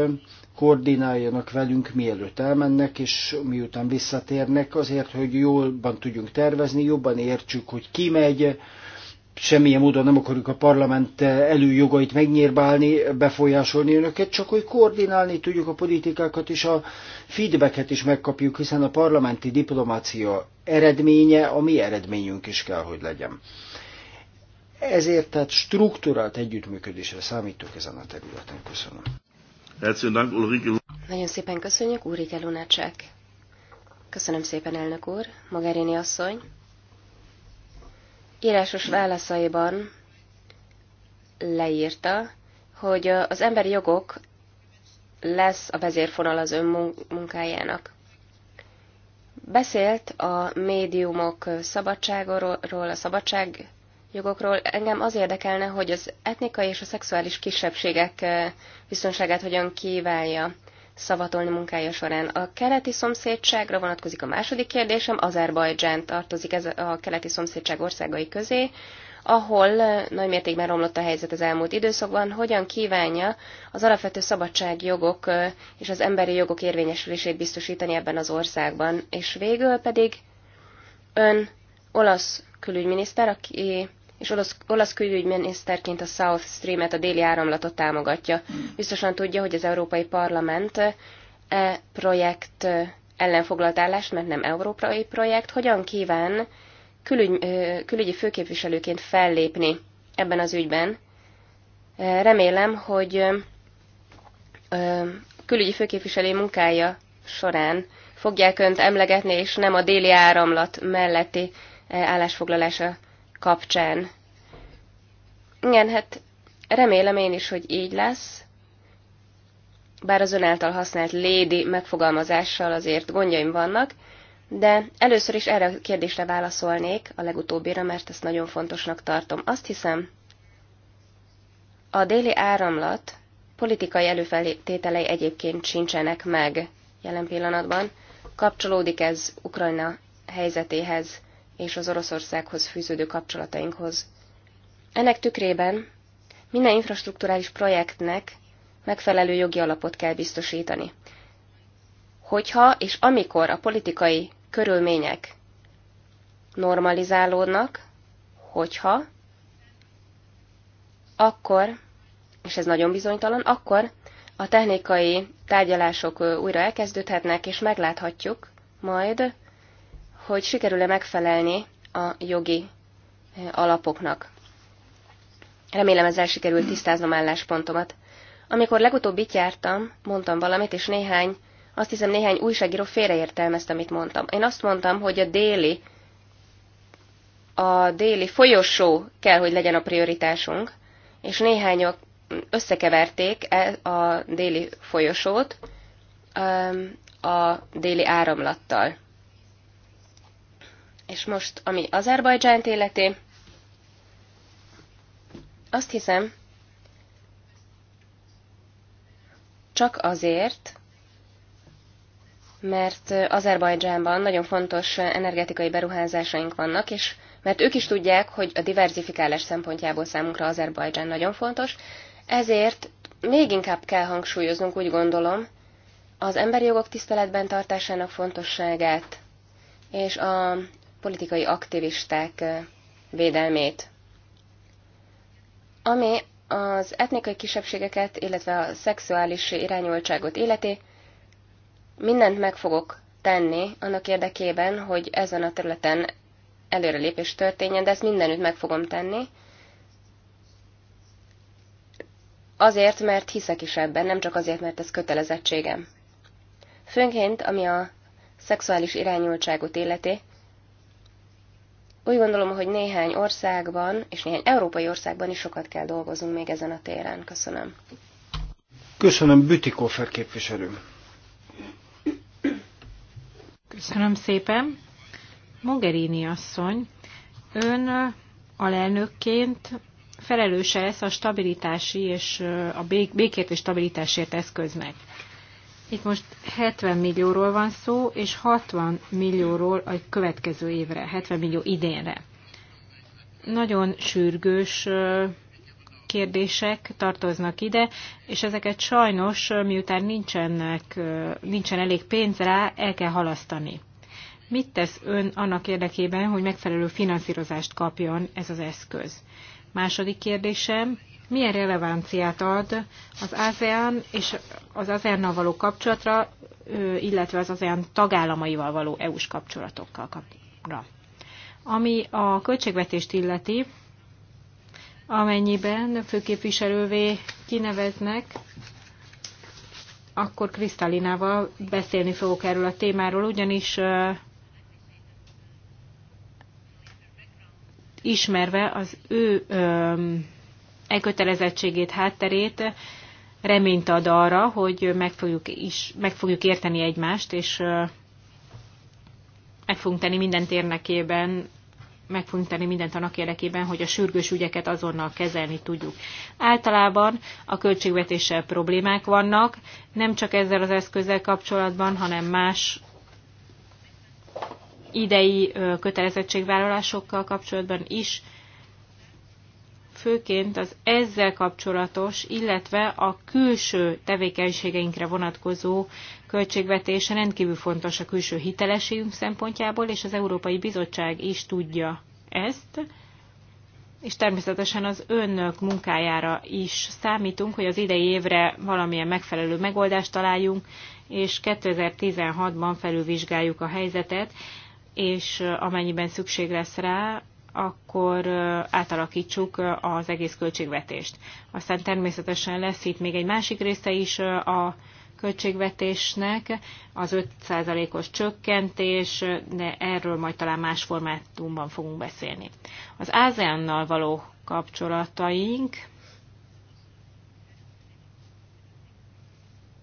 koordináljanak velünk, mielőtt elmennek, és miután visszatérnek, azért, hogy jobban tudjunk tervezni, jobban értsük, hogy ki megy, semmilyen módon nem akarjuk a parlament előjogait megnyírbálni, befolyásolni önöket, csak hogy koordinálni tudjuk a politikákat, és a feedbacket is megkapjuk, hiszen a parlamenti diplomácia eredménye a mi eredményünk is kell, hogy legyen. Ezért tehát struktúrált együttműködésre számítok ezen a területen. Köszönöm. Nagyon szépen köszönjük, Ulrike Lunacek. Köszönöm szépen, elnök úr, Mogherini asszony. Írásos válaszaiban leírta, hogy az emberi jogok lesz a vezérfonal az ön munkájának. Beszélt a médiumok szabadságról, a szabadság jogokról. Engem az érdekelne, hogy az etnikai és a szexuális kisebbségek eh, biztonságát hogyan kívánja szavatolni munkája során. A keleti szomszédságra vonatkozik a második kérdésem, Azerbajdzsán tartozik ez a keleti szomszédság országai közé, ahol eh, nagymértékben romlott a helyzet az elmúlt időszakban, hogyan kívánja az alapvető szabadságjogok eh, és az emberi jogok érvényesülését biztosítani ebben az országban. És végül pedig ön olasz külügyminiszter, aki és olasz, olasz külügyminiszterként a South Stream-et, a déli áramlatot támogatja. Biztosan tudja, hogy az Európai Parlament e projekt ellen foglalt állást, mert nem európai projekt, hogyan kíván külügy, külügyi főképviselőként fellépni ebben az ügyben. Remélem, hogy külügyi főképviselő munkája során fogják önt emlegetni, és nem a déli áramlat melletti állásfoglalása kapcsán. Igen, hát remélem én is, hogy így lesz, bár az ön által használt lédi megfogalmazással azért gondjaim vannak, de először is erre a kérdésre válaszolnék, a legutóbbira, mert ezt nagyon fontosnak tartom. Azt hiszem, a déli áramlat politikai előfeltételei egyébként sincsenek meg jelen pillanatban. Kapcsolódik ez Ukrajna helyzetéhez és az Oroszországhoz fűződő kapcsolatainkhoz. Ennek tükrében minden infrastruktúrális projektnek megfelelő jogi alapot kell biztosítani. Hogyha és amikor a politikai körülmények normalizálódnak, hogyha, akkor, és ez nagyon bizonytalan, akkor a technikai tárgyalások újra elkezdődhetnek, és megláthatjuk majd, hogy sikerül-e megfelelni a jogi eh, alapoknak. Remélem ezzel sikerült tisztáznom álláspontomat. Amikor legutóbb itt jártam, mondtam valamit, és néhány, azt hiszem néhány újságíró félreértelmezte, amit mondtam. Én azt mondtam, hogy a déli, a déli folyosó kell, hogy legyen a prioritásunk, és néhányok összekeverték e, a déli folyosót a déli áramlattal. És most, ami Azerbajdzsánt életé, azt hiszem, csak azért, mert Azerbajdzsánban nagyon fontos energetikai beruházásaink vannak, és mert ők is tudják, hogy a diverzifikálás szempontjából számunkra Azerbajdzsán nagyon fontos, ezért még inkább kell hangsúlyoznunk, úgy gondolom, az emberi jogok tiszteletben tartásának fontosságát, és a politikai aktivisták védelmét. Ami az etnikai kisebbségeket, illetve a szexuális irányultságot illeti, mindent meg fogok tenni annak érdekében, hogy ezen a területen előrelépés történjen, de ezt mindenütt meg fogom tenni. Azért, mert hiszek is ebben, nem csak azért, mert ez kötelezettségem. Főnként, ami a szexuális irányultságot életi, úgy gondolom, hogy néhány országban, és néhány európai országban is sokat kell dolgozunk még ezen a téren. Köszönöm. Köszönöm, Bütikófer képviselő. Köszönöm szépen. Mogherini asszony, ön alelnökként felelőse lesz a stabilitási és a békét és stabilitásért eszköznek. Itt most 70 millióról van szó, és 60 millióról a következő évre, 70 millió idénre. Nagyon sürgős kérdések tartoznak ide, és ezeket sajnos, miután nincsenek, nincsen elég pénz rá, el kell halasztani. Mit tesz ön annak érdekében, hogy megfelelő finanszírozást kapjon ez az eszköz? Második kérdésem, milyen relevanciát ad az ASEAN és az ASEAN-nal való kapcsolatra, illetve az ASEAN tagállamaival való EU-s kapcsolatokkal kapra. Ami a költségvetést illeti, amennyiben főképviselővé kineveznek, akkor Krisztalinával beszélni fogok erről a témáról, ugyanis ismerve az ő um, elkötelezettségét, hátterét reményt ad arra, hogy meg fogjuk, is, meg fogjuk érteni egymást, és meg fogunk tenni mindent érdekében, meg fogunk tenni mindent annak érdekében, hogy a sürgős ügyeket azonnal kezelni tudjuk. Általában a költségvetéssel problémák vannak, nem csak ezzel az eszközzel kapcsolatban, hanem más idei kötelezettségvállalásokkal kapcsolatban is, főként az ezzel kapcsolatos, illetve a külső tevékenységeinkre vonatkozó költségvetés rendkívül fontos a külső hitelességünk szempontjából, és az Európai Bizottság is tudja ezt, és természetesen az önök munkájára is számítunk, hogy az idei évre valamilyen megfelelő megoldást találjunk, és 2016-ban felülvizsgáljuk a helyzetet, és amennyiben szükség lesz rá, akkor átalakítsuk az egész költségvetést. Aztán természetesen lesz itt még egy másik része is a költségvetésnek, az 5%-os csökkentés, de erről majd talán más formátumban fogunk beszélni. Az ASEAN-nal való kapcsolataink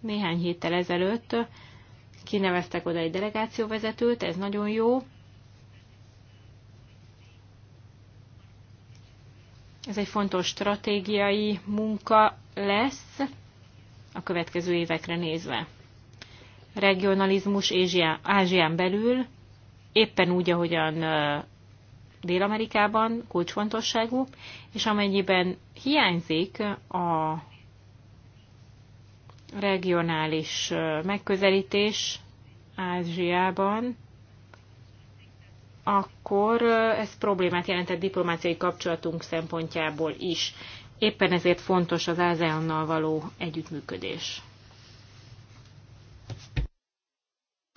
néhány héttel ezelőtt kineveztek oda egy delegációvezetőt, ez nagyon jó, Ez egy fontos stratégiai munka lesz a következő évekre nézve. Regionalizmus ázsia Ázsián belül éppen úgy, ahogyan Dél-Amerikában kulcsfontosságú, és amennyiben hiányzik a regionális megközelítés Ázsiában, akkor ez problémát jelentett diplomáciai kapcsolatunk szempontjából is. Éppen ezért fontos az ASEAN-nal való együttműködés.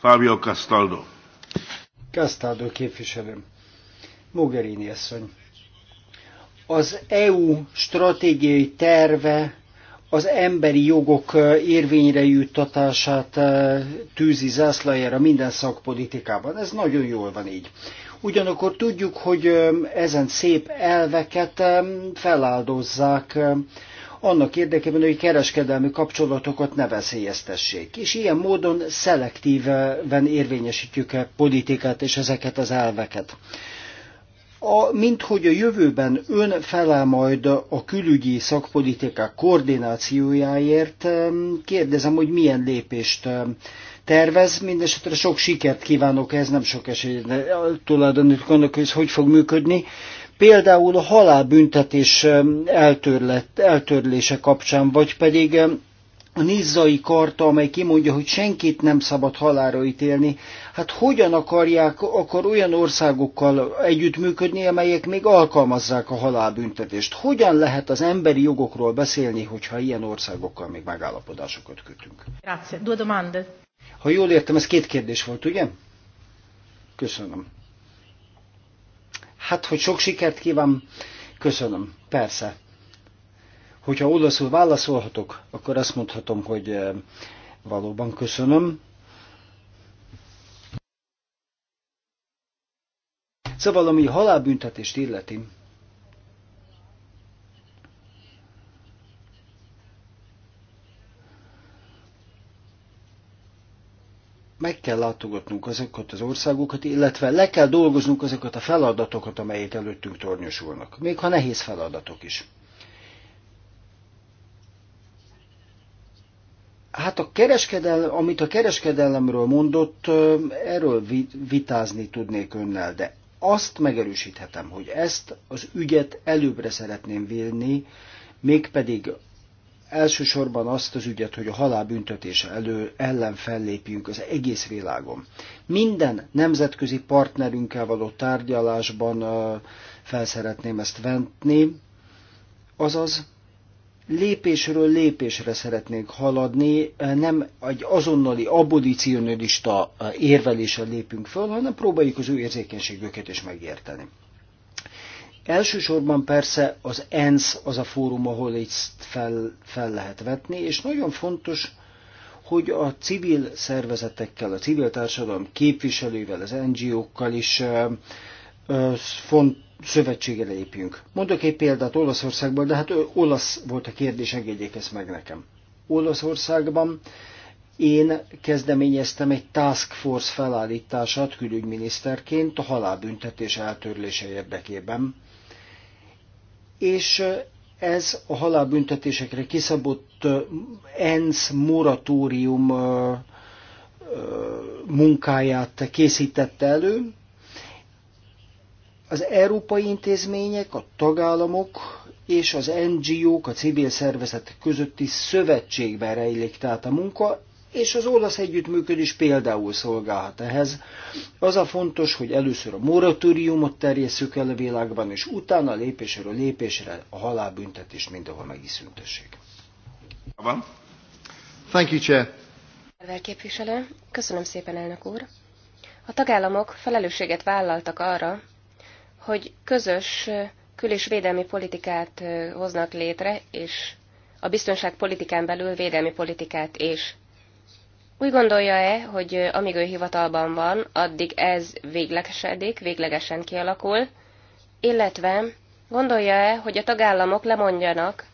Fábio Castaldo. Castaldo képviselőm. Mogherini asszony. Az EU stratégiai terve az emberi jogok érvényre juttatását tűzi zászlajára minden szakpolitikában. Ez nagyon jól van így. Ugyanakkor tudjuk, hogy ezen szép elveket feláldozzák annak érdekében, hogy kereskedelmi kapcsolatokat ne veszélyeztessék. És ilyen módon szelektíven érvényesítjük a politikát és ezeket az elveket a, mint hogy a jövőben ön felel majd a külügyi szakpolitikák koordinációjáért, kérdezem, hogy milyen lépést tervez, mindesetre sok sikert kívánok, ez nem sok esély, de tulajdonképpen annak, hogy ez hogy fog működni. Például a halálbüntetés eltörlet, eltörlése kapcsán, vagy pedig a nizzai karta, amely kimondja, hogy senkit nem szabad halára ítélni, hát hogyan akarják akar olyan országokkal együttműködni, amelyek még alkalmazzák a halálbüntetést? Hogyan lehet az emberi jogokról beszélni, hogyha ilyen országokkal még megállapodásokat kötünk? Grazie. Due domande. Ha jól értem, ez két kérdés volt, ugye? Köszönöm. Hát, hogy sok sikert kíván, köszönöm, persze Hogyha olaszul válaszolhatok, akkor azt mondhatom, hogy eh, valóban köszönöm. Szóval, ami halálbüntetést illeti, meg kell látogatnunk azokat az országokat, illetve le kell dolgoznunk azokat a feladatokat, amelyek előttünk tornyosulnak, még ha nehéz feladatok is. Hát a kereskedelem, amit a kereskedelemről mondott, erről vitázni tudnék önnel, de azt megerősíthetem, hogy ezt az ügyet előbbre szeretném vinni, mégpedig elsősorban azt az ügyet, hogy a halálbüntetése elő, ellen fellépjünk az egész világon. Minden nemzetközi partnerünkkel való tárgyalásban fel felszeretném ezt venni, azaz lépésről lépésre szeretnénk haladni, nem egy azonnali abolicionista érveléssel lépünk föl, hanem próbáljuk az ő érzékenységüket is megérteni. Elsősorban persze az ENSZ az a fórum, ahol ezt fel, fel lehet vetni, és nagyon fontos, hogy a civil szervezetekkel, a civil társadalom képviselőivel, az NGO-kkal is font, szövetségre lépjünk. Mondok egy példát Olaszországból, de hát olasz volt a kérdés, engedjék ezt meg nekem. Olaszországban én kezdeményeztem egy task force felállítását külügyminiszterként a halálbüntetés eltörlése érdekében, és ez a halálbüntetésekre kiszabott ENSZ moratórium munkáját készítette elő, az európai intézmények, a tagállamok és az NGO-k, a civil szervezetek közötti szövetségben rejlik tehát a munka, és az olasz együttműködés például szolgálhat ehhez. Az a fontos, hogy először a moratóriumot terjesszük el a világban, és utána lépésről lépésre a halálbüntetés mindenhol megiszüntessék. Van. Thank you, Chair. Képviselő, köszönöm szépen, elnök úr. A tagállamok felelősséget vállaltak arra, hogy közös kül- és védelmi politikát hoznak létre, és a biztonságpolitikán belül védelmi politikát is. Úgy gondolja-e, hogy amíg ő hivatalban van, addig ez véglegesedik, véglegesen kialakul, illetve gondolja-e, hogy a tagállamok lemondjanak,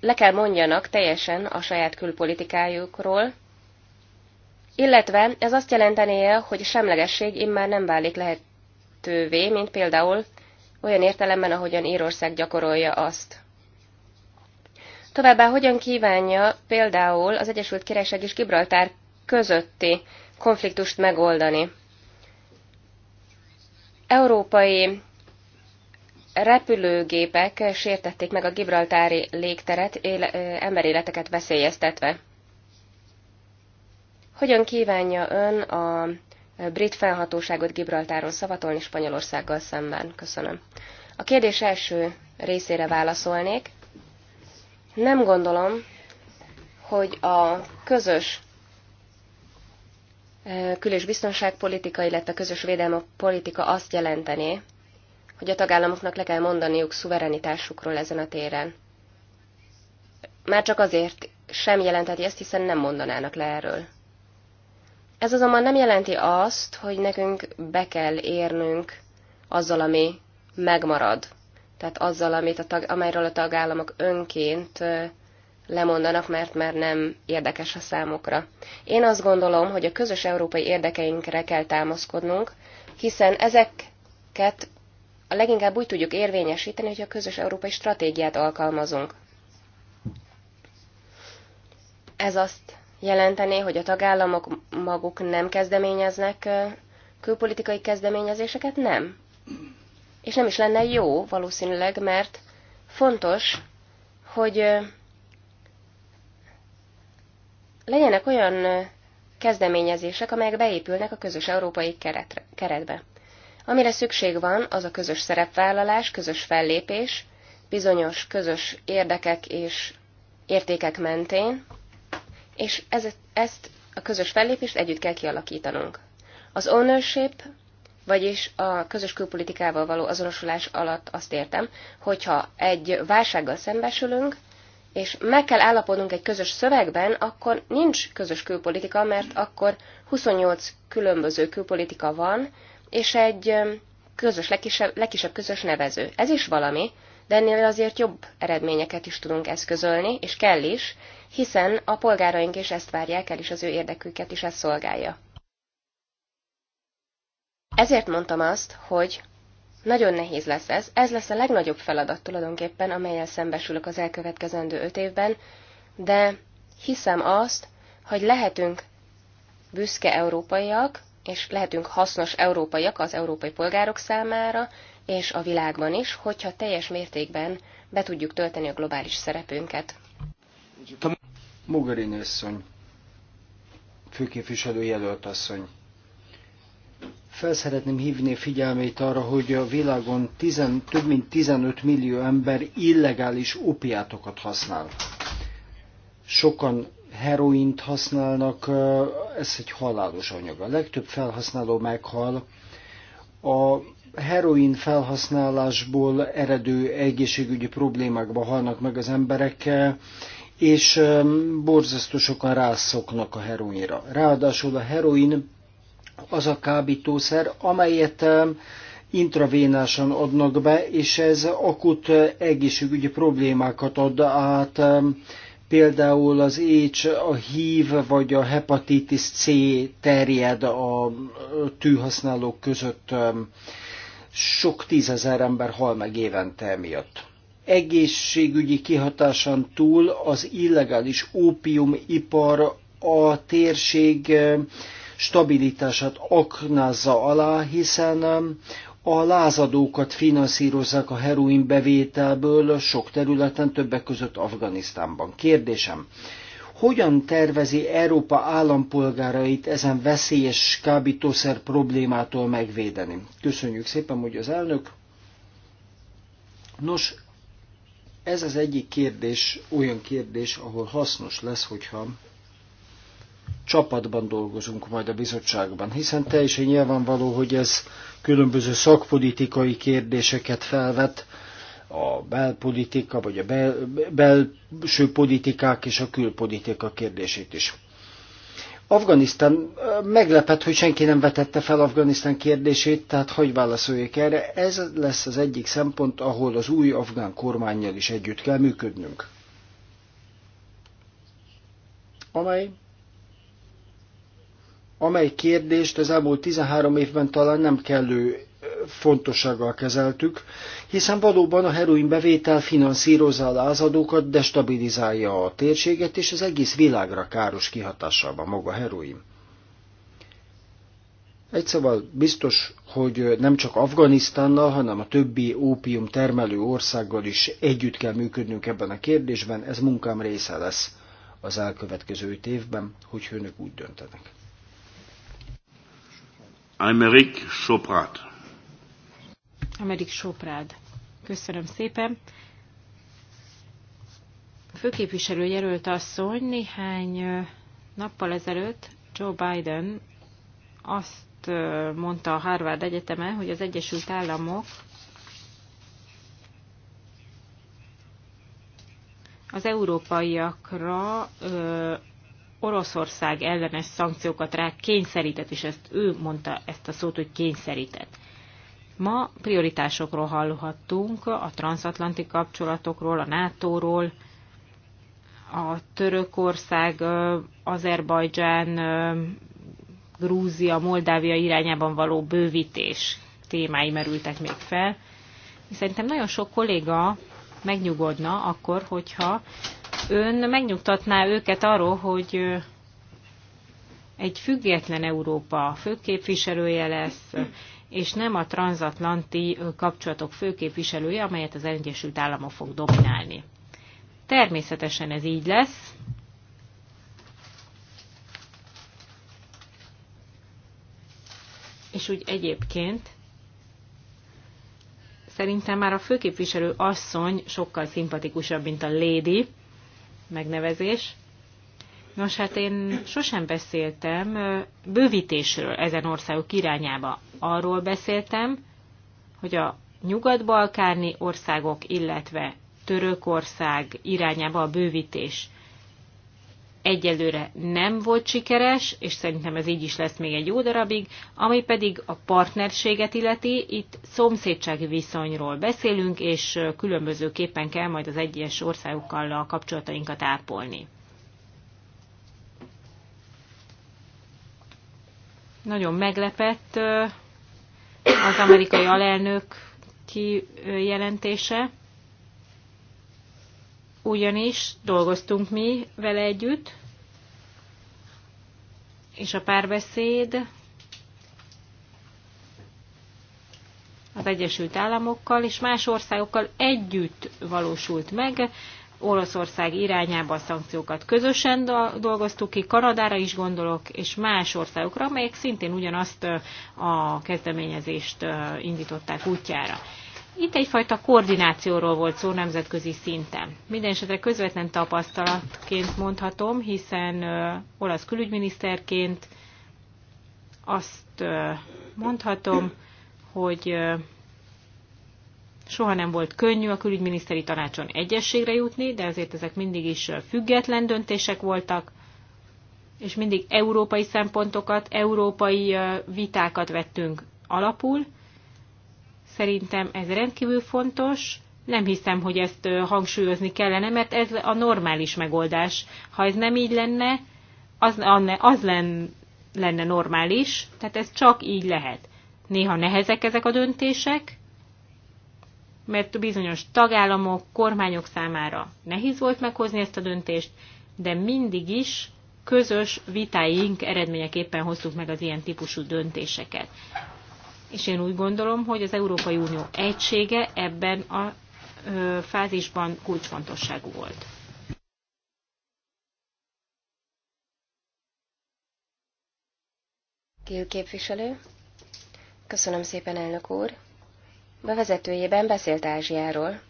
le kell mondjanak teljesen a saját külpolitikájukról, illetve ez azt jelentené, hogy semlegesség immár nem válik lehetővé, mint például olyan értelemben, ahogyan Írország gyakorolja azt. Továbbá hogyan kívánja például az Egyesült Királyság és Gibraltár közötti konfliktust megoldani? Európai repülőgépek sértették meg a gibraltári légteret, éle, emberéleteket veszélyeztetve. Hogyan kívánja ön a brit felhatóságot Gibraltáról szavatolni Spanyolországgal szemben. Köszönöm. A kérdés első részére válaszolnék. Nem gondolom, hogy a közös e, kül- és biztonságpolitika, illetve a közös védelmi politika azt jelenteni, hogy a tagállamoknak le kell mondaniuk szuverenitásukról ezen a téren. Már csak azért sem jelentheti ezt, hiszen nem mondanának le erről. Ez azonban nem jelenti azt, hogy nekünk be kell érnünk azzal, ami megmarad. Tehát azzal, amit a tag, amelyről a tagállamok önként lemondanak, mert már nem érdekes a számokra. Én azt gondolom, hogy a közös európai érdekeinkre kell támaszkodnunk, hiszen ezeket a leginkább úgy tudjuk érvényesíteni, hogy a közös európai stratégiát alkalmazunk. Ez azt jelenteni, hogy a tagállamok maguk nem kezdeményeznek külpolitikai kezdeményezéseket? Nem. És nem is lenne jó valószínűleg, mert fontos, hogy legyenek olyan kezdeményezések, amelyek beépülnek a közös európai keretre, keretbe. Amire szükség van, az a közös szerepvállalás, közös fellépés, bizonyos közös érdekek és értékek mentén, és ez, ezt a közös fellépést együtt kell kialakítanunk. Az ownership, vagyis a közös külpolitikával való azonosulás alatt azt értem, hogyha egy válsággal szembesülünk, és meg kell állapodnunk egy közös szövegben, akkor nincs közös külpolitika, mert akkor 28 különböző külpolitika van, és egy közös, legkisebb, legkisebb közös nevező. Ez is valami, de ennél azért jobb eredményeket is tudunk eszközölni, és kell is, hiszen a polgáraink is ezt várják el, és az ő érdeküket is ez szolgálja. Ezért mondtam azt, hogy nagyon nehéz lesz ez, ez lesz a legnagyobb feladat tulajdonképpen, amelyel szembesülök az elkövetkezendő öt évben, de hiszem azt, hogy lehetünk büszke európaiak, és lehetünk hasznos európaiak az európai polgárok számára, és a világban is, hogyha teljes mértékben be tudjuk tölteni a globális szerepünket. Mogherini asszony, főképviselő jelölt asszony, felszeretném hívni figyelmét arra, hogy a világon tizen, több mint 15 millió ember illegális opiátokat használ. Sokan heroint használnak, ez egy halálos anyag. A legtöbb felhasználó meghal. A heroin felhasználásból eredő egészségügyi problémákba halnak meg az emberek, és borzasztó sokan rászoknak a heroinra. Ráadásul a heroin az a kábítószer, amelyet intravénásan adnak be, és ez akut egészségügyi problémákat ad át, például az H, a HIV vagy a hepatitis C terjed a tűhasználók között sok tízezer ember hal meg évente emiatt. Egészségügyi kihatásán túl az illegális ópiumipar a térség eh, stabilitását aknázza alá, hiszen eh, a lázadókat finanszírozzák a heroin bevételből sok területen, többek között Afganisztánban. Kérdésem, hogyan tervezi Európa állampolgárait ezen veszélyes kábítószer problémától megvédeni? Köszönjük szépen, hogy az elnök. Nos, ez az egyik kérdés, olyan kérdés, ahol hasznos lesz, hogyha csapatban dolgozunk majd a bizottságban, hiszen teljesen nyilvánvaló, hogy ez különböző szakpolitikai kérdéseket felvet, a belpolitika, vagy a bel, belső politikák és a külpolitika kérdését is. Afganisztán meglepett, hogy senki nem vetette fel Afganisztán kérdését, tehát hogy válaszoljék erre? Ez lesz az egyik szempont, ahol az új afgán kormányjal is együtt kell működnünk. Amely, amely kérdést az elmúlt 13 évben talán nem kellő fontossággal kezeltük, hiszen valóban a heroin bevétel finanszírozza a lázadókat, destabilizálja a térséget, és az egész világra káros kihatással van maga heroin. Egy szóval biztos, hogy nem csak Afganisztánnal, hanem a többi ópium termelő országgal is együtt kell működnünk ebben a kérdésben, ez munkám része lesz az elkövetkező öt évben, hogy önök úgy döntenek. Aymeric Soprat. Amerik Soprád. Köszönöm szépen. Főképviselő jelölt asszony néhány nappal ezelőtt Joe Biden azt mondta a Harvard Egyeteme, hogy az Egyesült Államok az európaiakra ö, Oroszország ellenes szankciókat rá kényszerített, és ezt ő mondta ezt a szót, hogy kényszerített. Ma prioritásokról hallhattunk, a transatlanti kapcsolatokról, a NATO-ról, a Törökország, Azerbajdzsán, Grúzia, Moldávia irányában való bővítés témái merültek még fel. Szerintem nagyon sok kolléga megnyugodna akkor, hogyha ön megnyugtatná őket arról, hogy egy független Európa főképviselője lesz, és nem a transatlanti kapcsolatok főképviselője, amelyet az Egyesült Államok fog dominálni. Természetesen ez így lesz. És úgy egyébként szerintem már a főképviselő asszony sokkal szimpatikusabb, mint a lady megnevezés. Nos, hát én sosem beszéltem bővítésről ezen országok irányába. Arról beszéltem, hogy a nyugat-balkáni országok, illetve Törökország irányába a bővítés egyelőre nem volt sikeres, és szerintem ez így is lesz még egy jó darabig, ami pedig a partnerséget illeti, itt szomszédsági viszonyról beszélünk, és különbözőképpen kell majd az egyes országokkal a kapcsolatainkat ápolni. nagyon meglepett az amerikai alelnök kijelentése, ugyanis dolgoztunk mi vele együtt, és a párbeszéd az Egyesült Államokkal és más országokkal együtt valósult meg, Oroszország irányába a szankciókat közösen dolgoztuk ki, Kanadára is gondolok, és más országokra, amelyek szintén ugyanazt a kezdeményezést indították útjára. Itt egyfajta koordinációról volt szó nemzetközi szinten. Mindenesetre közvetlen tapasztalatként mondhatom, hiszen olasz külügyminiszterként azt mondhatom, hogy Soha nem volt könnyű a külügyminiszteri tanácson egyességre jutni, de azért ezek mindig is független döntések voltak, és mindig európai szempontokat, európai vitákat vettünk alapul. Szerintem ez rendkívül fontos. Nem hiszem, hogy ezt hangsúlyozni kellene, mert ez a normális megoldás. Ha ez nem így lenne, az, az lenne, normális, tehát ez csak így lehet. Néha nehezek ezek a döntések, mert bizonyos tagállamok, kormányok számára nehéz volt meghozni ezt a döntést, de mindig is közös vitáink eredményeképpen hoztuk meg az ilyen típusú döntéseket. És én úgy gondolom, hogy az Európai Unió egysége ebben a ö, fázisban kulcsfontosságú volt. Gil képviselő. Köszönöm szépen, elnök úr bevezetőjében beszélt Ázsiáról.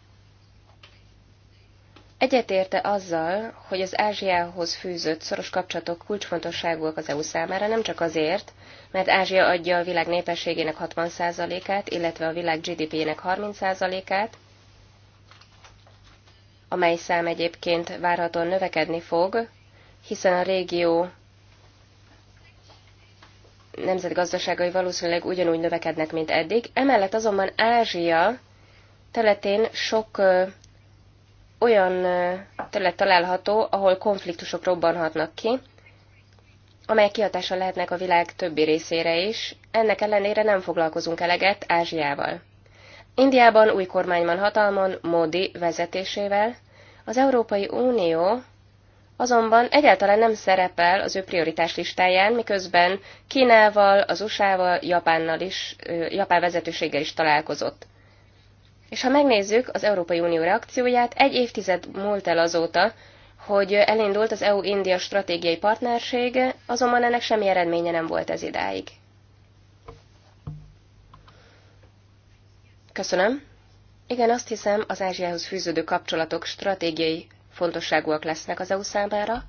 Egyetérte azzal, hogy az Ázsiához fűzött szoros kapcsolatok kulcsfontosságúak az EU számára nem csak azért, mert Ázsia adja a világ népességének 60%-át, illetve a világ GDP-jének 30%-át, amely szám egyébként várhatóan növekedni fog, hiszen a régió nemzetgazdaságai valószínűleg ugyanúgy növekednek, mint eddig. Emellett azonban Ázsia területén sok olyan terület található, ahol konfliktusok robbanhatnak ki, amelyek kihatása lehetnek a világ többi részére is, ennek ellenére nem foglalkozunk eleget Ázsiával. Indiában új kormány van hatalmon, Modi vezetésével, az Európai Unió azonban egyáltalán nem szerepel az ő prioritás listáján, miközben Kínával, az USA-val, Japánnal is, Japán vezetőséggel is találkozott. És ha megnézzük az Európai Unió reakcióját, egy évtized múlt el azóta, hogy elindult az EU-India stratégiai partnerség, azonban ennek semmi eredménye nem volt ez idáig. Köszönöm. Igen, azt hiszem, az Ázsiához fűződő kapcsolatok stratégiai fontosságúak lesznek az EU számára.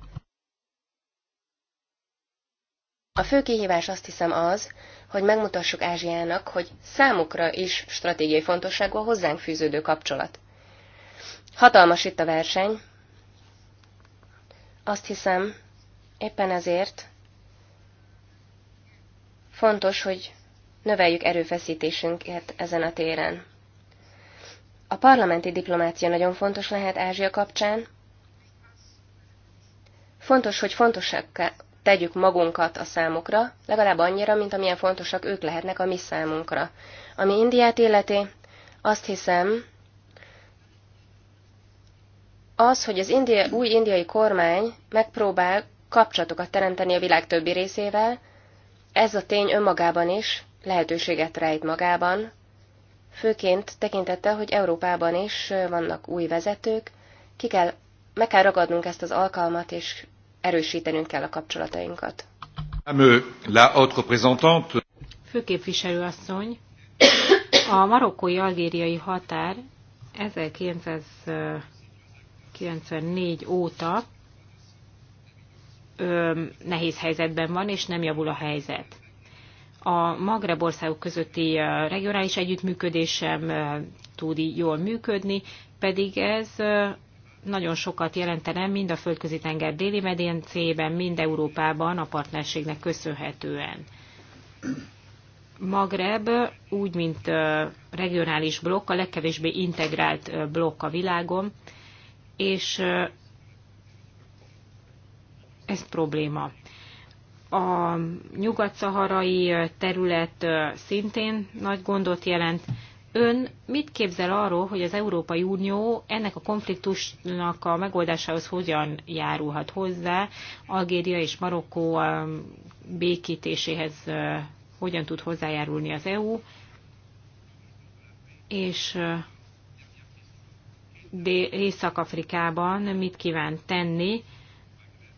A fő kihívás azt hiszem az, hogy megmutassuk Ázsiának, hogy számukra is stratégiai fontosságú a hozzánk fűződő kapcsolat. Hatalmas itt a verseny. Azt hiszem, éppen ezért fontos, hogy növeljük erőfeszítésünket ezen a téren. A parlamenti diplomácia nagyon fontos lehet Ázsia kapcsán, Fontos, hogy fontosak tegyük magunkat a számukra, legalább annyira, mint amilyen fontosak ők lehetnek a mi számunkra. Ami Indiát illeti, azt hiszem, az, hogy az india, új indiai kormány megpróbál kapcsolatokat teremteni a világ többi részével, ez a tény önmagában is lehetőséget rejt magában, főként tekintettel, hogy Európában is vannak új vezetők, ki kell, meg kell ragadnunk ezt az alkalmat, és erősítenünk kell a kapcsolatainkat. Főképviselő asszony, a marokkói-algériai határ 1994 óta ö, nehéz helyzetben van, és nem javul a helyzet. A Magreb országok közötti regionális együttműködés sem tud jól működni, pedig ez nagyon sokat jelentene mind a földközi tenger déli medencében, mind Európában a partnerségnek köszönhetően. Magreb úgy, mint regionális blokk, a legkevésbé integrált blokk a világon, és ez probléma. A nyugat-szaharai terület szintén nagy gondot jelent, Ön mit képzel arról, hogy az Európai Unió ennek a konfliktusnak a megoldásához hogyan járulhat hozzá, Algéria és Marokkó békítéséhez hogyan tud hozzájárulni az EU, és Észak-Afrikában mit kíván tenni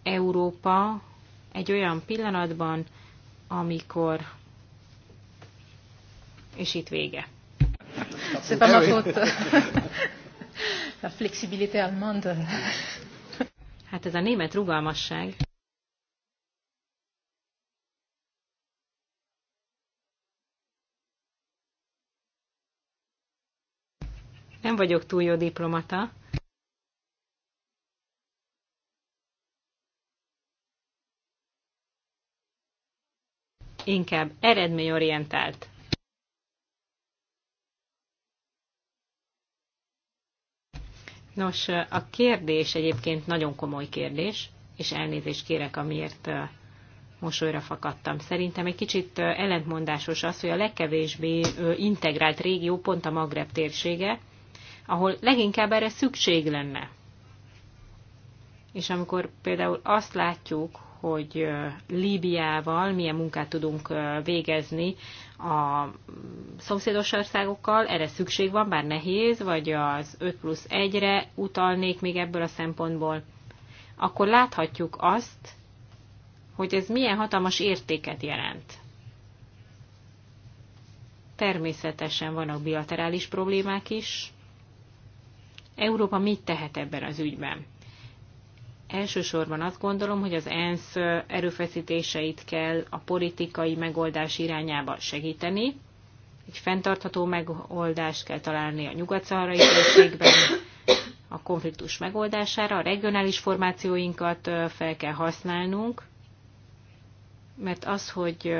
Európa egy olyan pillanatban, amikor, és itt vége. C'est pas ma eh faute. La flexibilité allemande. Hát ez a német rugalmasság. Nem vagyok túl jó diplomata. Inkább eredményorientált Nos, a kérdés egyébként nagyon komoly kérdés, és elnézést kérek, amiért mosolyra fakadtam. Szerintem egy kicsit ellentmondásos az, hogy a legkevésbé integrált régió pont a Magreb térsége, ahol leginkább erre szükség lenne és amikor például azt látjuk, hogy Líbiával milyen munkát tudunk végezni a mm, szomszédos országokkal, erre szükség van, bár nehéz, vagy az 5 plusz 1-re utalnék még ebből a szempontból, akkor láthatjuk azt, hogy ez milyen hatalmas értéket jelent. Természetesen vannak bilaterális problémák is. Európa mit tehet ebben az ügyben? Elsősorban azt gondolom, hogy az ENSZ erőfeszítéseit kell a politikai megoldás irányába segíteni. Egy fenntartható megoldást kell találni a nyugat-szaharai térségben, a konfliktus megoldására, a regionális formációinkat fel kell használnunk, mert az, hogy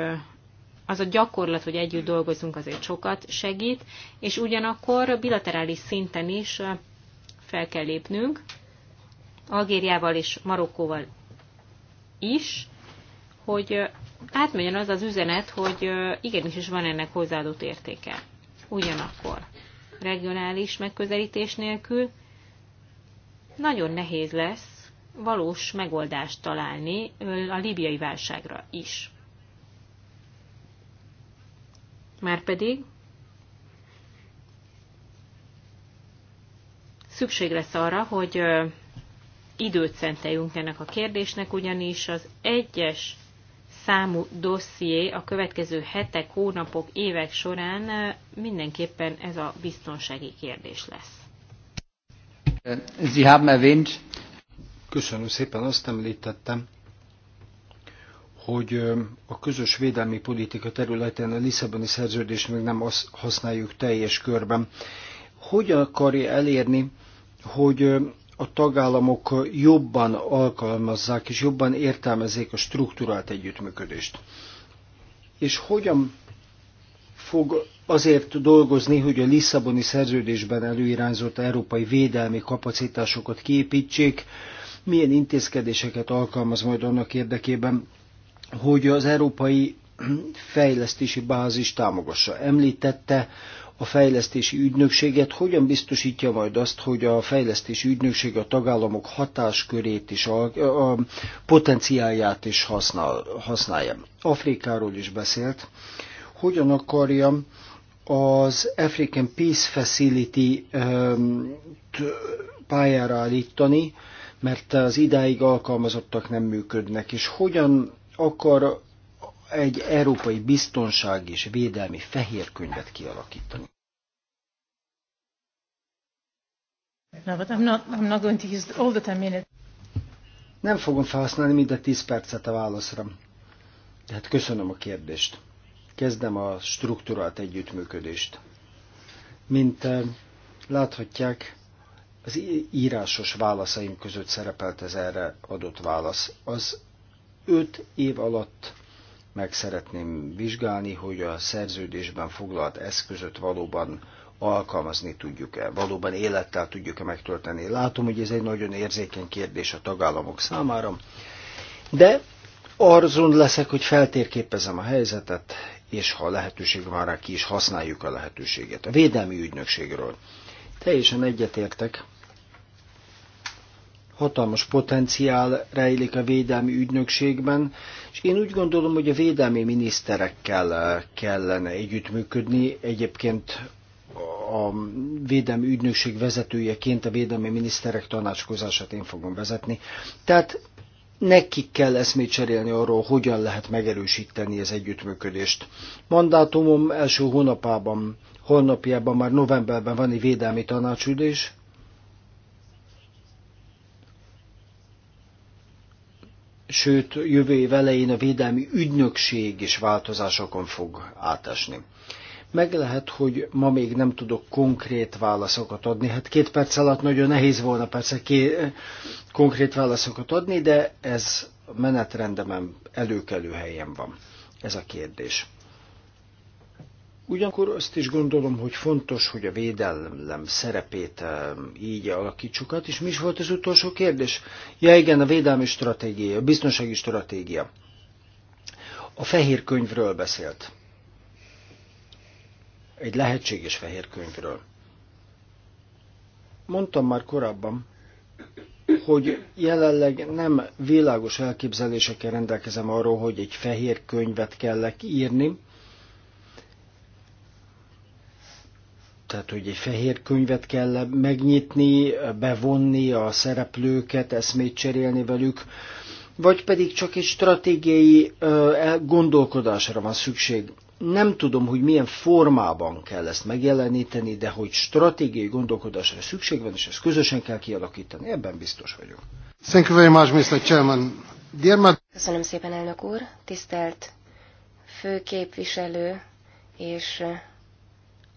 az a gyakorlat, hogy együtt dolgozunk, azért sokat segít, és ugyanakkor bilaterális szinten is fel kell lépnünk, Algériával és Marokkóval is, hogy átmenjen az az üzenet, hogy igenis is van ennek hozzáadott értéke. Ugyanakkor regionális megközelítés nélkül nagyon nehéz lesz valós megoldást találni a libiai válságra is. Márpedig szükség lesz arra, hogy időt szenteljünk ennek a kérdésnek, ugyanis az egyes számú dosszié a következő hetek, hónapok, évek során mindenképpen ez a biztonsági kérdés lesz. Sie haben erwähnt. Köszönöm szépen, azt említettem, hogy a közös védelmi politika területén a Lisszaboni szerződést még nem használjuk teljes körben. Hogy akarja elérni, hogy a tagállamok jobban alkalmazzák és jobban értelmezzék a struktúrált együttműködést. És hogyan fog azért dolgozni, hogy a Lisszaboni szerződésben előirányzott európai védelmi kapacitásokat kiépítsék, milyen intézkedéseket alkalmaz majd annak érdekében, hogy az európai fejlesztési bázis támogassa. Említette a fejlesztési ügynökséget, hogyan biztosítja majd azt, hogy a fejlesztési ügynökség a tagállamok hatáskörét és a, a potenciálját is használ, használja. Afrikáról is beszélt. Hogyan akarja az African Peace Facility pályára állítani, mert az idáig alkalmazottak nem működnek, és hogyan akar egy európai biztonság és védelmi fehér könyvet kialakítani. No, but I'm not, I'm not going to use all the 10 minutes. Nem fogom felhasználni mind a 10 percet a válaszra. Tehát köszönöm a kérdést. Kezdem a struktúrált együttműködést. Mint eh, láthatják, az írásos válaszaim között szerepelt ez erre adott válasz. Az öt év alatt meg szeretném vizsgálni, hogy a szerződésben foglalt eszközöt valóban alkalmazni tudjuk-e, valóban élettel tudjuk-e megtölteni. Látom, hogy ez egy nagyon érzékeny kérdés a tagállamok számára, de arzon leszek, hogy feltérképezem a helyzetet, és ha lehetőség van rá, ki is használjuk a lehetőséget. A védelmi ügynökségről. Teljesen egyetértek. Hatalmas potenciál rejlik a védelmi ügynökségben, és én úgy gondolom, hogy a védelmi miniszterekkel kellene együttműködni. Egyébként a védelmi ügynökség vezetőjeként a védelmi miniszterek tanácskozását én fogom vezetni. Tehát nekik kell eszmét cserélni arról, hogyan lehet megerősíteni az együttműködést. Mandátumom első hónapában, holnapjában már novemberben van egy védelmi tanácsülés, sőt jövő év elején a védelmi ügynökség is változásokon fog átesni. Meg lehet, hogy ma még nem tudok konkrét válaszokat adni. Hát két perc alatt nagyon nehéz volna persze ké, konkrét válaszokat adni, de ez menetrendemen előkelő helyen van. Ez a kérdés. Ugyanakkor azt is gondolom, hogy fontos, hogy a védelem szerepét eh, így alakítsuk át, és mi is volt az utolsó kérdés? Ja igen, a védelmi stratégia, a biztonsági stratégia. A fehér könyvről beszélt egy lehetséges fehér könyvről. Mondtam már korábban, hogy jelenleg nem világos elképzelésekkel rendelkezem arról, hogy egy fehér könyvet kellek írni, tehát hogy egy fehér könyvet kell megnyitni, bevonni a szereplőket, eszmét cserélni velük, vagy pedig csak egy stratégiai gondolkodásra van szükség nem tudom, hogy milyen formában kell ezt megjeleníteni, de hogy stratégiai gondolkodásra szükség van, és ezt közösen kell kialakítani, ebben biztos vagyok. Thank you very much, Mr. Chairman. Köszönöm szépen, elnök úr. Tisztelt főképviselő és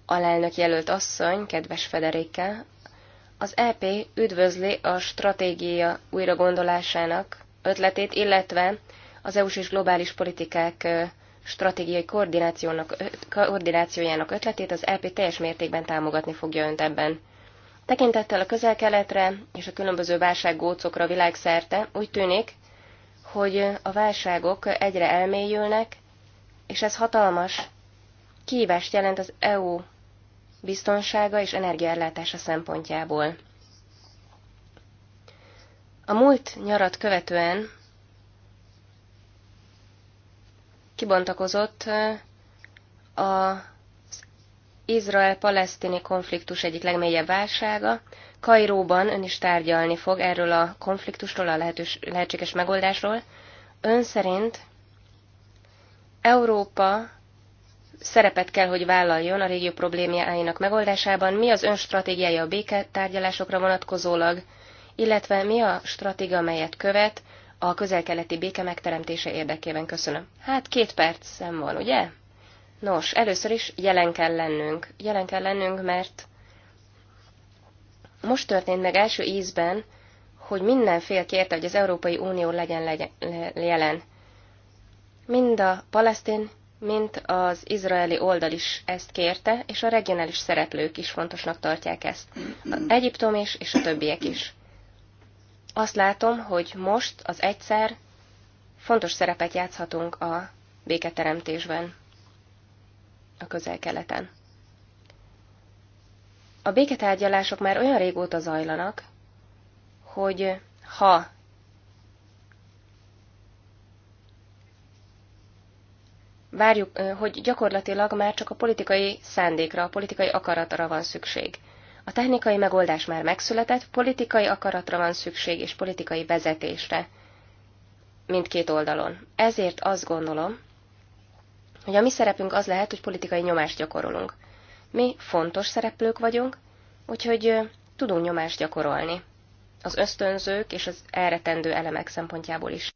alelnök jelölt asszony, kedves Federike, az EP üdvözli a stratégia újragondolásának ötletét, illetve az EU-s és globális politikák stratégiai koordinációnak, koordinációjának ötletét az LP e teljes mértékben támogatni fogja önt ebben. Tekintettel a közel-keletre és a különböző válsággócokra világszerte úgy tűnik, hogy a válságok egyre elmélyülnek, és ez hatalmas kihívást jelent az EU biztonsága és energiaellátása szempontjából. A múlt nyarat követően kibontakozott az Izrael-palesztini konfliktus egyik legmélyebb válsága. Kairóban ön is tárgyalni fog erről a konfliktusról a lehetős, lehetséges megoldásról. Ön szerint Európa szerepet kell, hogy vállaljon a régió problémáinak megoldásában. Mi az ön stratégiája a béketárgyalásokra vonatkozólag, illetve mi a stratégia, amelyet követ a közel-keleti béke megteremtése érdekében. Köszönöm. Hát két perc szem van, ugye? Nos, először is jelen kell lennünk. Jelen kell lennünk, mert most történt meg első ízben, hogy mindenfél kérte, hogy az Európai Unió legyen, legyen le, jelen. Mind a palesztin, mint az izraeli oldal is ezt kérte, és a regionális szereplők is fontosnak tartják ezt. A Egyiptom is, és a többiek is azt látom, hogy most az egyszer fontos szerepet játszhatunk a béketeremtésben a közel-keleten. A béketárgyalások már olyan régóta zajlanak, hogy ha várjuk, hogy gyakorlatilag már csak a politikai szándékra, a politikai akaratra van szükség – a technikai megoldás már megszületett, politikai akaratra van szükség és politikai vezetésre mindkét oldalon. Ezért azt gondolom, hogy a mi szerepünk az lehet, hogy politikai nyomást gyakorolunk. Mi fontos szereplők vagyunk, úgyhogy tudunk nyomást gyakorolni. Az ösztönzők és az elretendő elemek szempontjából is.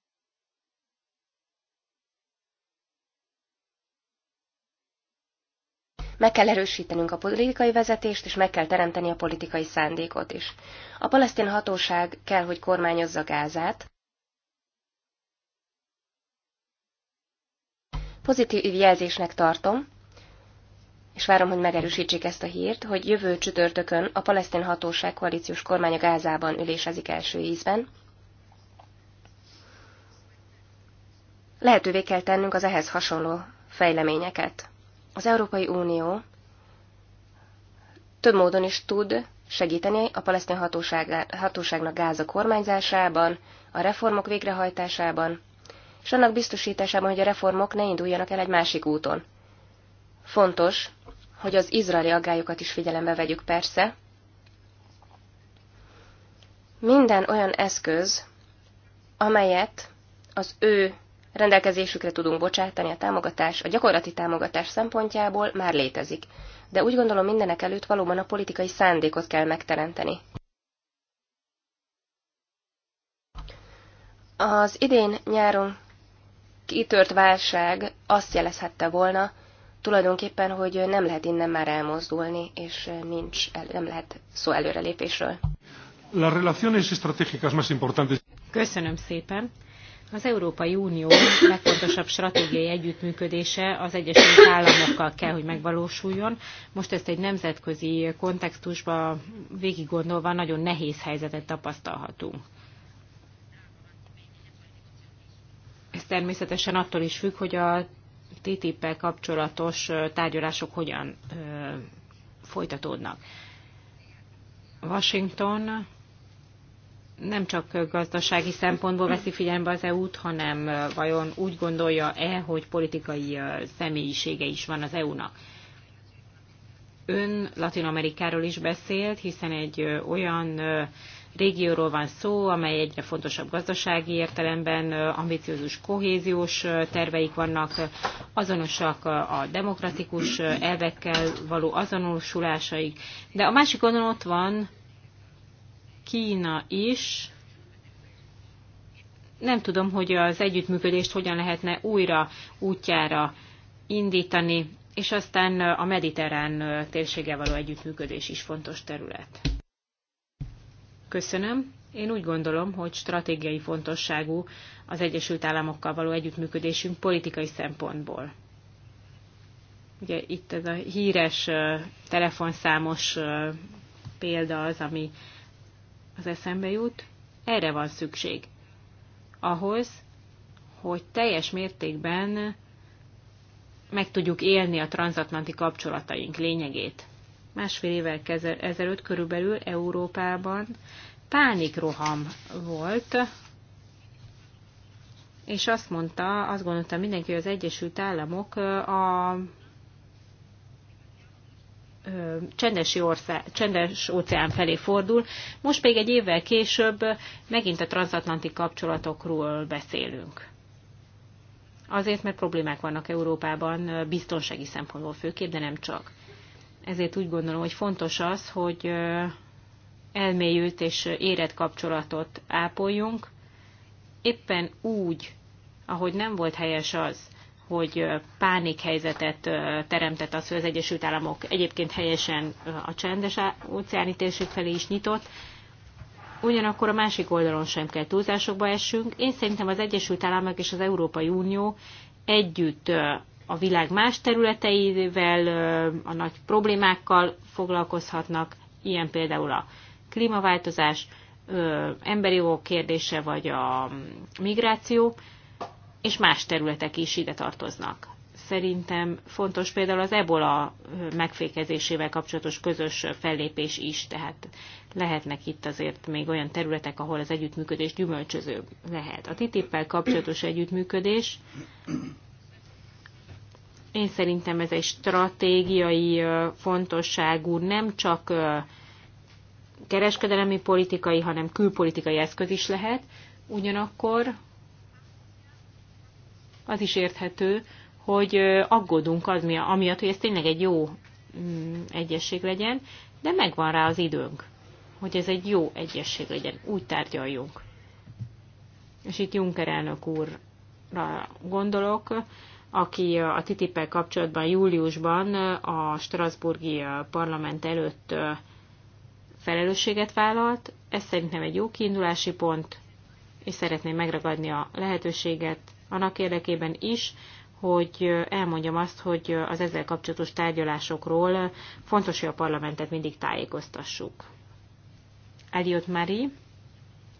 Meg kell erősítenünk a politikai vezetést, és meg kell teremteni a politikai szándékot is. A palesztin hatóság kell, hogy kormányozza Gázát. Pozitív jelzésnek tartom, és várom, hogy megerősítsék ezt a hírt, hogy jövő csütörtökön a palesztin hatóság koalíciós kormánya Gázában ülésezik első ízben. Lehetővé kell tennünk az ehhez hasonló fejleményeket. Az Európai Unió több módon is tud segíteni a palesztin hatóság, hatóságnak Gáza kormányzásában, a reformok végrehajtásában, és annak biztosításában, hogy a reformok ne induljanak el egy másik úton. Fontos, hogy az izraeli aggályokat is figyelembe vegyük persze. Minden olyan eszköz, amelyet az ő rendelkezésükre tudunk bocsátani a támogatás, a gyakorlati támogatás szempontjából már létezik. De úgy gondolom mindenek előtt valóban a politikai szándékot kell megteremteni. Az idén nyáron kitört válság azt jelezhette volna, tulajdonképpen, hogy nem lehet innen már elmozdulni, és nincs, nem lehet szó előrelépésről. Las relaciones estratégicas más importantes. Köszönöm szépen. Az Európai Unió legfontosabb stratégiai együttműködése az Egyesült Államokkal kell, hogy megvalósuljon. Most ezt egy nemzetközi kontextusba végig gondolva nagyon nehéz helyzetet tapasztalhatunk. Ez természetesen attól is függ, hogy a ttip kapcsolatos tárgyalások hogyan folytatódnak. Washington nem csak gazdasági szempontból veszi figyelembe az EU-t, hanem vajon úgy gondolja-e, hogy politikai személyisége is van az EU-nak. Ön Latin Amerikáról is beszélt, hiszen egy olyan régióról van szó, amely egyre fontosabb gazdasági értelemben, ambiciózus kohéziós terveik vannak, azonosak a demokratikus elvekkel való azonosulásaik, de a másik oldalon ott van Kína is. Nem tudom, hogy az együttműködést hogyan lehetne újra útjára indítani, és aztán a mediterrán térséggel való együttműködés is fontos terület. Köszönöm. Én úgy gondolom, hogy stratégiai fontosságú az Egyesült Államokkal való együttműködésünk politikai szempontból. Ugye itt ez a híres telefonszámos példa az, ami az eszembe jut, erre van szükség. Ahhoz, hogy teljes mértékben meg tudjuk élni a transatlanti kapcsolataink lényegét. Másfél évvel ezelőtt körülbelül Európában pánikroham volt, és azt mondta, azt gondolta mindenki, hogy az Egyesült Államok a ország, csendes óceán felé fordul. Most még egy évvel később megint a transatlanti kapcsolatokról beszélünk. Azért, mert problémák vannak Európában biztonsági szempontból főképp, de nem csak. Ezért úgy gondolom, hogy fontos az, hogy elmélyült és érett kapcsolatot ápoljunk, éppen úgy, ahogy nem volt helyes az, hogy pánikhelyzetet teremtett az, hogy az Egyesült Államok egyébként helyesen a csendes óceáni térség felé is nyitott, ugyanakkor a másik oldalon sem kell túlzásokba essünk. Én szerintem az Egyesült Államok és az Európai Unió együtt a világ más területeivel, a nagy problémákkal foglalkozhatnak, ilyen például a klímaváltozás, emberi jogok kérdése vagy a migráció, és más területek is ide tartoznak. Szerintem fontos például az ebola megfékezésével kapcsolatos közös fellépés is, tehát lehetnek itt azért még olyan területek, ahol az együttműködés gyümölcsöző lehet. A TTIP-pel kapcsolatos együttműködés, én szerintem ez egy stratégiai fontosságú, nem csak kereskedelemi politikai, hanem külpolitikai eszköz is lehet. Ugyanakkor az is érthető, hogy aggódunk az, amiatt, hogy ez tényleg egy jó mm, egyesség legyen, de megvan rá az időnk, hogy ez egy jó egyesség legyen, úgy tárgyaljunk. És itt Juncker elnök úrra gondolok, aki a ttip kapcsolatban júliusban a Strasburgi parlament előtt felelősséget vállalt. Ez szerintem egy jó kiindulási pont, és szeretném megragadni a lehetőséget annak érdekében is, hogy elmondjam azt, hogy az ezzel kapcsolatos tárgyalásokról fontos, hogy a parlamentet mindig tájékoztassuk. Eliott Mari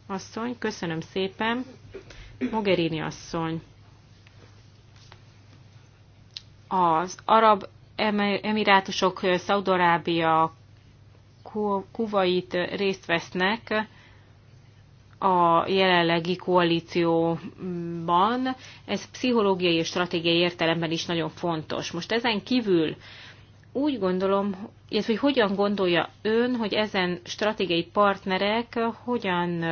asszony, köszönöm szépen. Mogherini asszony, az arab emirátusok, Szaudarábia, Kuvait részt vesznek a jelenlegi koalícióban, ez pszichológiai és stratégiai értelemben is nagyon fontos. Most ezen kívül úgy gondolom, illetve hogy hogyan gondolja ön, hogy ezen stratégiai partnerek hogyan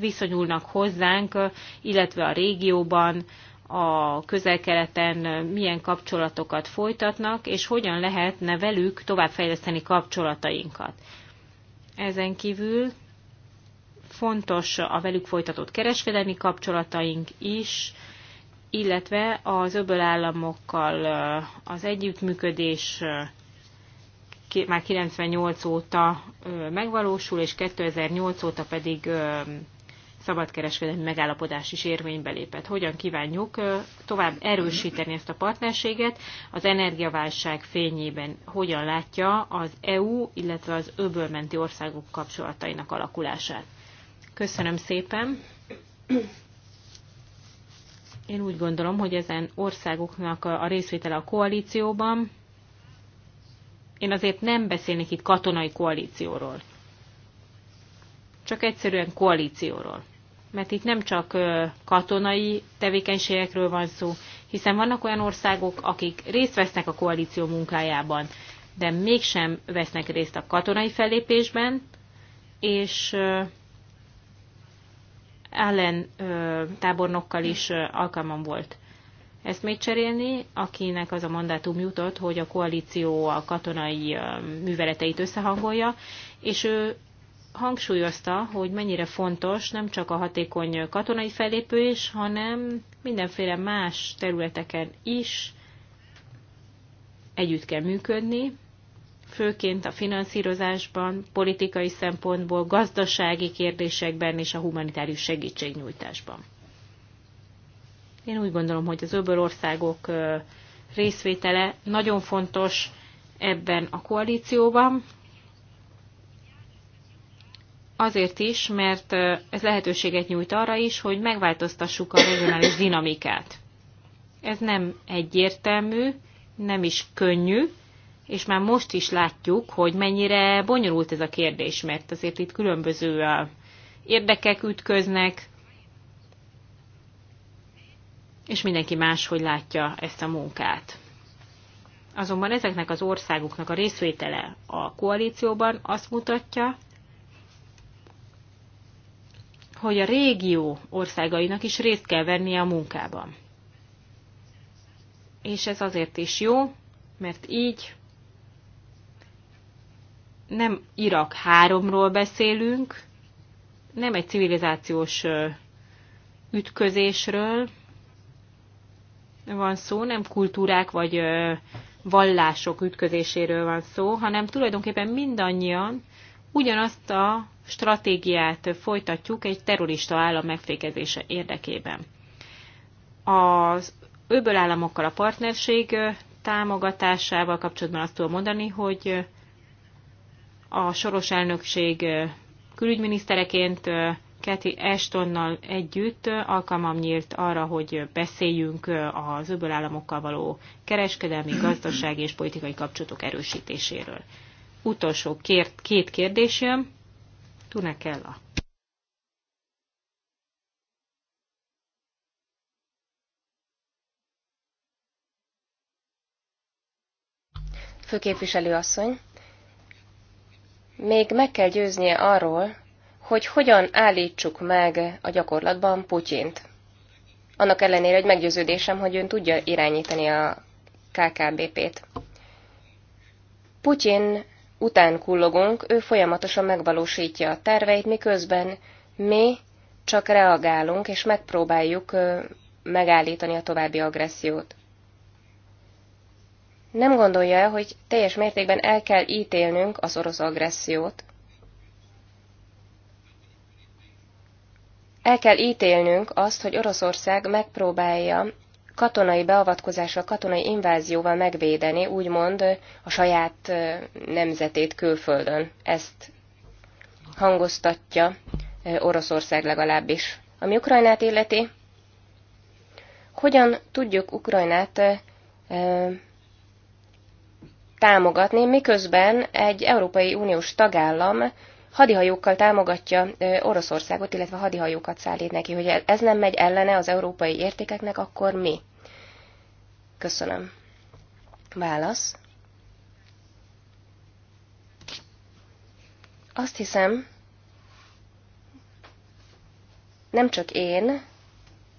viszonyulnak hozzánk, illetve a régióban, a közelkeleten milyen kapcsolatokat folytatnak, és hogyan lehetne velük továbbfejleszteni kapcsolatainkat. Ezen kívül fontos a velük folytatott kereskedelmi kapcsolataink is, illetve az öböl államokkal az együttműködés már 98 óta megvalósul, és 2008 óta pedig szabadkereskedelmi megállapodás is érvénybe lépett. Hogyan kívánjuk tovább erősíteni ezt a partnerséget? Az energiaválság fényében hogyan látja az EU, illetve az öbölmenti országok kapcsolatainak alakulását? Köszönöm szépen. Én úgy gondolom, hogy ezen országoknak a részvétele a koalícióban. Én azért nem beszélnék itt katonai koalícióról. Csak egyszerűen koalícióról. Mert itt nem csak katonai tevékenységekről van szó, hiszen vannak olyan országok, akik részt vesznek a koalíció munkájában, de mégsem vesznek részt a katonai fellépésben, és ellen tábornokkal is alkalmam volt ezt még cserélni, akinek az a mandátum jutott, hogy a koalíció a katonai műveleteit összehangolja, és ő hangsúlyozta, hogy mennyire fontos nem csak a hatékony katonai fellépés, hanem mindenféle más területeken is együtt kell működni, főként a finanszírozásban, politikai szempontból, gazdasági kérdésekben és a humanitárius segítségnyújtásban. Én úgy gondolom, hogy az öböl országok részvétele nagyon fontos ebben a koalícióban, Azért is, mert ez lehetőséget nyújt arra is, hogy megváltoztassuk a regionális dinamikát. Ez nem egyértelmű, nem is könnyű, és már most is látjuk, hogy mennyire bonyolult ez a kérdés, mert azért itt különböző érdekek ütköznek, és mindenki máshogy látja ezt a munkát. Azonban ezeknek az országoknak a részvétele a koalícióban azt mutatja, hogy a régió országainak is részt kell vennie a munkában. És ez azért is jó, mert így nem Irak háromról beszélünk, nem egy civilizációs ütközésről van szó, nem kultúrák vagy vallások ütközéséről van szó, hanem tulajdonképpen mindannyian ugyanazt a stratégiát folytatjuk egy terrorista állam megfékezése érdekében. Az öböl államokkal a partnerség támogatásával kapcsolatban azt tudom mondani, hogy a soros elnökség külügyminisztereként Kathy Ashtonnal együtt alkalmam nyílt arra, hogy beszéljünk az öböl államokkal való kereskedelmi, gazdasági és politikai kapcsolatok erősítéséről. Utolsó kért, két kérdésem. a. Főképviselő asszony még meg kell győznie arról, hogy hogyan állítsuk meg a gyakorlatban Putyint. Annak ellenére, hogy meggyőződésem, hogy ön tudja irányítani a KKBP-t. Putyin után kullogunk, ő folyamatosan megvalósítja a terveit, miközben mi csak reagálunk és megpróbáljuk megállítani a további agressziót nem gondolja -e, hogy teljes mértékben el kell ítélnünk az orosz agressziót? El kell ítélnünk azt, hogy Oroszország megpróbálja katonai beavatkozással, katonai invázióval megvédeni, úgymond a saját nemzetét külföldön. Ezt hangoztatja Oroszország legalábbis. Ami Ukrajnát illeti, hogyan tudjuk Ukrajnát támogatni, miközben egy Európai Uniós tagállam hadihajókkal támogatja Oroszországot, illetve hadihajókat szállít neki. Hogy e- ez nem megy ellene az európai értékeknek, akkor mi? Köszönöm. Válasz. Azt hiszem, nem csak én,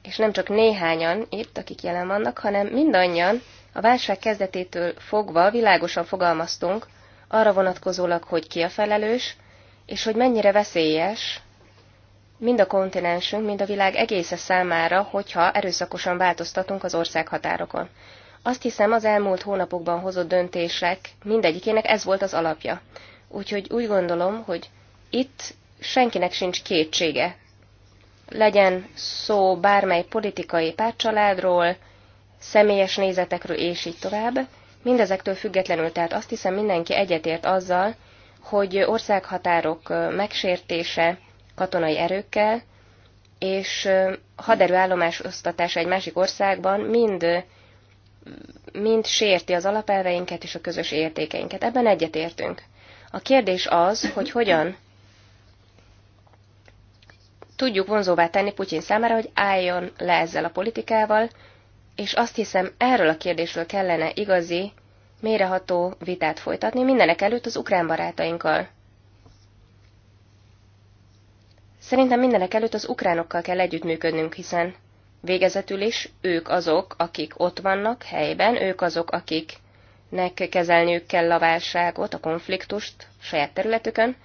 és nem csak néhányan itt, akik jelen vannak, hanem mindannyian a válság kezdetétől fogva világosan fogalmaztunk arra vonatkozólag, hogy ki a felelős, és hogy mennyire veszélyes mind a kontinensünk, mind a világ egésze számára, hogyha erőszakosan változtatunk az ország határokon. Azt hiszem, az elmúlt hónapokban hozott döntések mindegyikének ez volt az alapja. Úgyhogy úgy gondolom, hogy itt senkinek sincs kétsége. Legyen szó bármely politikai pártcsaládról, személyes nézetekről, és így tovább. Mindezektől függetlenül, tehát azt hiszem mindenki egyetért azzal, hogy országhatárok megsértése katonai erőkkel, és haderőállomás osztatása egy másik országban mind, mind sérti az alapelveinket és a közös értékeinket. Ebben egyetértünk. A kérdés az, hogy hogyan tudjuk vonzóvá tenni Putyin számára, hogy álljon le ezzel a politikával, és azt hiszem erről a kérdésről kellene igazi, méreható vitát folytatni, mindenek előtt az ukrán barátainkkal. Szerintem mindenek előtt az ukránokkal kell együttműködnünk, hiszen végezetül is ők azok, akik ott vannak helyben, ők azok, akiknek kezelniük kell a válságot, a konfliktust saját területükön,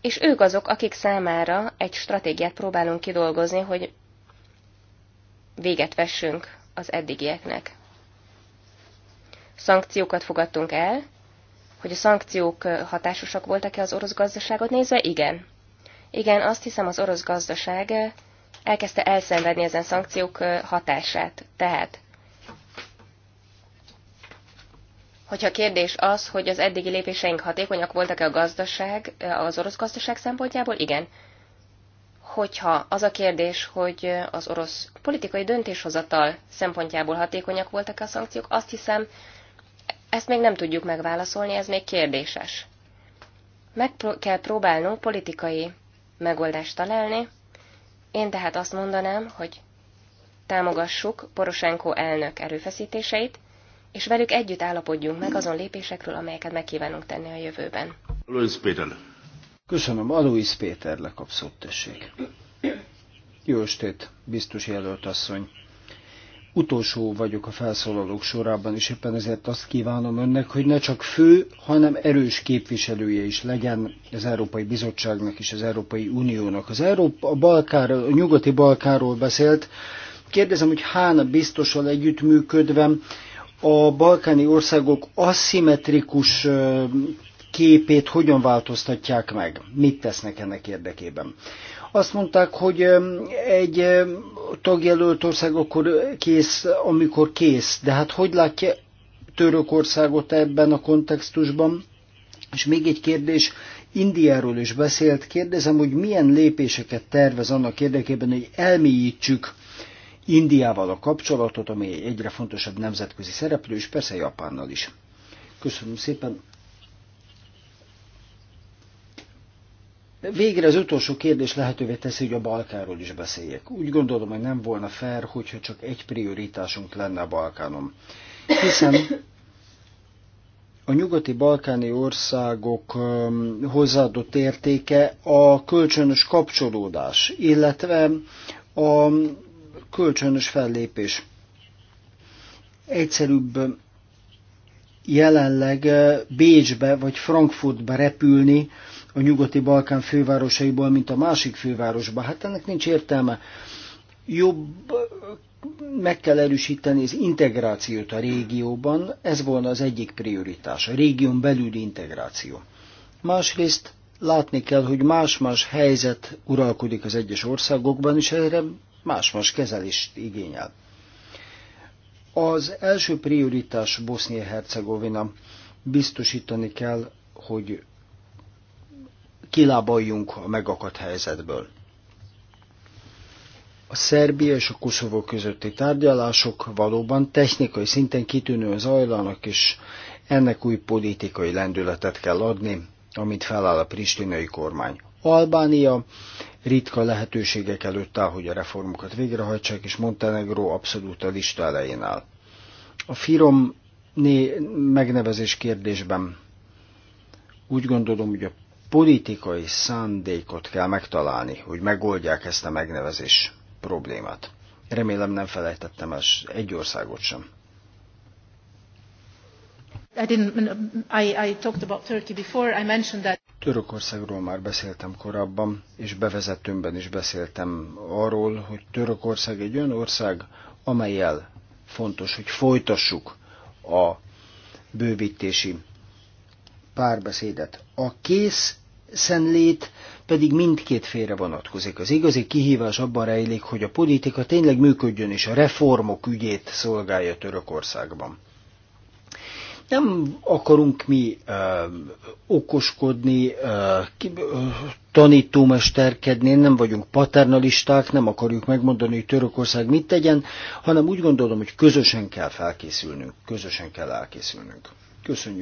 és ők azok, akik számára egy stratégiát próbálunk kidolgozni, hogy véget vessünk az eddigieknek. Szankciókat fogadtunk el, hogy a szankciók hatásosak voltak-e az orosz gazdaságot nézve? Igen. Igen, azt hiszem az orosz gazdaság elkezdte elszenvedni ezen szankciók hatását. Tehát, hogyha a kérdés az, hogy az eddigi lépéseink hatékonyak voltak-e a gazdaság, az orosz gazdaság szempontjából, igen hogyha az a kérdés, hogy az orosz politikai döntéshozatal szempontjából hatékonyak voltak a szankciók, azt hiszem, ezt még nem tudjuk megválaszolni, ez még kérdéses. Meg kell próbálnunk politikai megoldást találni, én tehát azt mondanám, hogy támogassuk Poroshenko elnök erőfeszítéseit, és velük együtt állapodjunk meg azon lépésekről, amelyeket megkívánunk tenni a jövőben. Péter. Köszönöm, Alois Péter lekapszott, tessék. Jó estét, biztos jelölt asszony. Utolsó vagyok a felszólalók sorában, és éppen ezért azt kívánom önnek, hogy ne csak fő, hanem erős képviselője is legyen az Európai Bizottságnak és az Európai Uniónak. Az Európa, a, Balkár, a nyugati Balkáról beszélt. Kérdezem, hogy hána biztosan együttműködve a balkáni országok aszimmetrikus képét hogyan változtatják meg, mit tesznek ennek érdekében. Azt mondták, hogy egy tagjelölt ország akkor kész, amikor kész. De hát hogy látja Törökországot ebben a kontextusban? És még egy kérdés, Indiáról is beszélt, kérdezem, hogy milyen lépéseket tervez annak érdekében, hogy elmélyítsük Indiával a kapcsolatot, ami egyre fontosabb nemzetközi szereplő, és persze Japánnal is. Köszönöm szépen, Végre az utolsó kérdés lehetővé teszi, hogy a Balkánról is beszéljek. Úgy gondolom, hogy nem volna fair, hogyha csak egy prioritásunk lenne a Balkánom. Hiszen a nyugati balkáni országok hozzáadott értéke a kölcsönös kapcsolódás, illetve a kölcsönös fellépés. Egyszerűbb jelenleg Bécsbe vagy Frankfurtba repülni, a nyugati Balkán fővárosaiból, mint a másik fővárosba. Hát ennek nincs értelme. Jobb meg kell erősíteni az integrációt a régióban, ez volna az egyik prioritás, a régión belüli integráció. Másrészt látni kell, hogy más-más helyzet uralkodik az egyes országokban, és erre más-más kezelést igényel. Az első prioritás Bosznia-Hercegovina biztosítani kell, hogy kilábaljunk a megakadt helyzetből. A Szerbia és a Koszovó közötti tárgyalások valóban technikai szinten kitűnően zajlanak, és ennek új politikai lendületet kell adni, amit feláll a pristinai kormány. Albánia ritka lehetőségek előtt áll, hogy a reformokat végrehajtsák, és Montenegro abszolút a lista elején áll. A Firom megnevezés kérdésben úgy gondolom, hogy a politikai szándékot kell megtalálni, hogy megoldják ezt a megnevezés problémát. Remélem nem felejtettem el egy országot sem. I I, I talked about Turkey before, I mentioned that. Törökországról már beszéltem korábban, és bevezetőmben is beszéltem arról, hogy Törökország egy olyan ország, amelyel fontos, hogy folytassuk a bővítési párbeszédet. A kész szenlét pedig mindkét félre vonatkozik. Az igazi kihívás abban rejlik, hogy a politika tényleg működjön és a reformok ügyét szolgálja Törökországban. Nem akarunk mi ö, okoskodni, ö, ki, ö, tanítómesterkedni, nem vagyunk paternalisták, nem akarjuk megmondani, hogy Törökország mit tegyen, hanem úgy gondolom, hogy közösen kell felkészülnünk, közösen kell elkészülnünk. Köszönjük!